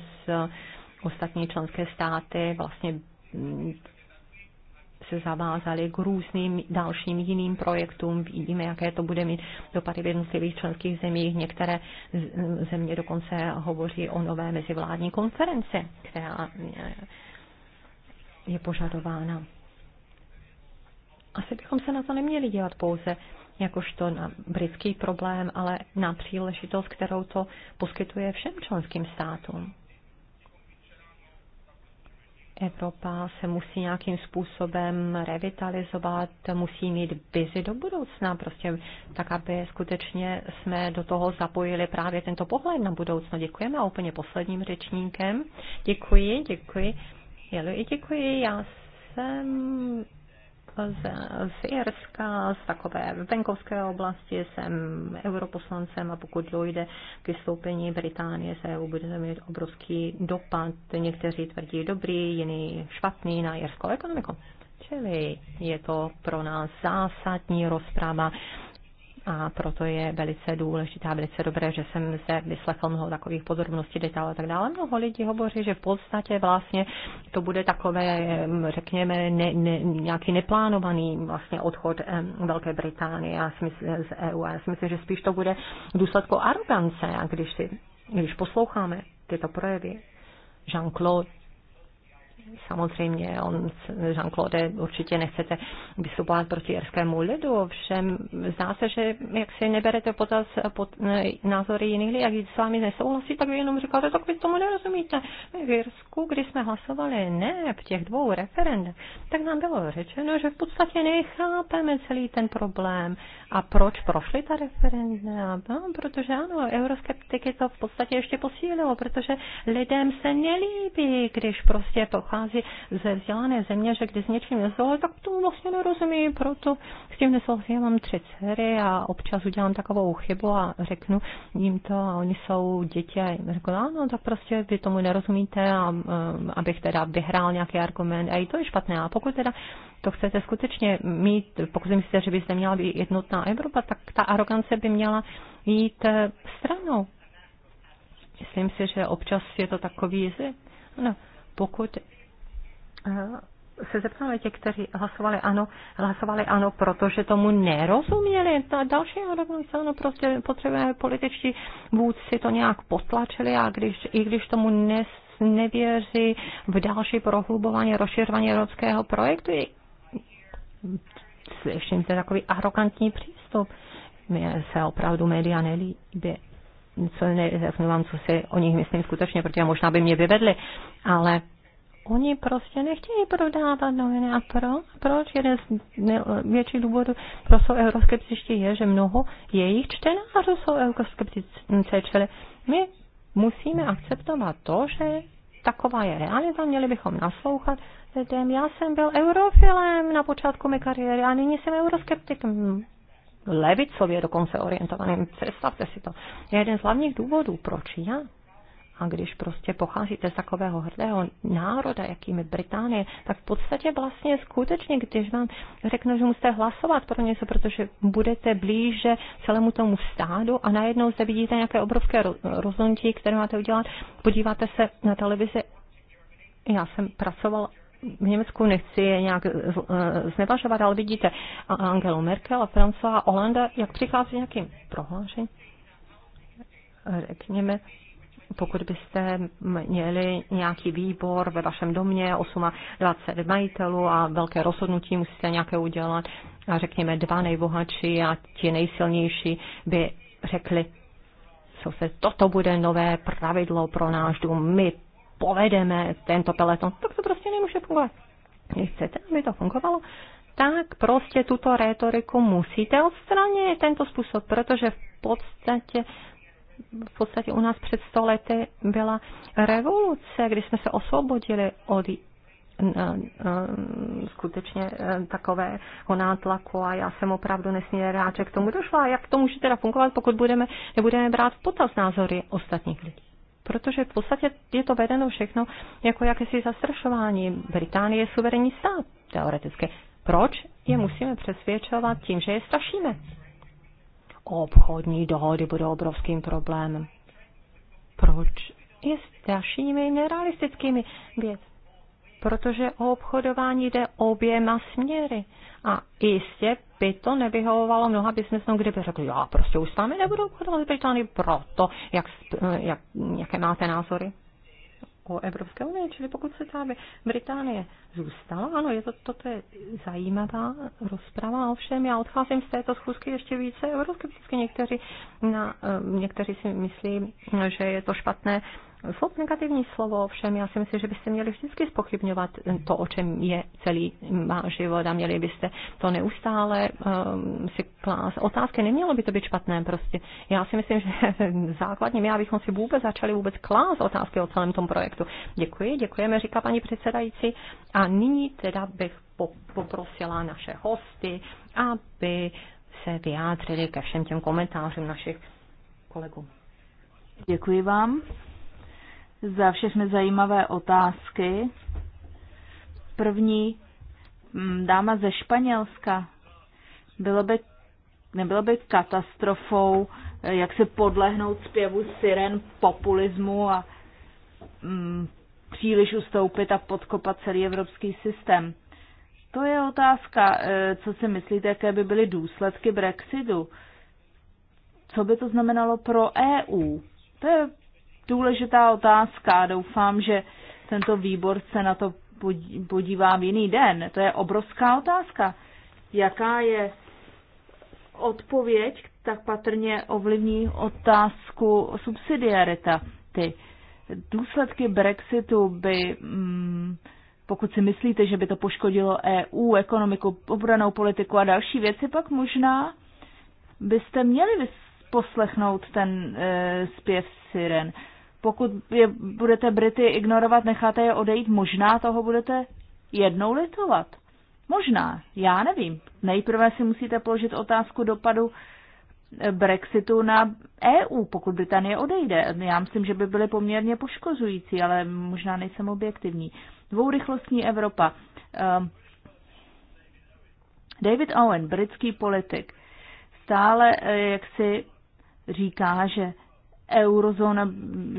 ostatní členské státy vlastně se zavázali k různým dalším jiným projektům. Vidíme, jaké to bude mít dopady v jednotlivých členských zemích. Některé země dokonce hovoří o nové mezivládní konferenci, která eh, je požadována asi bychom se na to neměli dělat pouze jakožto na britský problém, ale na příležitost, kterou to poskytuje všem členským státům. Evropa se musí nějakým způsobem revitalizovat, musí mít vizi do budoucna, prostě tak, aby skutečně jsme do toho zapojili právě tento pohled na budoucno. Děkujeme a úplně posledním řečníkem. Děkuji, děkuji. Jelu i děkuji. Já jsem z, z Jerska, z takové venkovské oblasti, jsem europoslancem a pokud dojde k vystoupení Británie z e bude mít obrovský dopad. Někteří tvrdí dobrý, jiný špatný na jerskou ekonomiku. Čili je to pro nás zásadní rozprava a proto je velice důležité velice dobré, že jsem se vyslechl mnoho takových podrobností, detailů a tak dále. Mnoho lidí hovoří, že v podstatě vlastně to bude takové, řekněme, ne, ne, nějaký neplánovaný vlastně odchod Velké Británie a smysl z EU. Já si myslím, že spíš to bude důsledku arogance, a když, si, když posloucháme tyto projevy Jean-Claude Samozřejmě, on, Jean-Claude, určitě nechcete vystupovat proti jerskému lidu, ovšem zdá se, že jak si neberete potaz pod, názory jiných lidí, jak s vámi nesouhlasí, tak vy jenom říkáte, tak vy tomu nerozumíte. V Jirsku, kdy jsme hlasovali ne v těch dvou referendech, tak nám bylo řečeno, že v podstatě nechápeme celý ten problém a proč prošly ta referenda? No, protože ano, euroskeptiky to v podstatě ještě posílilo, protože lidem se nelíbí, když prostě pochází ze vzdělané země, že když s něčím nesouhlasí, tak to vlastně nerozumí, proto s tím nesouhlasím. Já mám tři dcery a občas udělám takovou chybu a řeknu jim to a oni jsou děti a jim řeknu, ano, tak prostě vy tomu nerozumíte a um, abych teda vyhrál nějaký argument a i to je špatné. A pokud teda to chcete skutečně mít, pokud si myslíte, že byste měla být jednotná Evropa, tak ta arogance by měla jít eh, stranou. Myslím si, že občas je to takový jizy. No, pokud eh, se zeptáme těch, kteří hlasovali ano, hlasovali ano, protože tomu nerozuměli. Ta další arogance, ano, prostě potřebujeme političtí vůdci to nějak potlačili a když, i když tomu nes, nevěří v další prohlubování, rozšiřování evropského projektu, slyším, to takový arrogantní přístup. Mně se opravdu média nelíbí. Co neřeknu vám, co si o nich myslím skutečně, protože možná by mě vyvedli, ale Oni prostě nechtějí prodávat noviny. A pro, proč? Jeden z největších důvodů, pro jsou euroskeptičtí, je, že mnoho jejich čtenářů jsou euroskeptici. Čili my musíme akceptovat to, že taková je realita, měli bychom naslouchat lidem. Já jsem byl eurofilem na počátku mé kariéry a nyní jsem euroskeptik levicově dokonce orientovaným. Představte si to. Je jeden z hlavních důvodů, proč já a když prostě pocházíte z takového hrdého národa, jakými Británie, tak v podstatě vlastně skutečně, když vám řeknu, že musíte hlasovat pro něco, protože budete blíže celému tomu stádu a najednou zde vidíte nějaké obrovské rozhodnutí, které máte udělat, podíváte se na televizi. Já jsem pracoval v Německu nechci je nějak eh, eh, znevažovat, ale vidíte Angelu Merkel a François Hollande, jak přichází nějakým prohlášením, řekněme, pokud byste měli nějaký výbor ve vašem domě, 8 a 20 majitelů a velké rozhodnutí musíte nějaké udělat, a řekněme dva nejbohatší a ti nejsilnější by řekli, co se toto bude nové pravidlo pro náš dům, my povedeme tento peleton, tak to prostě nemůže fungovat. Když chcete, aby to fungovalo, tak prostě tuto rétoriku musíte odstranit, tento způsob, protože v podstatě v podstatě u nás před sto lety byla revoluce, kdy jsme se osvobodili od eh, eh, skutečně eh, takového nátlaku a já jsem opravdu nesmírně rád, že k tomu došla. A jak to může teda fungovat, pokud budeme, nebudeme brát v potaz názory ostatních lidí? Protože v podstatě je to vedeno všechno jako jakési zastrašování. Británie je suverénní stát, teoreticky. Proč je musíme přesvědčovat tím, že je strašíme? obchodní dohody budou obrovským problémem. Proč? Je dalšími nerealistickými věc. Protože o obchodování jde oběma směry. A jistě by to nevyhovovalo mnoha biznesům, kdyby řekli, já prostě už s vámi nebudu obchodovat s Británií, proto, jak, jak, jaké máte názory o Evropské unii, čili pokud se ta Británie zůstala, ano, je to, toto je zajímavá rozprava, ovšem já odcházím z této schůzky ještě více euroskepticky. Někteří, na, eh, někteří si myslí, že je to špatné Slov negativní slovo, všem, já si myslím, že byste měli vždycky spochybňovat to, o čem je celý váš život a měli byste to neustále um, si klást otázky. Nemělo by to být špatné prostě. Já si myslím, že [laughs] základně já bychom si vůbec začali vůbec klást otázky o celém tom projektu. Děkuji, děkujeme, říká paní předsedající. A nyní teda bych poprosila naše hosty, aby se vyjádřili ke všem těm komentářům našich kolegů. Děkuji vám za všechny zajímavé otázky. První mm, dáma ze Španělska. Bylo by, nebylo by katastrofou, eh, jak se podlehnout zpěvu siren populismu a mm, příliš ustoupit a podkopat celý evropský systém. To je otázka, eh, co si myslíte, jaké by byly důsledky Brexitu. Co by to znamenalo pro EU? To je důležitá otázka. Doufám, že tento výbor se na to podívá v jiný den. To je obrovská otázka. Jaká je odpověď, tak patrně ovlivní otázku subsidiarita. Ty důsledky Brexitu by, mm, pokud si myslíte, že by to poškodilo EU, ekonomiku, obranou politiku a další věci, pak možná byste měli poslechnout ten e, zpěv siren pokud je budete Brity ignorovat, necháte je odejít, možná toho budete jednou litovat. Možná, já nevím. Nejprve si musíte položit otázku dopadu eh, Brexitu na EU, pokud Británie odejde. Já myslím, že by byly poměrně poškozující, ale možná nejsem objektivní. Dvourychlostní Evropa. Ehm, David Owen, britský politik, stále eh, jak si říká, že eurozóna,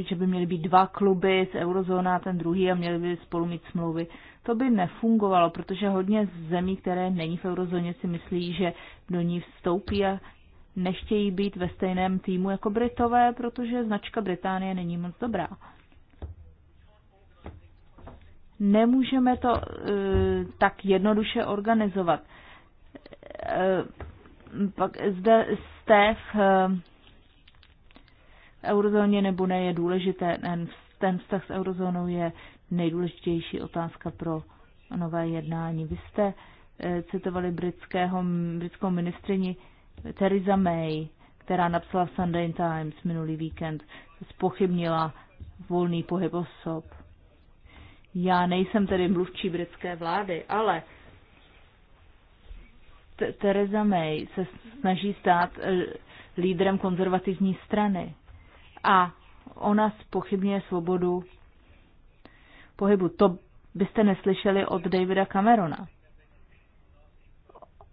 že by měly být dva kluby z eurozóna a ten druhý a měli by spolu mít smlouvy. To by nefungovalo, protože hodně zemí, které není v eurozóně, si myslí, že do ní vstoupí a nechtějí být ve stejném týmu jako Britové, protože značka Británie není moc dobrá. Nemůžeme to uh, tak jednoduše organizovat. Uh, pak zde Steph. uh, eurozóně nebo ne, je důležité. Ten vztah s eurozónou je nejdůležitější otázka pro nové jednání. Vy jste eh, citovali britského, britskou ministrini Theresa May, která napsala v Sunday Times minulý víkend, spochybnila volný pohyb osob. Já nejsem tedy mluvčí britské vlády, ale Theresa May se snaží stát eh, lídrem konzervativní strany a ona spochybňuje svobodu pohybu. To byste neslyšeli od Davida Camerona.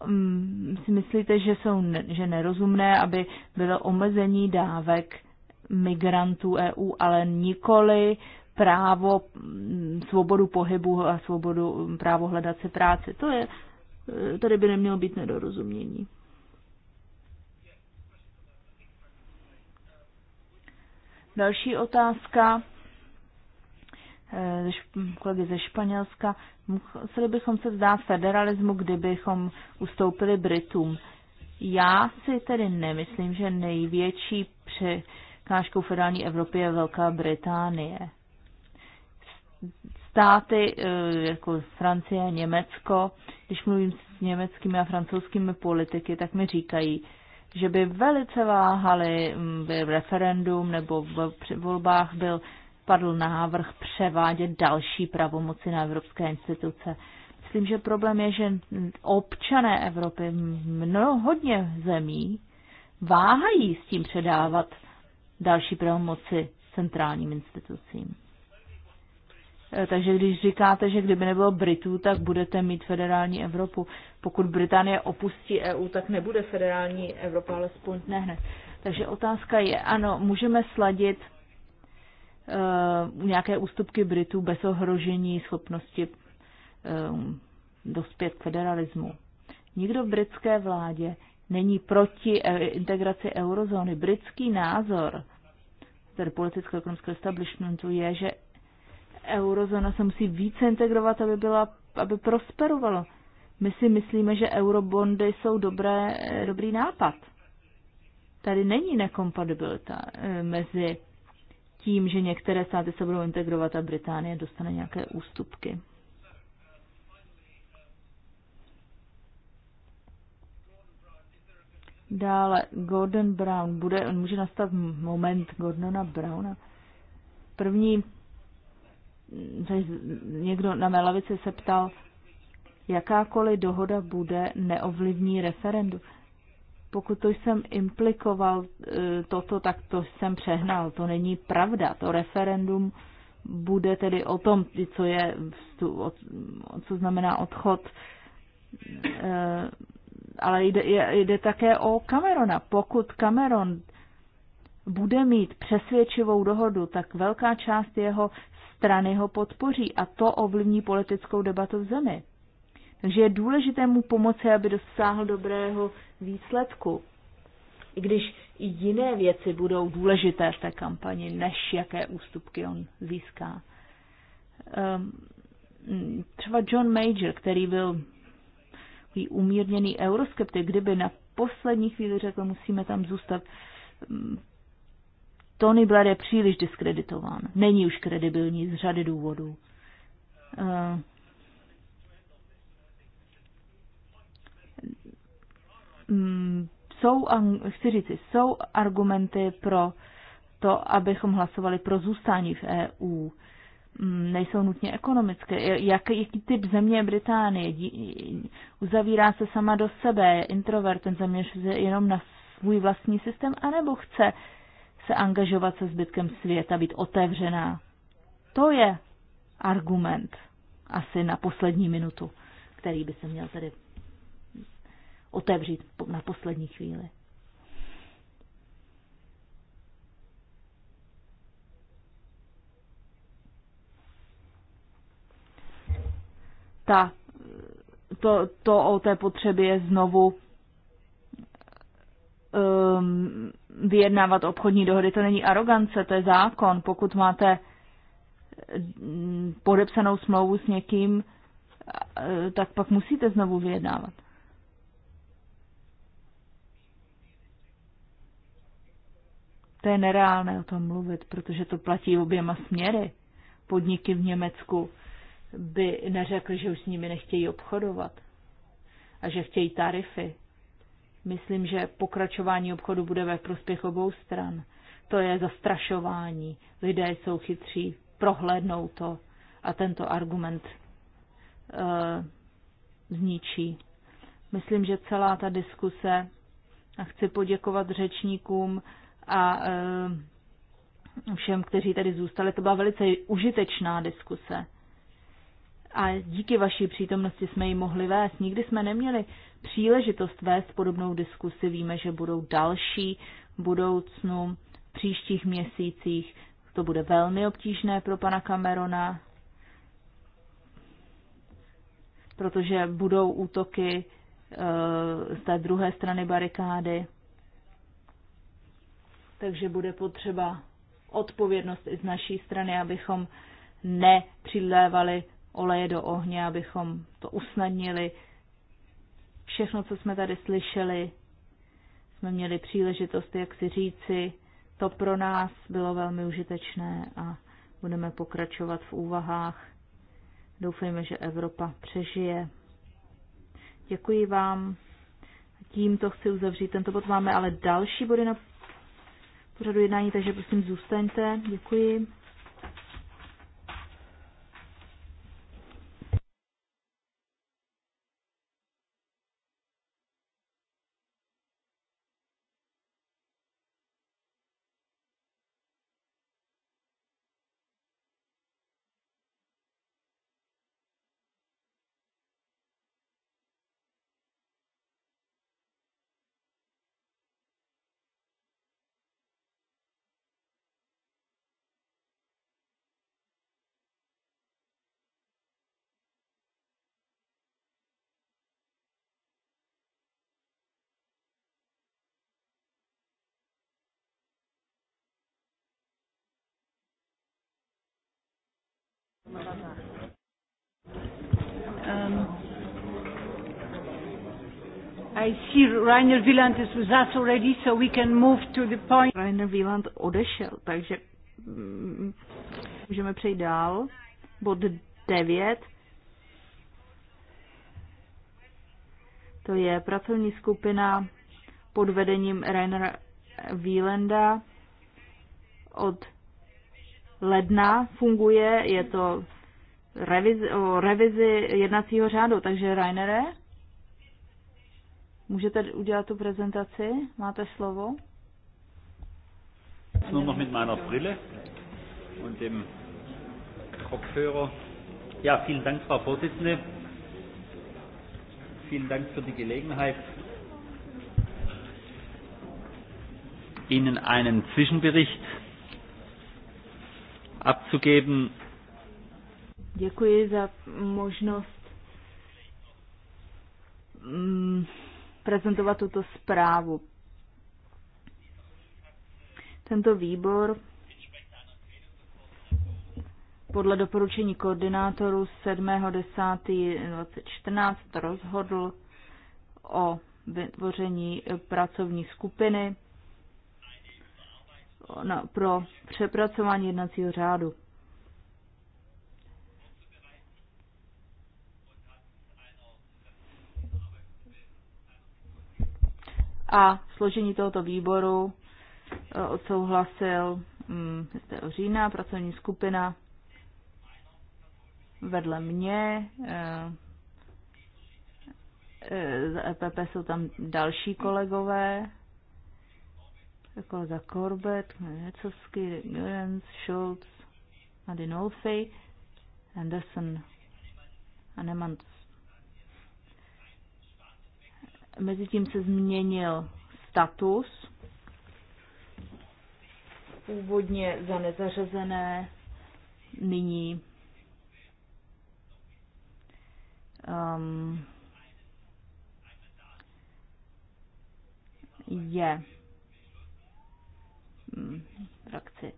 Mm, si myslíte, že jsou že nerozumné, aby bylo omezení dávek migrantů EU, ale nikoli právo, mm, svobodu pohybu a svobodu mm, právo hledat si práci. To je, eh, tady by nemělo být nedorozumění. Další otázka, eh, kolegy ze Španělska, museli bychom se vzdát federalismu, kdybychom ustoupili Britům. Já si tedy nemyslím, že největší překážkou federální Evropy je Velká Británie. Státy eh, jako Francie, Německo, když mluvím s německými a francouzskými politiky, tak mi říkají, že by velice váhali, v mm, referendum nebo v volbách byl padl návrh převádět další pravomoci na evropské instituce. Myslím, že problém je, že občané Evropy mnoho hodně zemí váhají s tím předávat další pravomoci centrálním institucím. Eh, takže když říkáte, že kdyby nebylo Britů, tak budete mít federální Evropu. Pokud Británie opustí EU, tak nebude federální Evropa, alespoň ne hned. Takže otázka je, ano, můžeme sladit uh, nějaké ústupky Britů bez ohrožení schopnosti um, dospět k federalismu. Nikdo v britské vládě není proti eh, integraci eurozóny. Britský názor, tedy politicko-ekonomického establishmentu, je, že Eurozona se musí více integrovat, aby, byla, aby prosperovala. My si myslíme, že eurobondy jsou dobré, eh, dobrý nápad. Tady není nekompatibilita eh, mezi tím, že některé státy se budou integrovat a Británie dostane nějaké ústupky. Dále Gordon Brown. Bude, on může nastat moment Gordona Browna. První někdo na mé lavici se ptal, jakákoliv dohoda bude, neovlivní referendu. Pokud to jsem implikoval e, toto, tak to jsem přehnal. To není pravda. To referendum bude tedy o tom, co je, co znamená odchod. E, ale jde, jde také o Camerona. Pokud Cameron bude mít přesvědčivou dohodu, tak velká část jeho strany ho podpoří a to ovlivní politickou debatu v zemi. Takže je důležité mu pomoci, aby dosáhl dobrého výsledku. I když i jiné věci budou důležité v té kampani, než jaké ústupky on získá. Um, třeba John Major, který byl umírněný euroskeptik, kdyby na poslední chvíli řekl, musíme tam zůstat, ehm, Tony Blair je příliš diskreditován. Není už kredibilní z řady důvodů. Uh, jsou, chci říct, jsou argumenty pro to, abychom hlasovali pro zůstání v EU. Mm, nejsou nutně ekonomické. Jak, jaký typ země je Británie? Uzavírá se sama do sebe, je introvert, ten zaměřuje jenom na svůj vlastní systém, anebo chce se angažovat se zbytkem světa, být otevřená. To je argument asi na poslední minutu, který by se měl tedy otevřít na poslední chvíli. Ta, to, to o té potřebě je znovu um, vyjednávat obchodní dohody. To není arogance, to je zákon. Pokud máte mm, podepsanou smlouvu s někým, eh, tak pak musíte znovu vyjednávat. To je nereálné o tom mluvit, protože to platí oběma směry. Podniky v Německu by neřekly, že už s nimi nechtějí obchodovat a že chtějí tarify. Myslím, že pokračování obchodu bude ve prospěch obou stran. To je zastrašování. Lidé jsou chytří, prohlédnou to a tento argument e, zničí. Myslím, že celá ta diskuse a chci poděkovat řečníkům a e, všem, kteří tady zůstali. To byla velice užitečná diskuse. A díky vaší přítomnosti jsme ji mohli vést. Nikdy jsme neměli příležitost vést podobnou diskusi. Víme, že budou další v budoucnu, v příštích měsících. To bude velmi obtížné pro pana Camerona, protože budou útoky eh, z té druhé strany barikády. Takže bude potřeba odpovědnost i z naší strany, abychom nepřidlévali oleje do ohně, abychom to usnadnili Všechno, co jsme tady slyšeli, jsme měli příležitost, jak si říci, to pro nás bylo velmi užitečné a budeme pokračovat v úvahách. Doufejme, že Evropa přežije. Děkuji vám. Tímto chci uzavřít tento bod. Máme ale další body na pořadu jednání, takže prosím zůstaňte. Děkuji. Um, I see Rainer Wieland is with us already, so we can move to the point. Rainer Wieland odešel, takže mm, můžeme přejít dál. Bod 9. To je pracovní skupina pod vedením Rainer Wielanda od ledna funguje, je to revizi, o revizi jednacího řádu. Takže Rainere, můžete udělat tu prezentaci? Máte slovo? Nur noch mit meiner Brille und dem Kopfhörer. Ja, vielen Dank, Frau Vorsitzende. Vielen Dank für die Gelegenheit, Ihnen einen Zwischenbericht abzugeben Děkuji za možnost mm, prezentovat tuto zprávu. Tento výbor podle doporučení koordinátorů 7.10.2014 rozhodl o vytvoření pracovní skupiny pro přepracování jednacího řádu. a složení tohoto výboru e, odsouhlasil 6. Mm, října pracovní skupina vedle mě. Z e, EPP e jsou tam další kolegové, kolega Corbett, Necovský, Jurens, Schultz, Adinolfi, Anderson, a Anemans Mezitím se změnil status původně za nezařazené, nyní um, je frakci.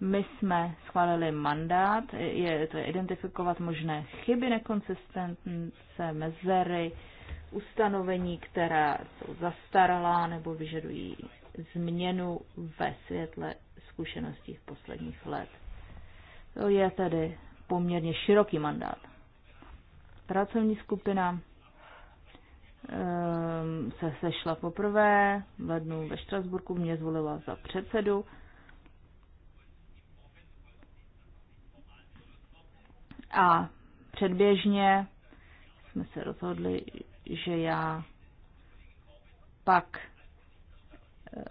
My jsme schválili mandát, je to identifikovat možné chyby, nekonsistence, mezery, ustanovení, která jsou zastaralá nebo vyžadují změnu ve světle zkušeností v posledních let. To je tedy poměrně široký mandát. Pracovní skupina ehm, se sešla poprvé v lednu ve Štrasburku, mě zvolila za předsedu. A předběžně jsme se rozhodli, že já pak eh,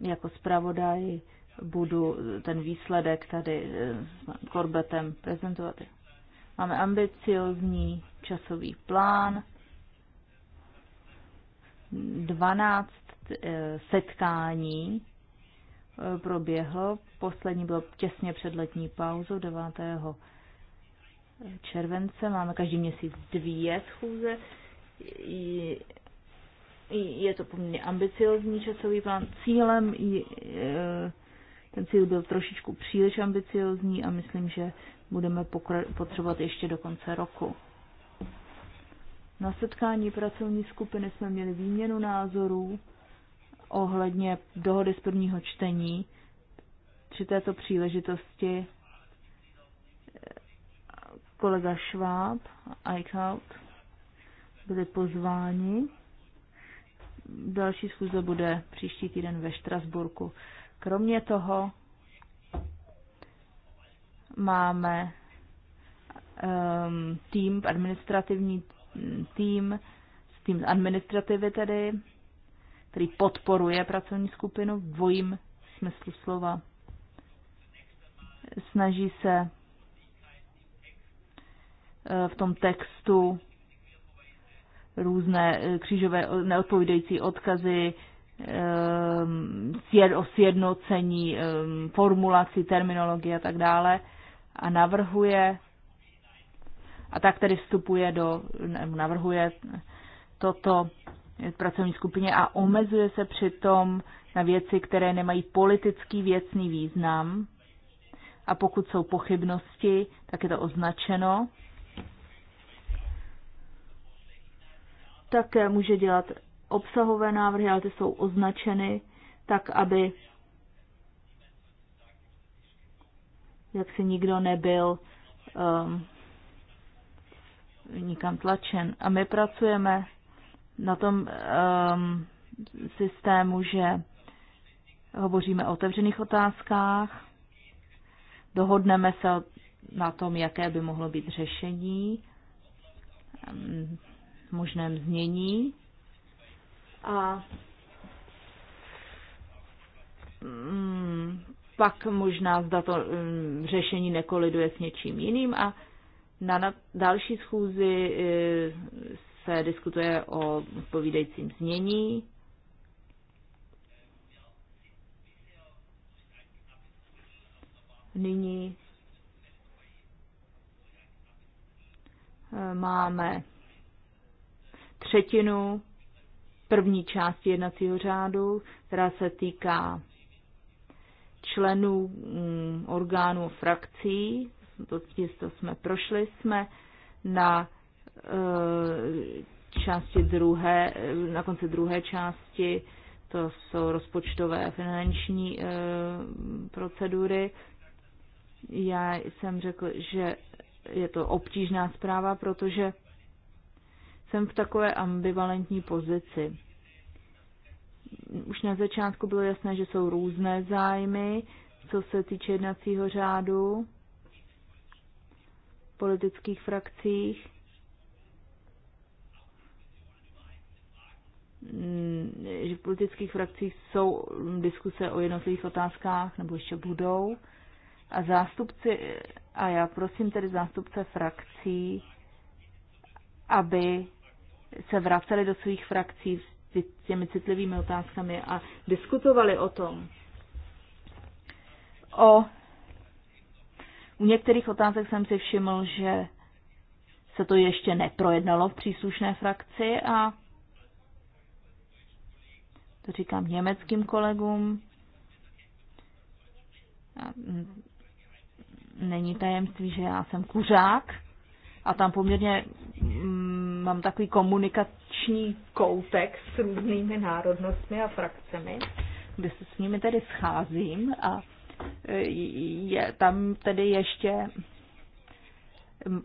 jako zpravodaj budu ten výsledek tady eh, s Korbetem prezentovat. Máme ambiciozní časový plán, 12 eh, setkání proběhlo, poslední bylo těsně před letní pauzou 9 července. Máme každý měsíc dvě schůze. Je to poměrně ambiciozní časový plán. Cílem je, eh, ten cíl byl trošičku příliš ambiciozní a myslím, že budeme potřebovat ještě do konce roku. Na setkání pracovní skupiny jsme měli výměnu názorů ohledně dohody z prvního čtení. Při této příležitosti kolega Schwab a Eichhout byli pozváni. Další schůze bude příští týden ve Štrasburku. Kromě toho máme um, tým, administrativní tým, tým administrativy tedy, který podporuje pracovní skupinu v dvojím smyslu slova. Snaží se v tom textu různé eh, křížové eh, neodpovídající odkazy, eh, o sjednocení formulací, terminologie a tak dále a navrhuje a tak tedy vstupuje do, navrhuje toto pracovní skupině a omezuje se přitom na věci, které nemají politický věcný význam a pokud jsou pochybnosti, tak je to označeno Také může dělat obsahové návrhy, ale ty jsou označeny tak, aby jak si nikdo nebyl um, nikam tlačen. A my pracujeme na tom um, systému, že hovoříme o otevřených otázkách, dohodneme se na tom, jaké by mohlo být řešení, um, možném znění a mm, pak možná zda to mm, řešení nekoliduje s něčím jiným a na další schůzi e, se diskutuje o odpovídajícím znění. Nyní e, máme třetinu první části jednacího řádu, která se týká členů mm, orgánů frakcí, to, to jsme prošli, jsme na eh, části druhé, eh, na konci druhé části, to jsou rozpočtové a finanční eh, procedury. Já jsem řekl, že je to obtížná zpráva, protože jsem v takové ambivalentní pozici. Už na začátku bylo jasné, že jsou různé zájmy, co se týče jednacího řádu, politických frakcích. že v politických frakcích jsou diskuse o jednotlivých otázkách, nebo ještě budou. A zástupci, a já prosím tedy zástupce frakcí, aby se vraceli do svých frakcí s těmi citlivými otázkami a diskutovali o tom. O, u některých otázek jsem si všiml, že se to ještě neprojednalo v příslušné frakci a to říkám německým kolegům. Mm, není tajemství, že já jsem kuřák a tam poměrně mm, mám takový komunikační koutek s různými národnostmi a frakcemi, kde se s nimi tedy scházím a e, je tam tedy ještě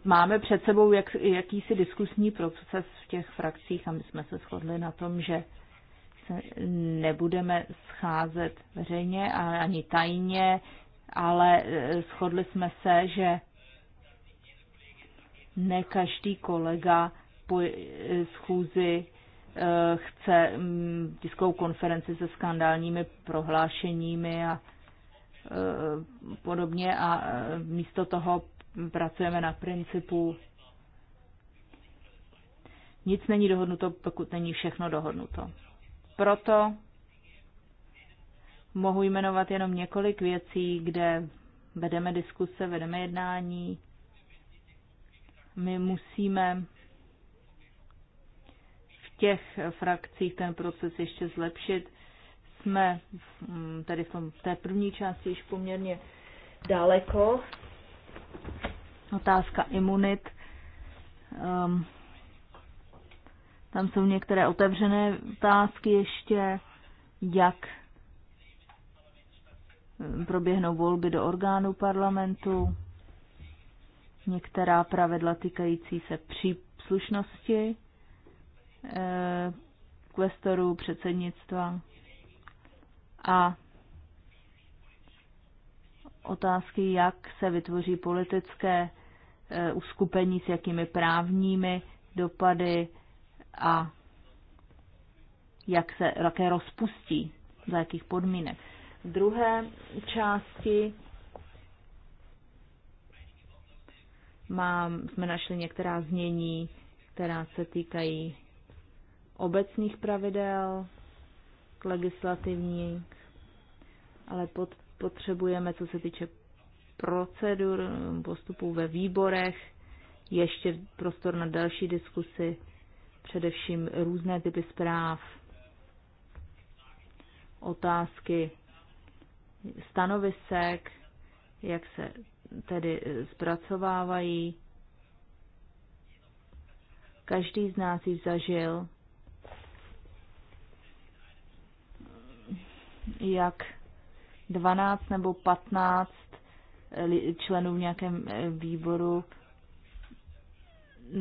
máme před sebou jak, jakýsi diskusní proces v těch frakcích a my jsme se shodli na tom, že se nebudeme scházet veřejně ani tajně, ale e, shodli jsme se, že ne každý kolega Eh, schůzi eh, chce mm, tiskovou konferenci se skandálními prohlášeními a eh, podobně a místo toho pracujeme na principu nic není dohodnuto, pokud není všechno dohodnuto. Proto mohu jmenovat jenom několik věcí, kde vedeme diskuse, vedeme jednání. My musíme těch frakcích ten proces ještě zlepšit. Jsme mm, tady v, tom, v té první části již poměrně daleko. Otázka imunit. Um, tam jsou některé otevřené otázky ještě, jak ehm, proběhnou volby do orgánů parlamentu, některá pravidla týkající se příslušnosti kvestorů eh, předsednictva a otázky, jak se vytvoří politické eh, uskupení, s jakými právními dopady a jak se také rozpustí, za jakých podmínek. V druhé části mám, jsme našli některá změní, která se týkají obecných pravidel k legislativních, ale pod, potřebujeme, co se týče procedur, postupů ve výborech, ještě prostor na další diskusy, především různé typy zpráv, otázky, stanovisek, jak se tedy eh, zpracovávají. Každý z nás již zažil jak 12 nebo 15 eh, členů v nějakém eh, výboru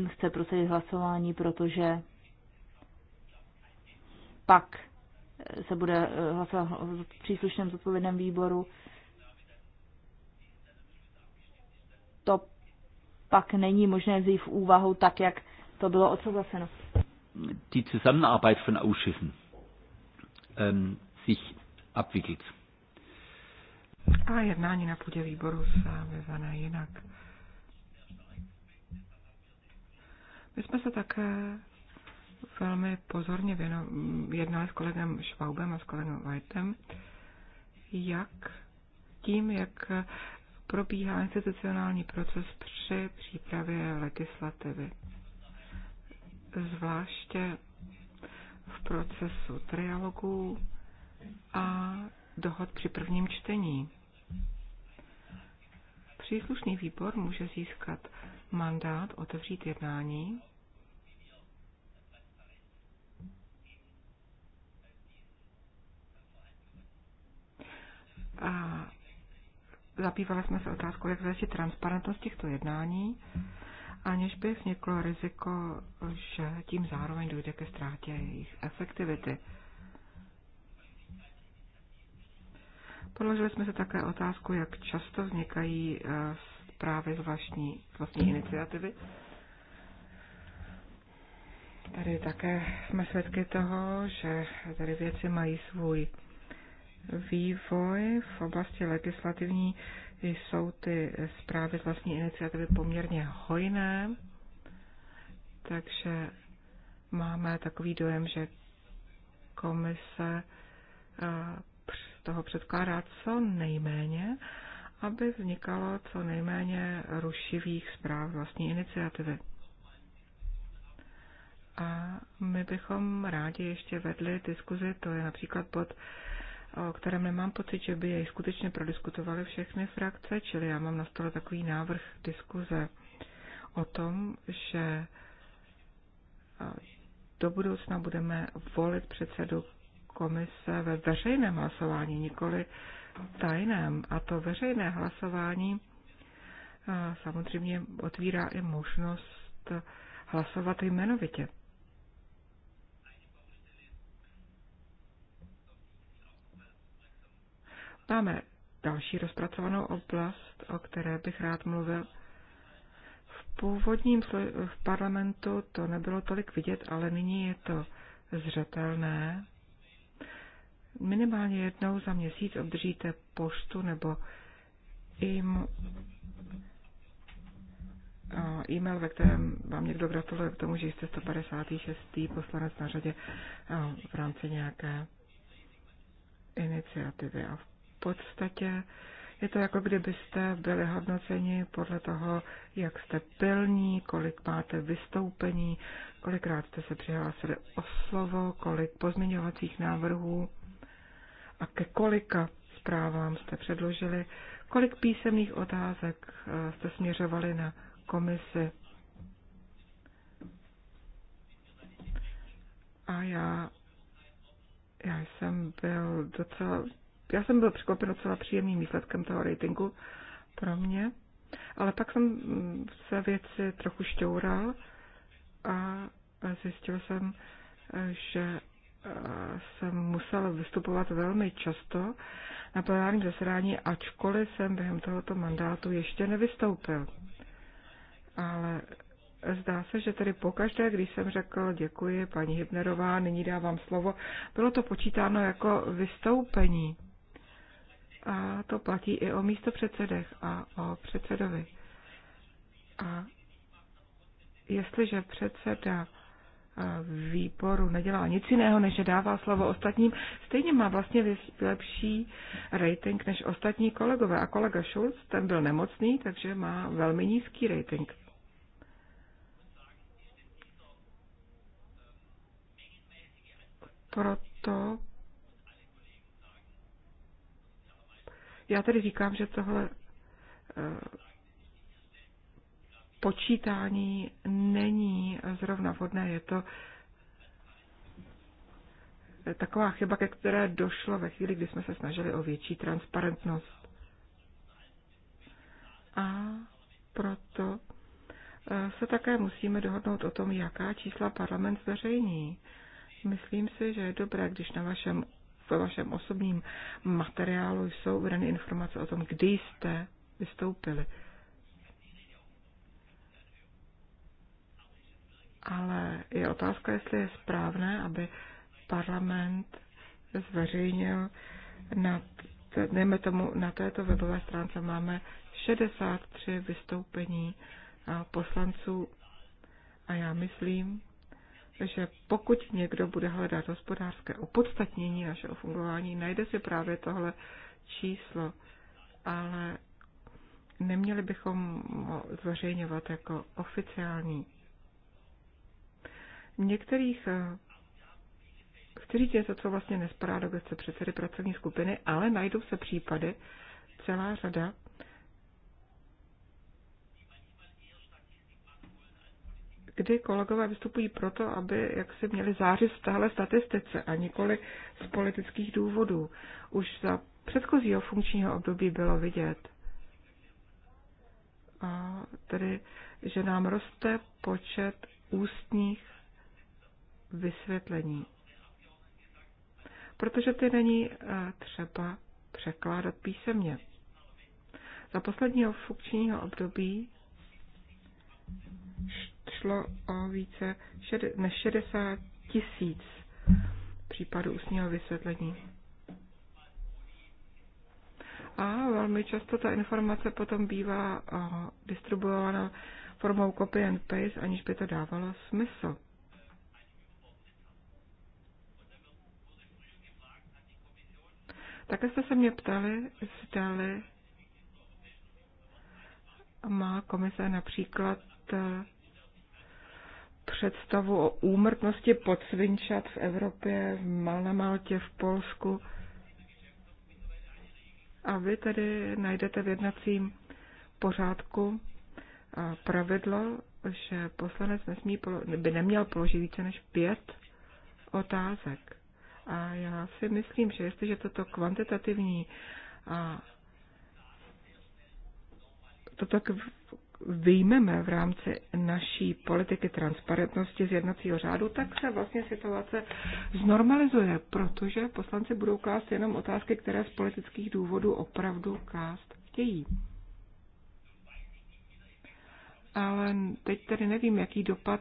chce prosadit hlasování, protože pak eh, se bude hlasovat v příslušném zodpovědném výboru. To pak není možné vzít v úvahu tak, jak to bylo odsouhlaseno. Die Zusammenarbeit von Ausschüssen ähm, sich abwickelt. A jednání na půdě výboru se vyvane jinak. My jsme se také velmi pozorně věno, jednali s kolegem Schwabem a s kolegem Whiteem, jak tím, jak probíhá institucionální proces při přípravě legislativy. Zvláště v procesu trialogu a dohod při prvním čtení. Příslušný výbor může získat mandát otevřít jednání a zabývali jsme se otázkou, jak zajistit transparentnost těchto jednání, aniž by vzniklo riziko, že tím zároveň dojde ke ztrátě jejich efektivity. Položili jsme se také otázku, jak často vznikají eh, zprávy z vlastní, z vlastní iniciativy. Tady také jsme svědky toho, že tady věci mají svůj vývoj. V oblasti legislativní jsou ty zprávy z vlastní iniciativy poměrně hojné, takže máme takový dojem, že komise eh, toho předkládá co nejméně, aby vznikalo co nejméně rušivých zpráv vlastní iniciativy. A my bychom rádi ještě vedli diskuzi, to je například bod, o kterém nemám pocit, že by jej skutečně prodiskutovali všechny frakce, čili já mám na stole takový návrh diskuze o tom, že do budoucna budeme volit předsedu komise ve veřejném hlasování, nikoli tajném. A to veřejné hlasování eh, samozřejmě otvírá i možnost hlasovat jmenovitě. Máme další rozpracovanou oblast, o které bych rád mluvil. V původním v parlamentu to nebylo tolik vidět, ale nyní je to zřetelné minimálně jednou za měsíc obdržíte poštu nebo e-mail, ve kterém vám někdo gratuluje k tomu, že jste 156. poslanec na řadě v rámci nějaké iniciativy. A v podstatě je to jako kdybyste byli hodnoceni podle toho, jak jste pilní, kolik máte vystoupení, kolikrát jste se přihlásili o slovo, kolik pozměňovacích návrhů a ke kolika zprávám jste předložili, kolik písemných otázek eh, jste směřovali na komisi. A já, já jsem byl docela, já jsem byl překvapen docela příjemným výsledkem toho ratingu pro mě, ale pak jsem se věci trochu šťoural a zjistil jsem, eh, že jsem musel vystupovat velmi často na plenárním zasedání, ačkoliv jsem během tohoto mandátu ještě nevystoupil. Ale zdá se, že tedy pokaždé, když jsem řekl děkuji, paní Hybnerová, nyní dávám slovo, bylo to počítáno jako vystoupení. A to platí i o místo předsedech a o předsedovi. A jestliže předseda výboru nedělá nic jiného, než že dává slovo ostatním, stejně má vlastně lepší rating než ostatní kolegové. A kolega Schulz, ten byl nemocný, takže má velmi nízký rating. Proto já tedy říkám, že tohle eh, počítání není zrovna vhodné. Je to taková chyba, ke které došlo ve chvíli, kdy jsme se snažili o větší transparentnost. A proto e, se také musíme dohodnout o tom, jaká čísla parlament zveřejní. Myslím si, že je dobré, když na vašem, ve vašem osobním materiálu jsou uvedeny informace o tom, kdy jste vystoupili. ale je otázka, jestli je správné, aby parlament zveřejnil na, dejme tomu, na této webové stránce máme 63 vystoupení poslanců a já myslím, že pokud někdo bude hledat hospodářské opodstatnění našeho fungování, najde si právě tohle číslo, ale neměli bychom ho zveřejňovat jako oficiální některých eh, Říct je to, co vlastně nespadá do gestce předsedy pracovní skupiny, ale najdou se případy, celá řada, kdy kolegové vystupují proto, aby jak si měli zářit v téhle statistice a nikoli z politických důvodů. Už za předchozího funkčního období bylo vidět, a tedy, že nám roste počet ústních vysvětlení, protože ty není eh, třeba překládat písemně. Za posledního funkčního období šlo o více než 60 tisíc případů ústního vysvětlení. A velmi často ta informace potom bývá eh, distribuována formou copy and paste, aniž by to dávalo smysl. Také jste se mě ptali, zdali má komise například eh, představu o úmrtnosti podsvinčat v Evropě, na Maltě, v Polsku. A vy tedy najdete v jednacím pořádku eh, pravidlo, že poslanec nesmí, by neměl položit více než pět otázek. A já si myslím, že jestliže toto kvantitativní a toto vyjmeme v rámci naší politiky transparentnosti z jednacího řádu, tak se vlastně situace znormalizuje, protože poslanci budou klást jenom otázky, které z politických důvodů opravdu klást chtějí. Ale teď tedy nevím, jaký dopad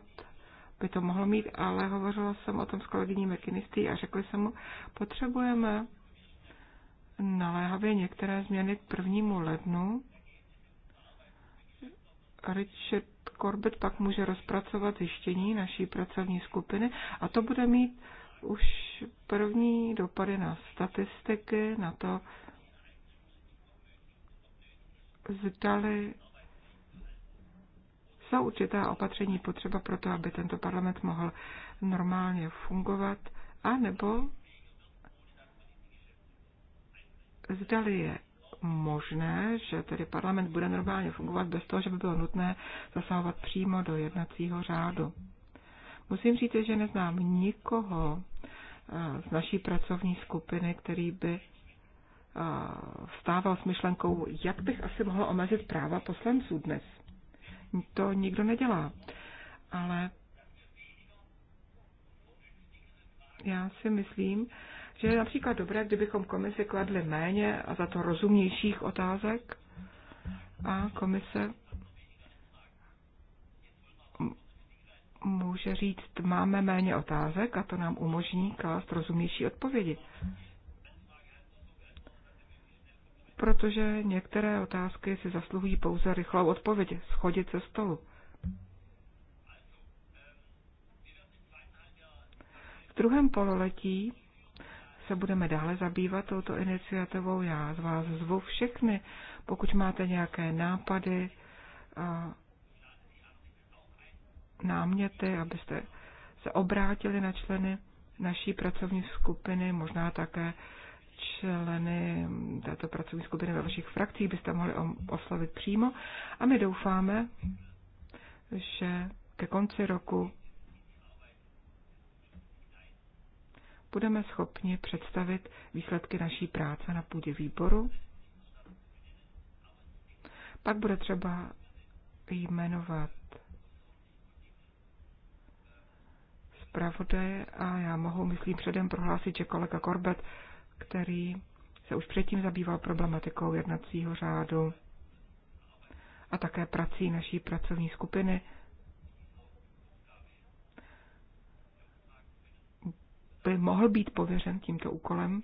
by to mohlo mít, ale hovořila jsem o tom s kolegyní McKinney a řekli jsem mu, potřebujeme naléhavě některé změny k prvnímu lednu. Richard Corbett pak může rozpracovat zjištění naší pracovní skupiny a to bude mít už první dopady na statistiky, na to, zdali jsou určitá opatření potřeba pro to, aby tento parlament mohl normálně fungovat, a nebo zdali je možné, že tedy parlament bude normálně fungovat bez toho, že by bylo nutné zasahovat přímo do jednacího řádu. Musím říct, že neznám nikoho eh, z naší pracovní skupiny, který by eh, vstával s myšlenkou, jak bych asi mohl omezit práva poslanců dnes to nikdo nedělá. Ale já si myslím, že je například dobré, kdybychom komisi kladli méně a za to rozumnějších otázek a komise může říct, máme méně otázek a to nám umožní klást rozumnější odpovědi protože některé otázky si zasluhují pouze rychlou odpověď, schodit ze stolu. V druhém pololetí se budeme dále zabývat touto iniciativou. Já z vás zvu všechny, pokud máte nějaké nápady, náměty, abyste se obrátili na členy naší pracovní skupiny, možná také členy této pracovní skupiny ve vašich frakcích byste mohli oslavit přímo a my doufáme, že ke konci roku budeme schopni představit výsledky naší práce na půdě výboru. Pak bude třeba jmenovat zpravodaje a já mohu, myslím, předem prohlásit, že kolega Korbet který se už předtím zabýval problematikou jednacího řádu a také prací naší pracovní skupiny. by mohl být pověřen tímto úkolem,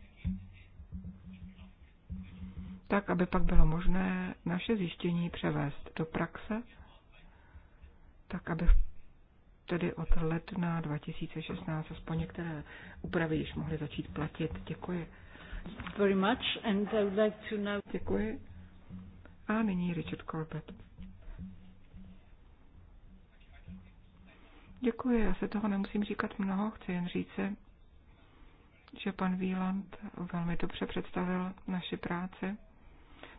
tak aby pak bylo možné naše zjištění převést do praxe, tak aby tedy od ledna 2016 aspoň některé úpravy již mohly začít platit. Děkuji. Very much and I would like to now... Děkuji. A nyní Richard Corbett. Děkuji, já se toho nemusím říkat mnoho, chci jen říci, že pan Wieland velmi dobře představil naši práci.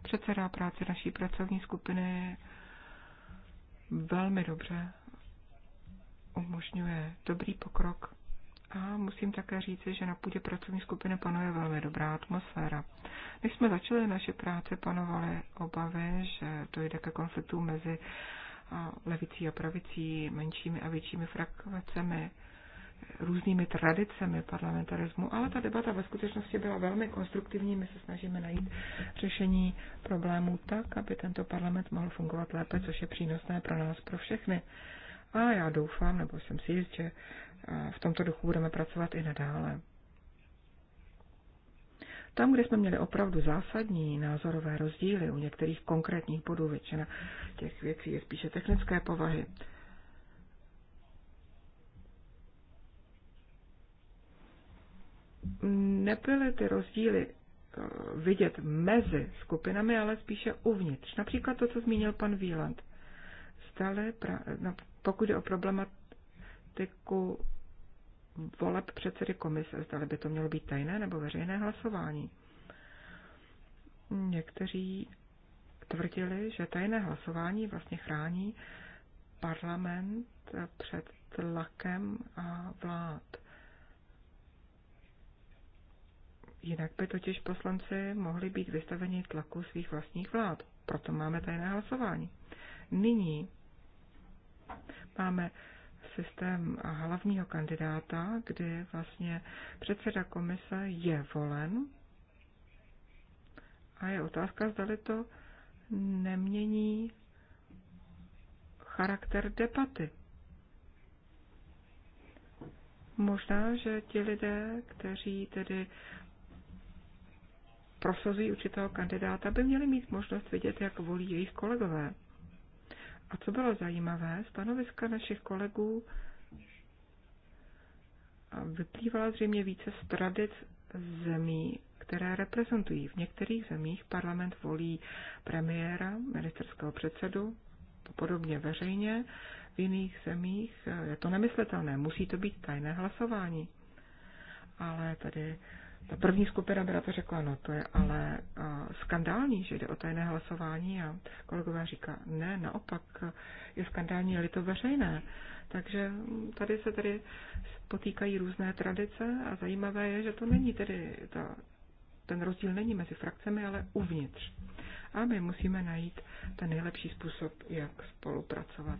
Předseda práce naší pracovní skupiny velmi dobře umožňuje dobrý pokrok a musím také říci, že na půdě pracovní skupiny panuje velmi dobrá atmosféra. Když jsme začali naše práce, panovaly obavy, že dojde ke konfliktu mezi levicí a pravicí, menšími a většími frakcemi, různými tradicemi parlamentarismu, ale ta debata ve skutečnosti byla velmi konstruktivní. My se snažíme najít řešení problémů tak, aby tento parlament mohl fungovat lépe, což je přínosné pro nás, pro všechny a já doufám, nebo jsem si jist, že eh, v tomto duchu budeme pracovat i nadále. Tam, kde jsme měli opravdu zásadní názorové rozdíly u některých konkrétních bodů, většina těch věcí je spíše technické povahy, nebyly ty rozdíly eh, vidět mezi skupinami, ale spíše uvnitř. Například to, co zmínil pan Wieland zdali, no, pokud je o problematiku voleb předsedy komise, zdali by to mělo být tajné nebo veřejné hlasování. Někteří tvrdili, že tajné hlasování vlastně chrání parlament před tlakem a vlád. Jinak by totiž poslanci mohli být vystaveni tlaku svých vlastních vlád. Proto máme tajné hlasování. Nyní Máme systém hlavního kandidáta, kdy vlastně předseda komise je volen a je otázka, zda to nemění charakter debaty. Možná, že ti lidé, kteří tedy prosazují určitého kandidáta, by měli mít možnost vidět, jak volí jejich kolegové. A co bylo zajímavé, stanoviska našich kolegů vyplývala zřejmě více z tradic zemí, které reprezentují. V některých zemích parlament volí premiéra, ministerského předsedu, podobně veřejně, v jiných zemích je to nemyslitelné, musí to být tajné hlasování. Ale tady ta první skupina by na to řekla, no to je ale eh, skandální, že jde o tajné hlasování a kolegové říká, ne, naopak je skandální, je to veřejné. Takže hm, tady se tedy potýkají různé tradice a zajímavé je, že to není tedy, ta, ten rozdíl není mezi frakcemi, ale uvnitř. A my musíme najít ten nejlepší způsob, jak spolupracovat.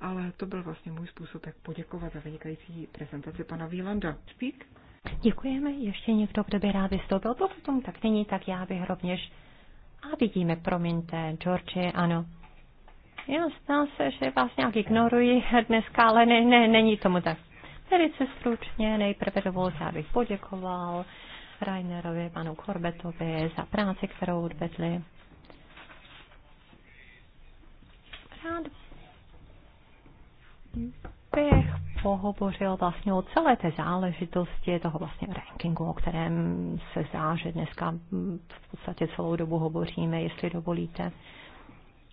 Ale to byl vlastně můj způsob, jak poděkovat za vynikající prezentaci pana Výlanda. Speak. Děkujeme. Ještě někdo, kdo by rád vystoupil? Pokud tomu tak není, tak já bych rovněž. A vidíme, promiňte, George, ano. Já zdá se, že vás nějak ignoruji dneska, ale ne, ne, není tomu tak. Velice stručně, nejprve dovolte, abych poděkoval Rainerovi, panu Korbetovi za práci, kterou odvedli. Rád bych pohovořil vlastně o celé té záležitosti toho vlastně rankingu, o kterém se zdá, že dneska v podstatě celou dobu hovoříme, jestli dovolíte.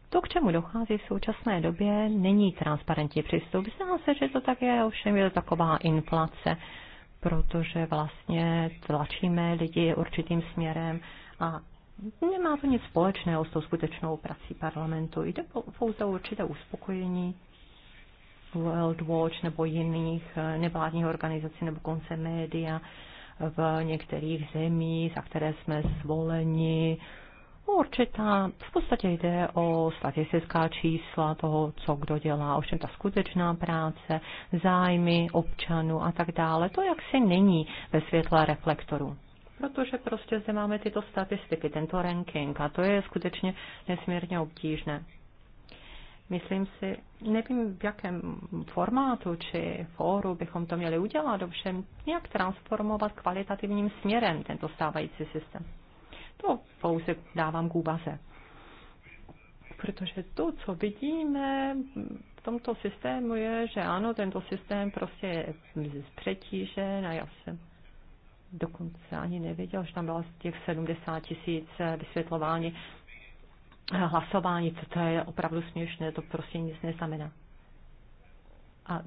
To, k čemu dochází v současné době, není transparentní přístup. Zdá se, že to tak je, ovšem je to taková inflace, protože vlastně tlačíme lidi určitým směrem a nemá to nic společného s tou skutečnou prací parlamentu. Jde pouze o určité uspokojení World Watch nebo jiných eh, nevládních organizací nebo konce média v některých zemích, za které jsme zvoleni. Určitá, v podstatě jde o statistická čísla toho, co kdo dělá, ovšem ta skutečná práce, zájmy občanů a tak dále, to jak se není ve světle reflektorů protože prostě zde máme tyto statistiky, tento ranking a to je skutečně nesmírně obtížné. Myslím si, nevím v jakém formátu či fóru bychom to měli udělat, ovšem nějak transformovat kvalitativním směrem tento stávající systém. To pouze dávám k úvaze. Protože to, co vidíme v tomto systému, je, že ano, tento systém prostě je přetížen a já jsem dokonce ani nevěděl, že tam bylo těch 70 tisíc vysvětlování hlasování, co to je opravdu směšné, to prostě nic neznamená. A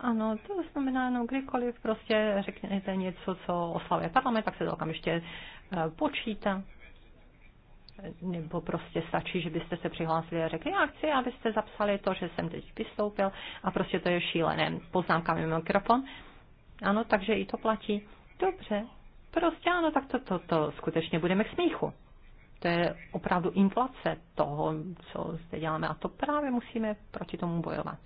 ano, to znamená, no, kdykoliv prostě řeknete něco, co oslavuje parlament, tak se to okamžitě eh, počítá. Nebo prostě stačí, že byste se přihlásili a řekli, já chci, abyste zapsali to, že jsem teď vystoupil a prostě to je šílené. Poznámka mimo mikrofon. Ano, takže i to platí. Dobře, prostě ano, tak to, to, to skutečně budeme k smíchu to je opravdu inflace toho, co zde děláme. A to právě musíme proti tomu bojovat.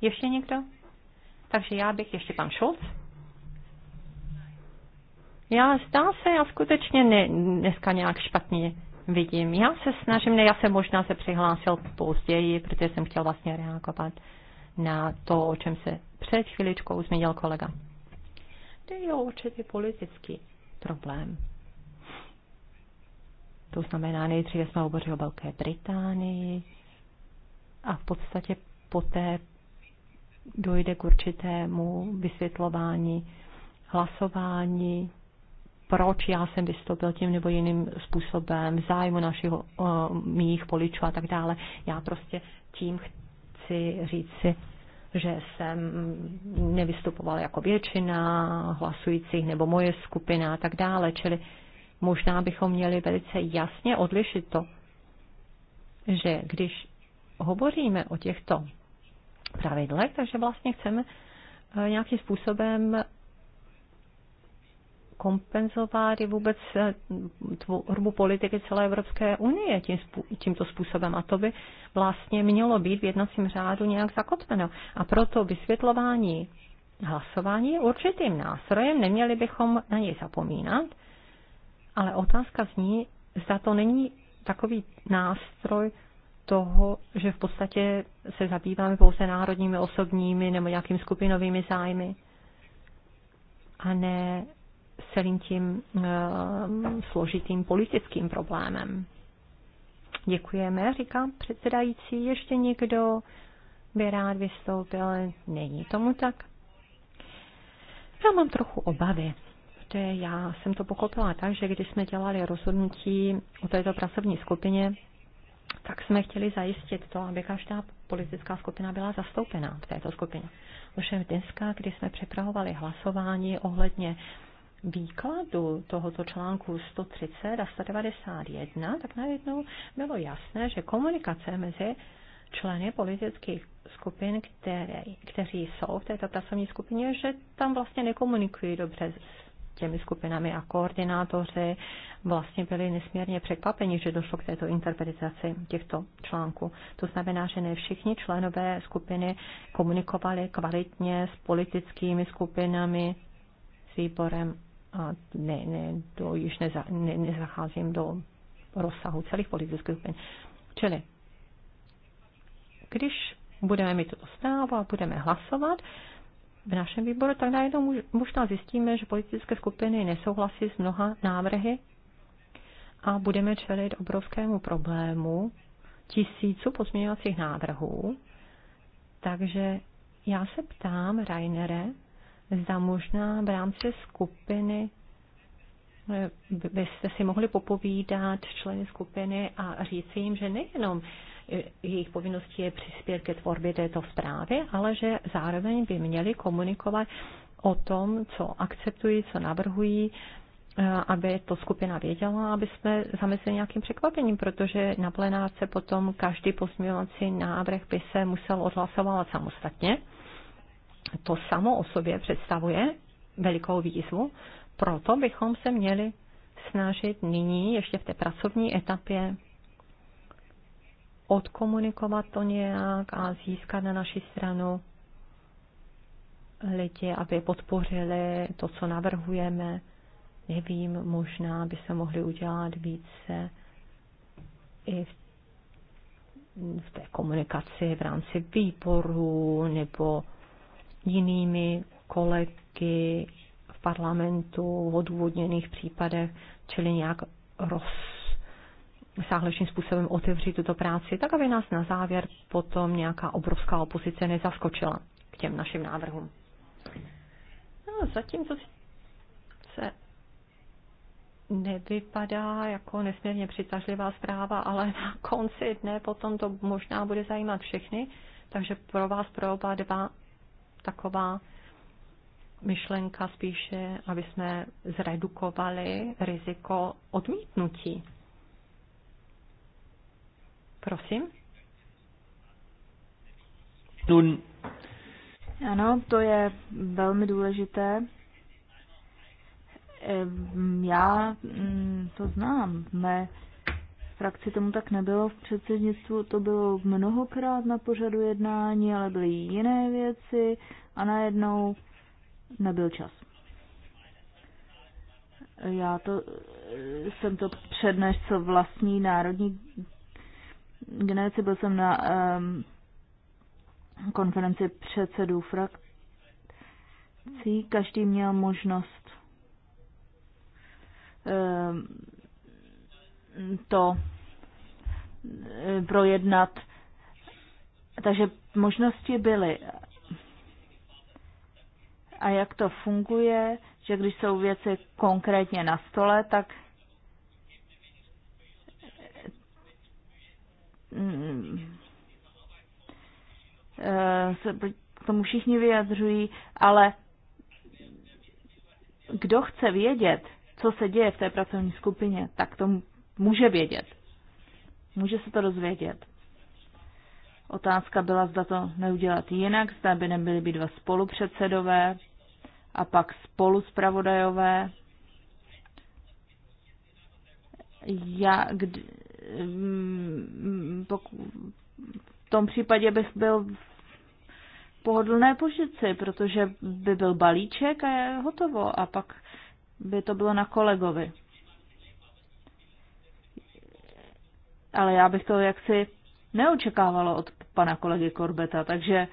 Ještě někdo? Takže já bych ještě pan Šulc. Já zdá se, já skutečně ne, dneska nějak špatně vidím. Já se snažím, ne, já se možná se přihlásil později, protože jsem chtěl vlastně reagovat na to, o čem se před chvíličkou zmínil kolega. To je určitě politický problém. To znamená, nejdříve jsme hovořili o Velké Británii a v podstatě poté dojde k určitému vysvětlování hlasování, proč já jsem vystoupil tím nebo jiným způsobem, zájmu našich mých poličů a tak dále. Já prostě tím chci říci, že jsem nevystupoval jako většina hlasujících nebo moje skupina a tak dále. Čili Možná bychom měli velice jasně odlišit to, že když hovoříme o těchto pravidlech, takže vlastně chceme eh, nějakým způsobem kompenzovat i vůbec eh, tvorbu politiky celé Evropské unie tím, tímto způsobem. A to by vlastně mělo být v jednacím řádu nějak zakotveno. A proto vysvětlování hlasování je určitým nástrojem, neměli bychom na něj zapomínat. Ale otázka zní, zda to není takový nástroj toho, že v podstatě se zabýváme pouze národními, osobními nebo nějakými skupinovými zájmy a ne celým tím uh, složitým politickým problémem. Děkujeme, říká předsedající. Ještě někdo by rád vystoupil? Není tomu tak. Já mám trochu obavy protože já jsem to pochopila tak, že když jsme dělali rozhodnutí o této pracovní skupině, tak jsme chtěli zajistit to, aby každá politická skupina byla zastoupena v této skupině. Ovšem dneska, kdy jsme připravovali hlasování ohledně výkladu tohoto článku 130 a 191, tak najednou bylo jasné, že komunikace mezi členy politických skupin, které, kteří jsou v této pracovní skupině, že tam vlastně nekomunikují dobře těmi skupinami a koordinátoři vlastně byli nesmírně překvapeni, že došlo k této interpretaci těchto článků. To znamená, že ne všichni členové skupiny komunikovali kvalitně s politickými skupinami, s výborem a ne, ne, to již neza, ne, nezacházím do rozsahu celých politických skupin. Čili, když budeme mít tuto zprávu a budeme hlasovat, v našem výboru, tak najednou možná zjistíme, že politické skupiny nesouhlasí s mnoha návrhy a budeme čelit obrovskému problému tisíců pozměňovacích návrhů. Takže já se ptám, Rainere, zda možná v rámci skupiny eh, byste si mohli popovídat členy skupiny a říct jim, že nejenom jejich povinností je přispět ke tvorbě této zprávy, ale že zároveň by měli komunikovat o tom, co akceptují, co navrhují, eh, aby to skupina věděla, aby jsme zamezili nějakým překvapením, protože na plenárce potom každý pozměňovací návrh by se musel odhlasovat samostatně. To samo o sobě představuje velikou výzvu, proto bychom se měli snažit nyní, ještě v té pracovní etapě, odkomunikovat to nějak a získat na naši stranu lidi, aby podpořili to, co navrhujeme. Nevím, možná by se mohli udělat více i v v té komunikaci v rámci výboru nebo jinými kolegy v parlamentu v odůvodněných případech, čili nějak roz, sáhlečným způsobem otevřít tuto práci, tak aby nás na závěr potom nějaká obrovská opozice nezaskočila k těm našim návrhům. No, to se nevypadá jako nesmírně přitažlivá zpráva, ale na konci dne potom to možná bude zajímat všechny, takže pro vás, pro oba dva taková myšlenka spíše, aby jsme zredukovali riziko odmítnutí Prosím. Nun. Ano, to je velmi důležité. Já mm, to znám. V mé frakci tomu tak nebylo. V předsednictvu to bylo mnohokrát na pořadu jednání, ale byly jiné věci a najednou nebyl čas. Já to, eh, jsem to přednesl vlastní národní generaci. Byl jsem na um, konferenci předsedů frakcí. Každý měl možnost um, to projednat. Takže možnosti byly. A jak to funguje, že když jsou věci konkrétně na stole, tak Mm, mm, mm, eh, se k tomu všichni vyjadřují, ale kdo chce vědět, co se děje v té pracovní skupině, tak to může vědět. Může se to dozvědět. Otázka byla, zda to neudělat jinak, zda by nebyly být dva spolupředsedové a pak spolu zpravodajové. Já, kdy, Mm, v tom případě bych byl v pohodlné pozici, protože by byl balíček a je hotovo a pak by to bylo na kolegovi. Ale já bych to jaksi neočekávala od pana kolegy Korbeta, takže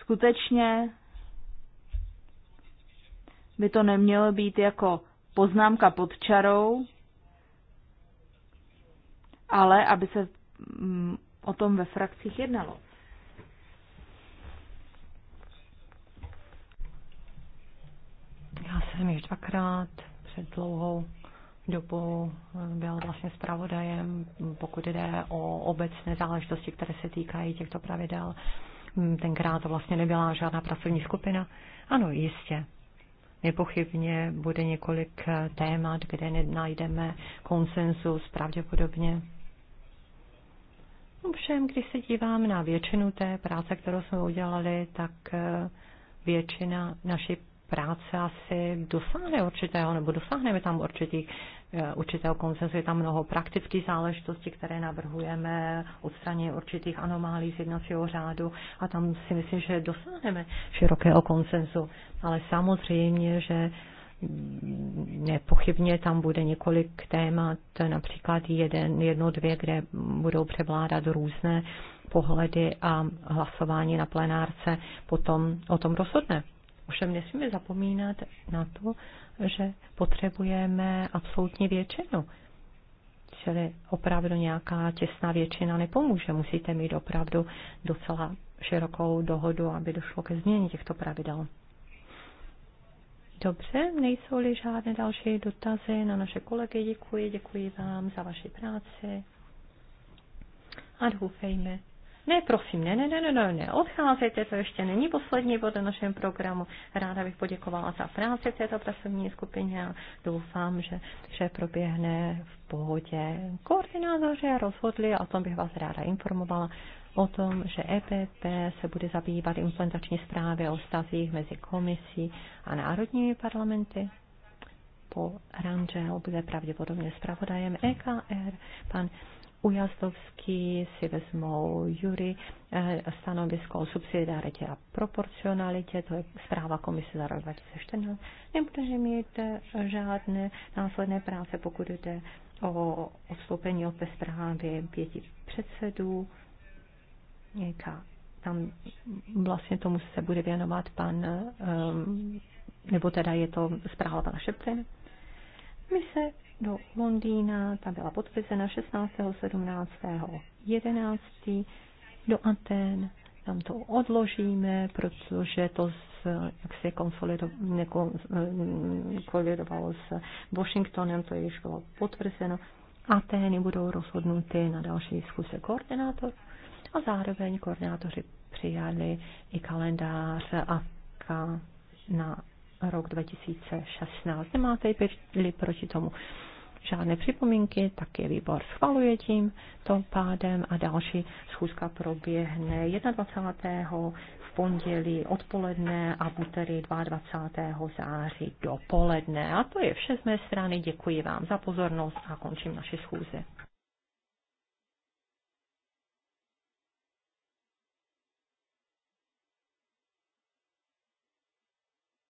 skutečně by to nemělo být jako poznámka pod čarou, ale aby se mm, o tom ve frakcích jednalo. Já jsem již dvakrát před dlouhou dobu eh, byl vlastně zpravodajem, pokud jde o obecné záležitosti, které se týkají těchto pravidel. Mm, tenkrát to vlastně nebyla žádná pracovní skupina. Ano, jistě. Nepochybně bude několik eh, témat, kde najdeme konsenzus pravděpodobně Ovšem, když se dívám na většinu té práce, kterou jsme udělali, tak eh, většina naší práce asi dosáhne určitého, nebo dosáhneme tam určitý, eh, určitého koncenzu. Je tam mnoho praktických záležitostí, které navrhujeme, odstranění určitých anomálí z jednacího řádu a tam si myslím, že dosáhneme širokého koncenzu. Ale samozřejmě, že Nepochybně tam bude několik témat, například jeden, jedno, dvě, kde budou převládat různé pohledy a hlasování na plenárce potom o tom rozhodne. Ovšem nesmíme zapomínat na to, že potřebujeme absolutní většinu. Čili opravdu nějaká těsná většina nepomůže. Musíte mít opravdu docela širokou dohodu, aby došlo ke změně těchto pravidel. Dobře, nejsou-li žádné další dotazy na naše kolegy, děkuji, děkuji vám za vaši práci. A doufejme. Ne, prosím, ne, ne, ne, ne, ne, odcházejte, to ještě není poslední bod na našem programu. Ráda bych poděkovala za práci v této pracovní skupině a doufám, že vše proběhne v pohodě. Koordinátoři rozhodli, a o tom bych vás ráda informovala, o tom, že EPP se bude zabývat implementační zprávy o stazích mezi komisí a národními parlamenty. Po Rangel bude pravděpodobně zpravodajem EKR. Pan Ujazdovský si vezmou Jury eh, stanovisko o subsidiaritě a proporcionalitě, to je zpráva komise za rok 2014, nebudeme mít eh, žádné následné práce, pokud jde o odstoupení od té zprávy pěti předsedů Jejka. Tam vlastně tomu se bude věnovat pan, ehm, nebo teda je to zpráva pana Šepfin. My se do Londýna, ta byla podpisena 16. 17. 11. do Aten, tam to odložíme, protože to z, jak se konsolidovalo ehm, s Washingtonem, to již bylo potvrzeno. Atény budou rozhodnuty na další zkuse koordinátor a zároveň koordinátoři přijali i kalendář AFKA na rok 2016. Nemáte-li proti tomu žádné připomínky, tak je výbor schvaluje tím to pádem a další schůzka proběhne 21. v pondělí odpoledne a v úterý 22. září dopoledne. A to je vše z mé strany. Děkuji vám za pozornost a končím naše schůze.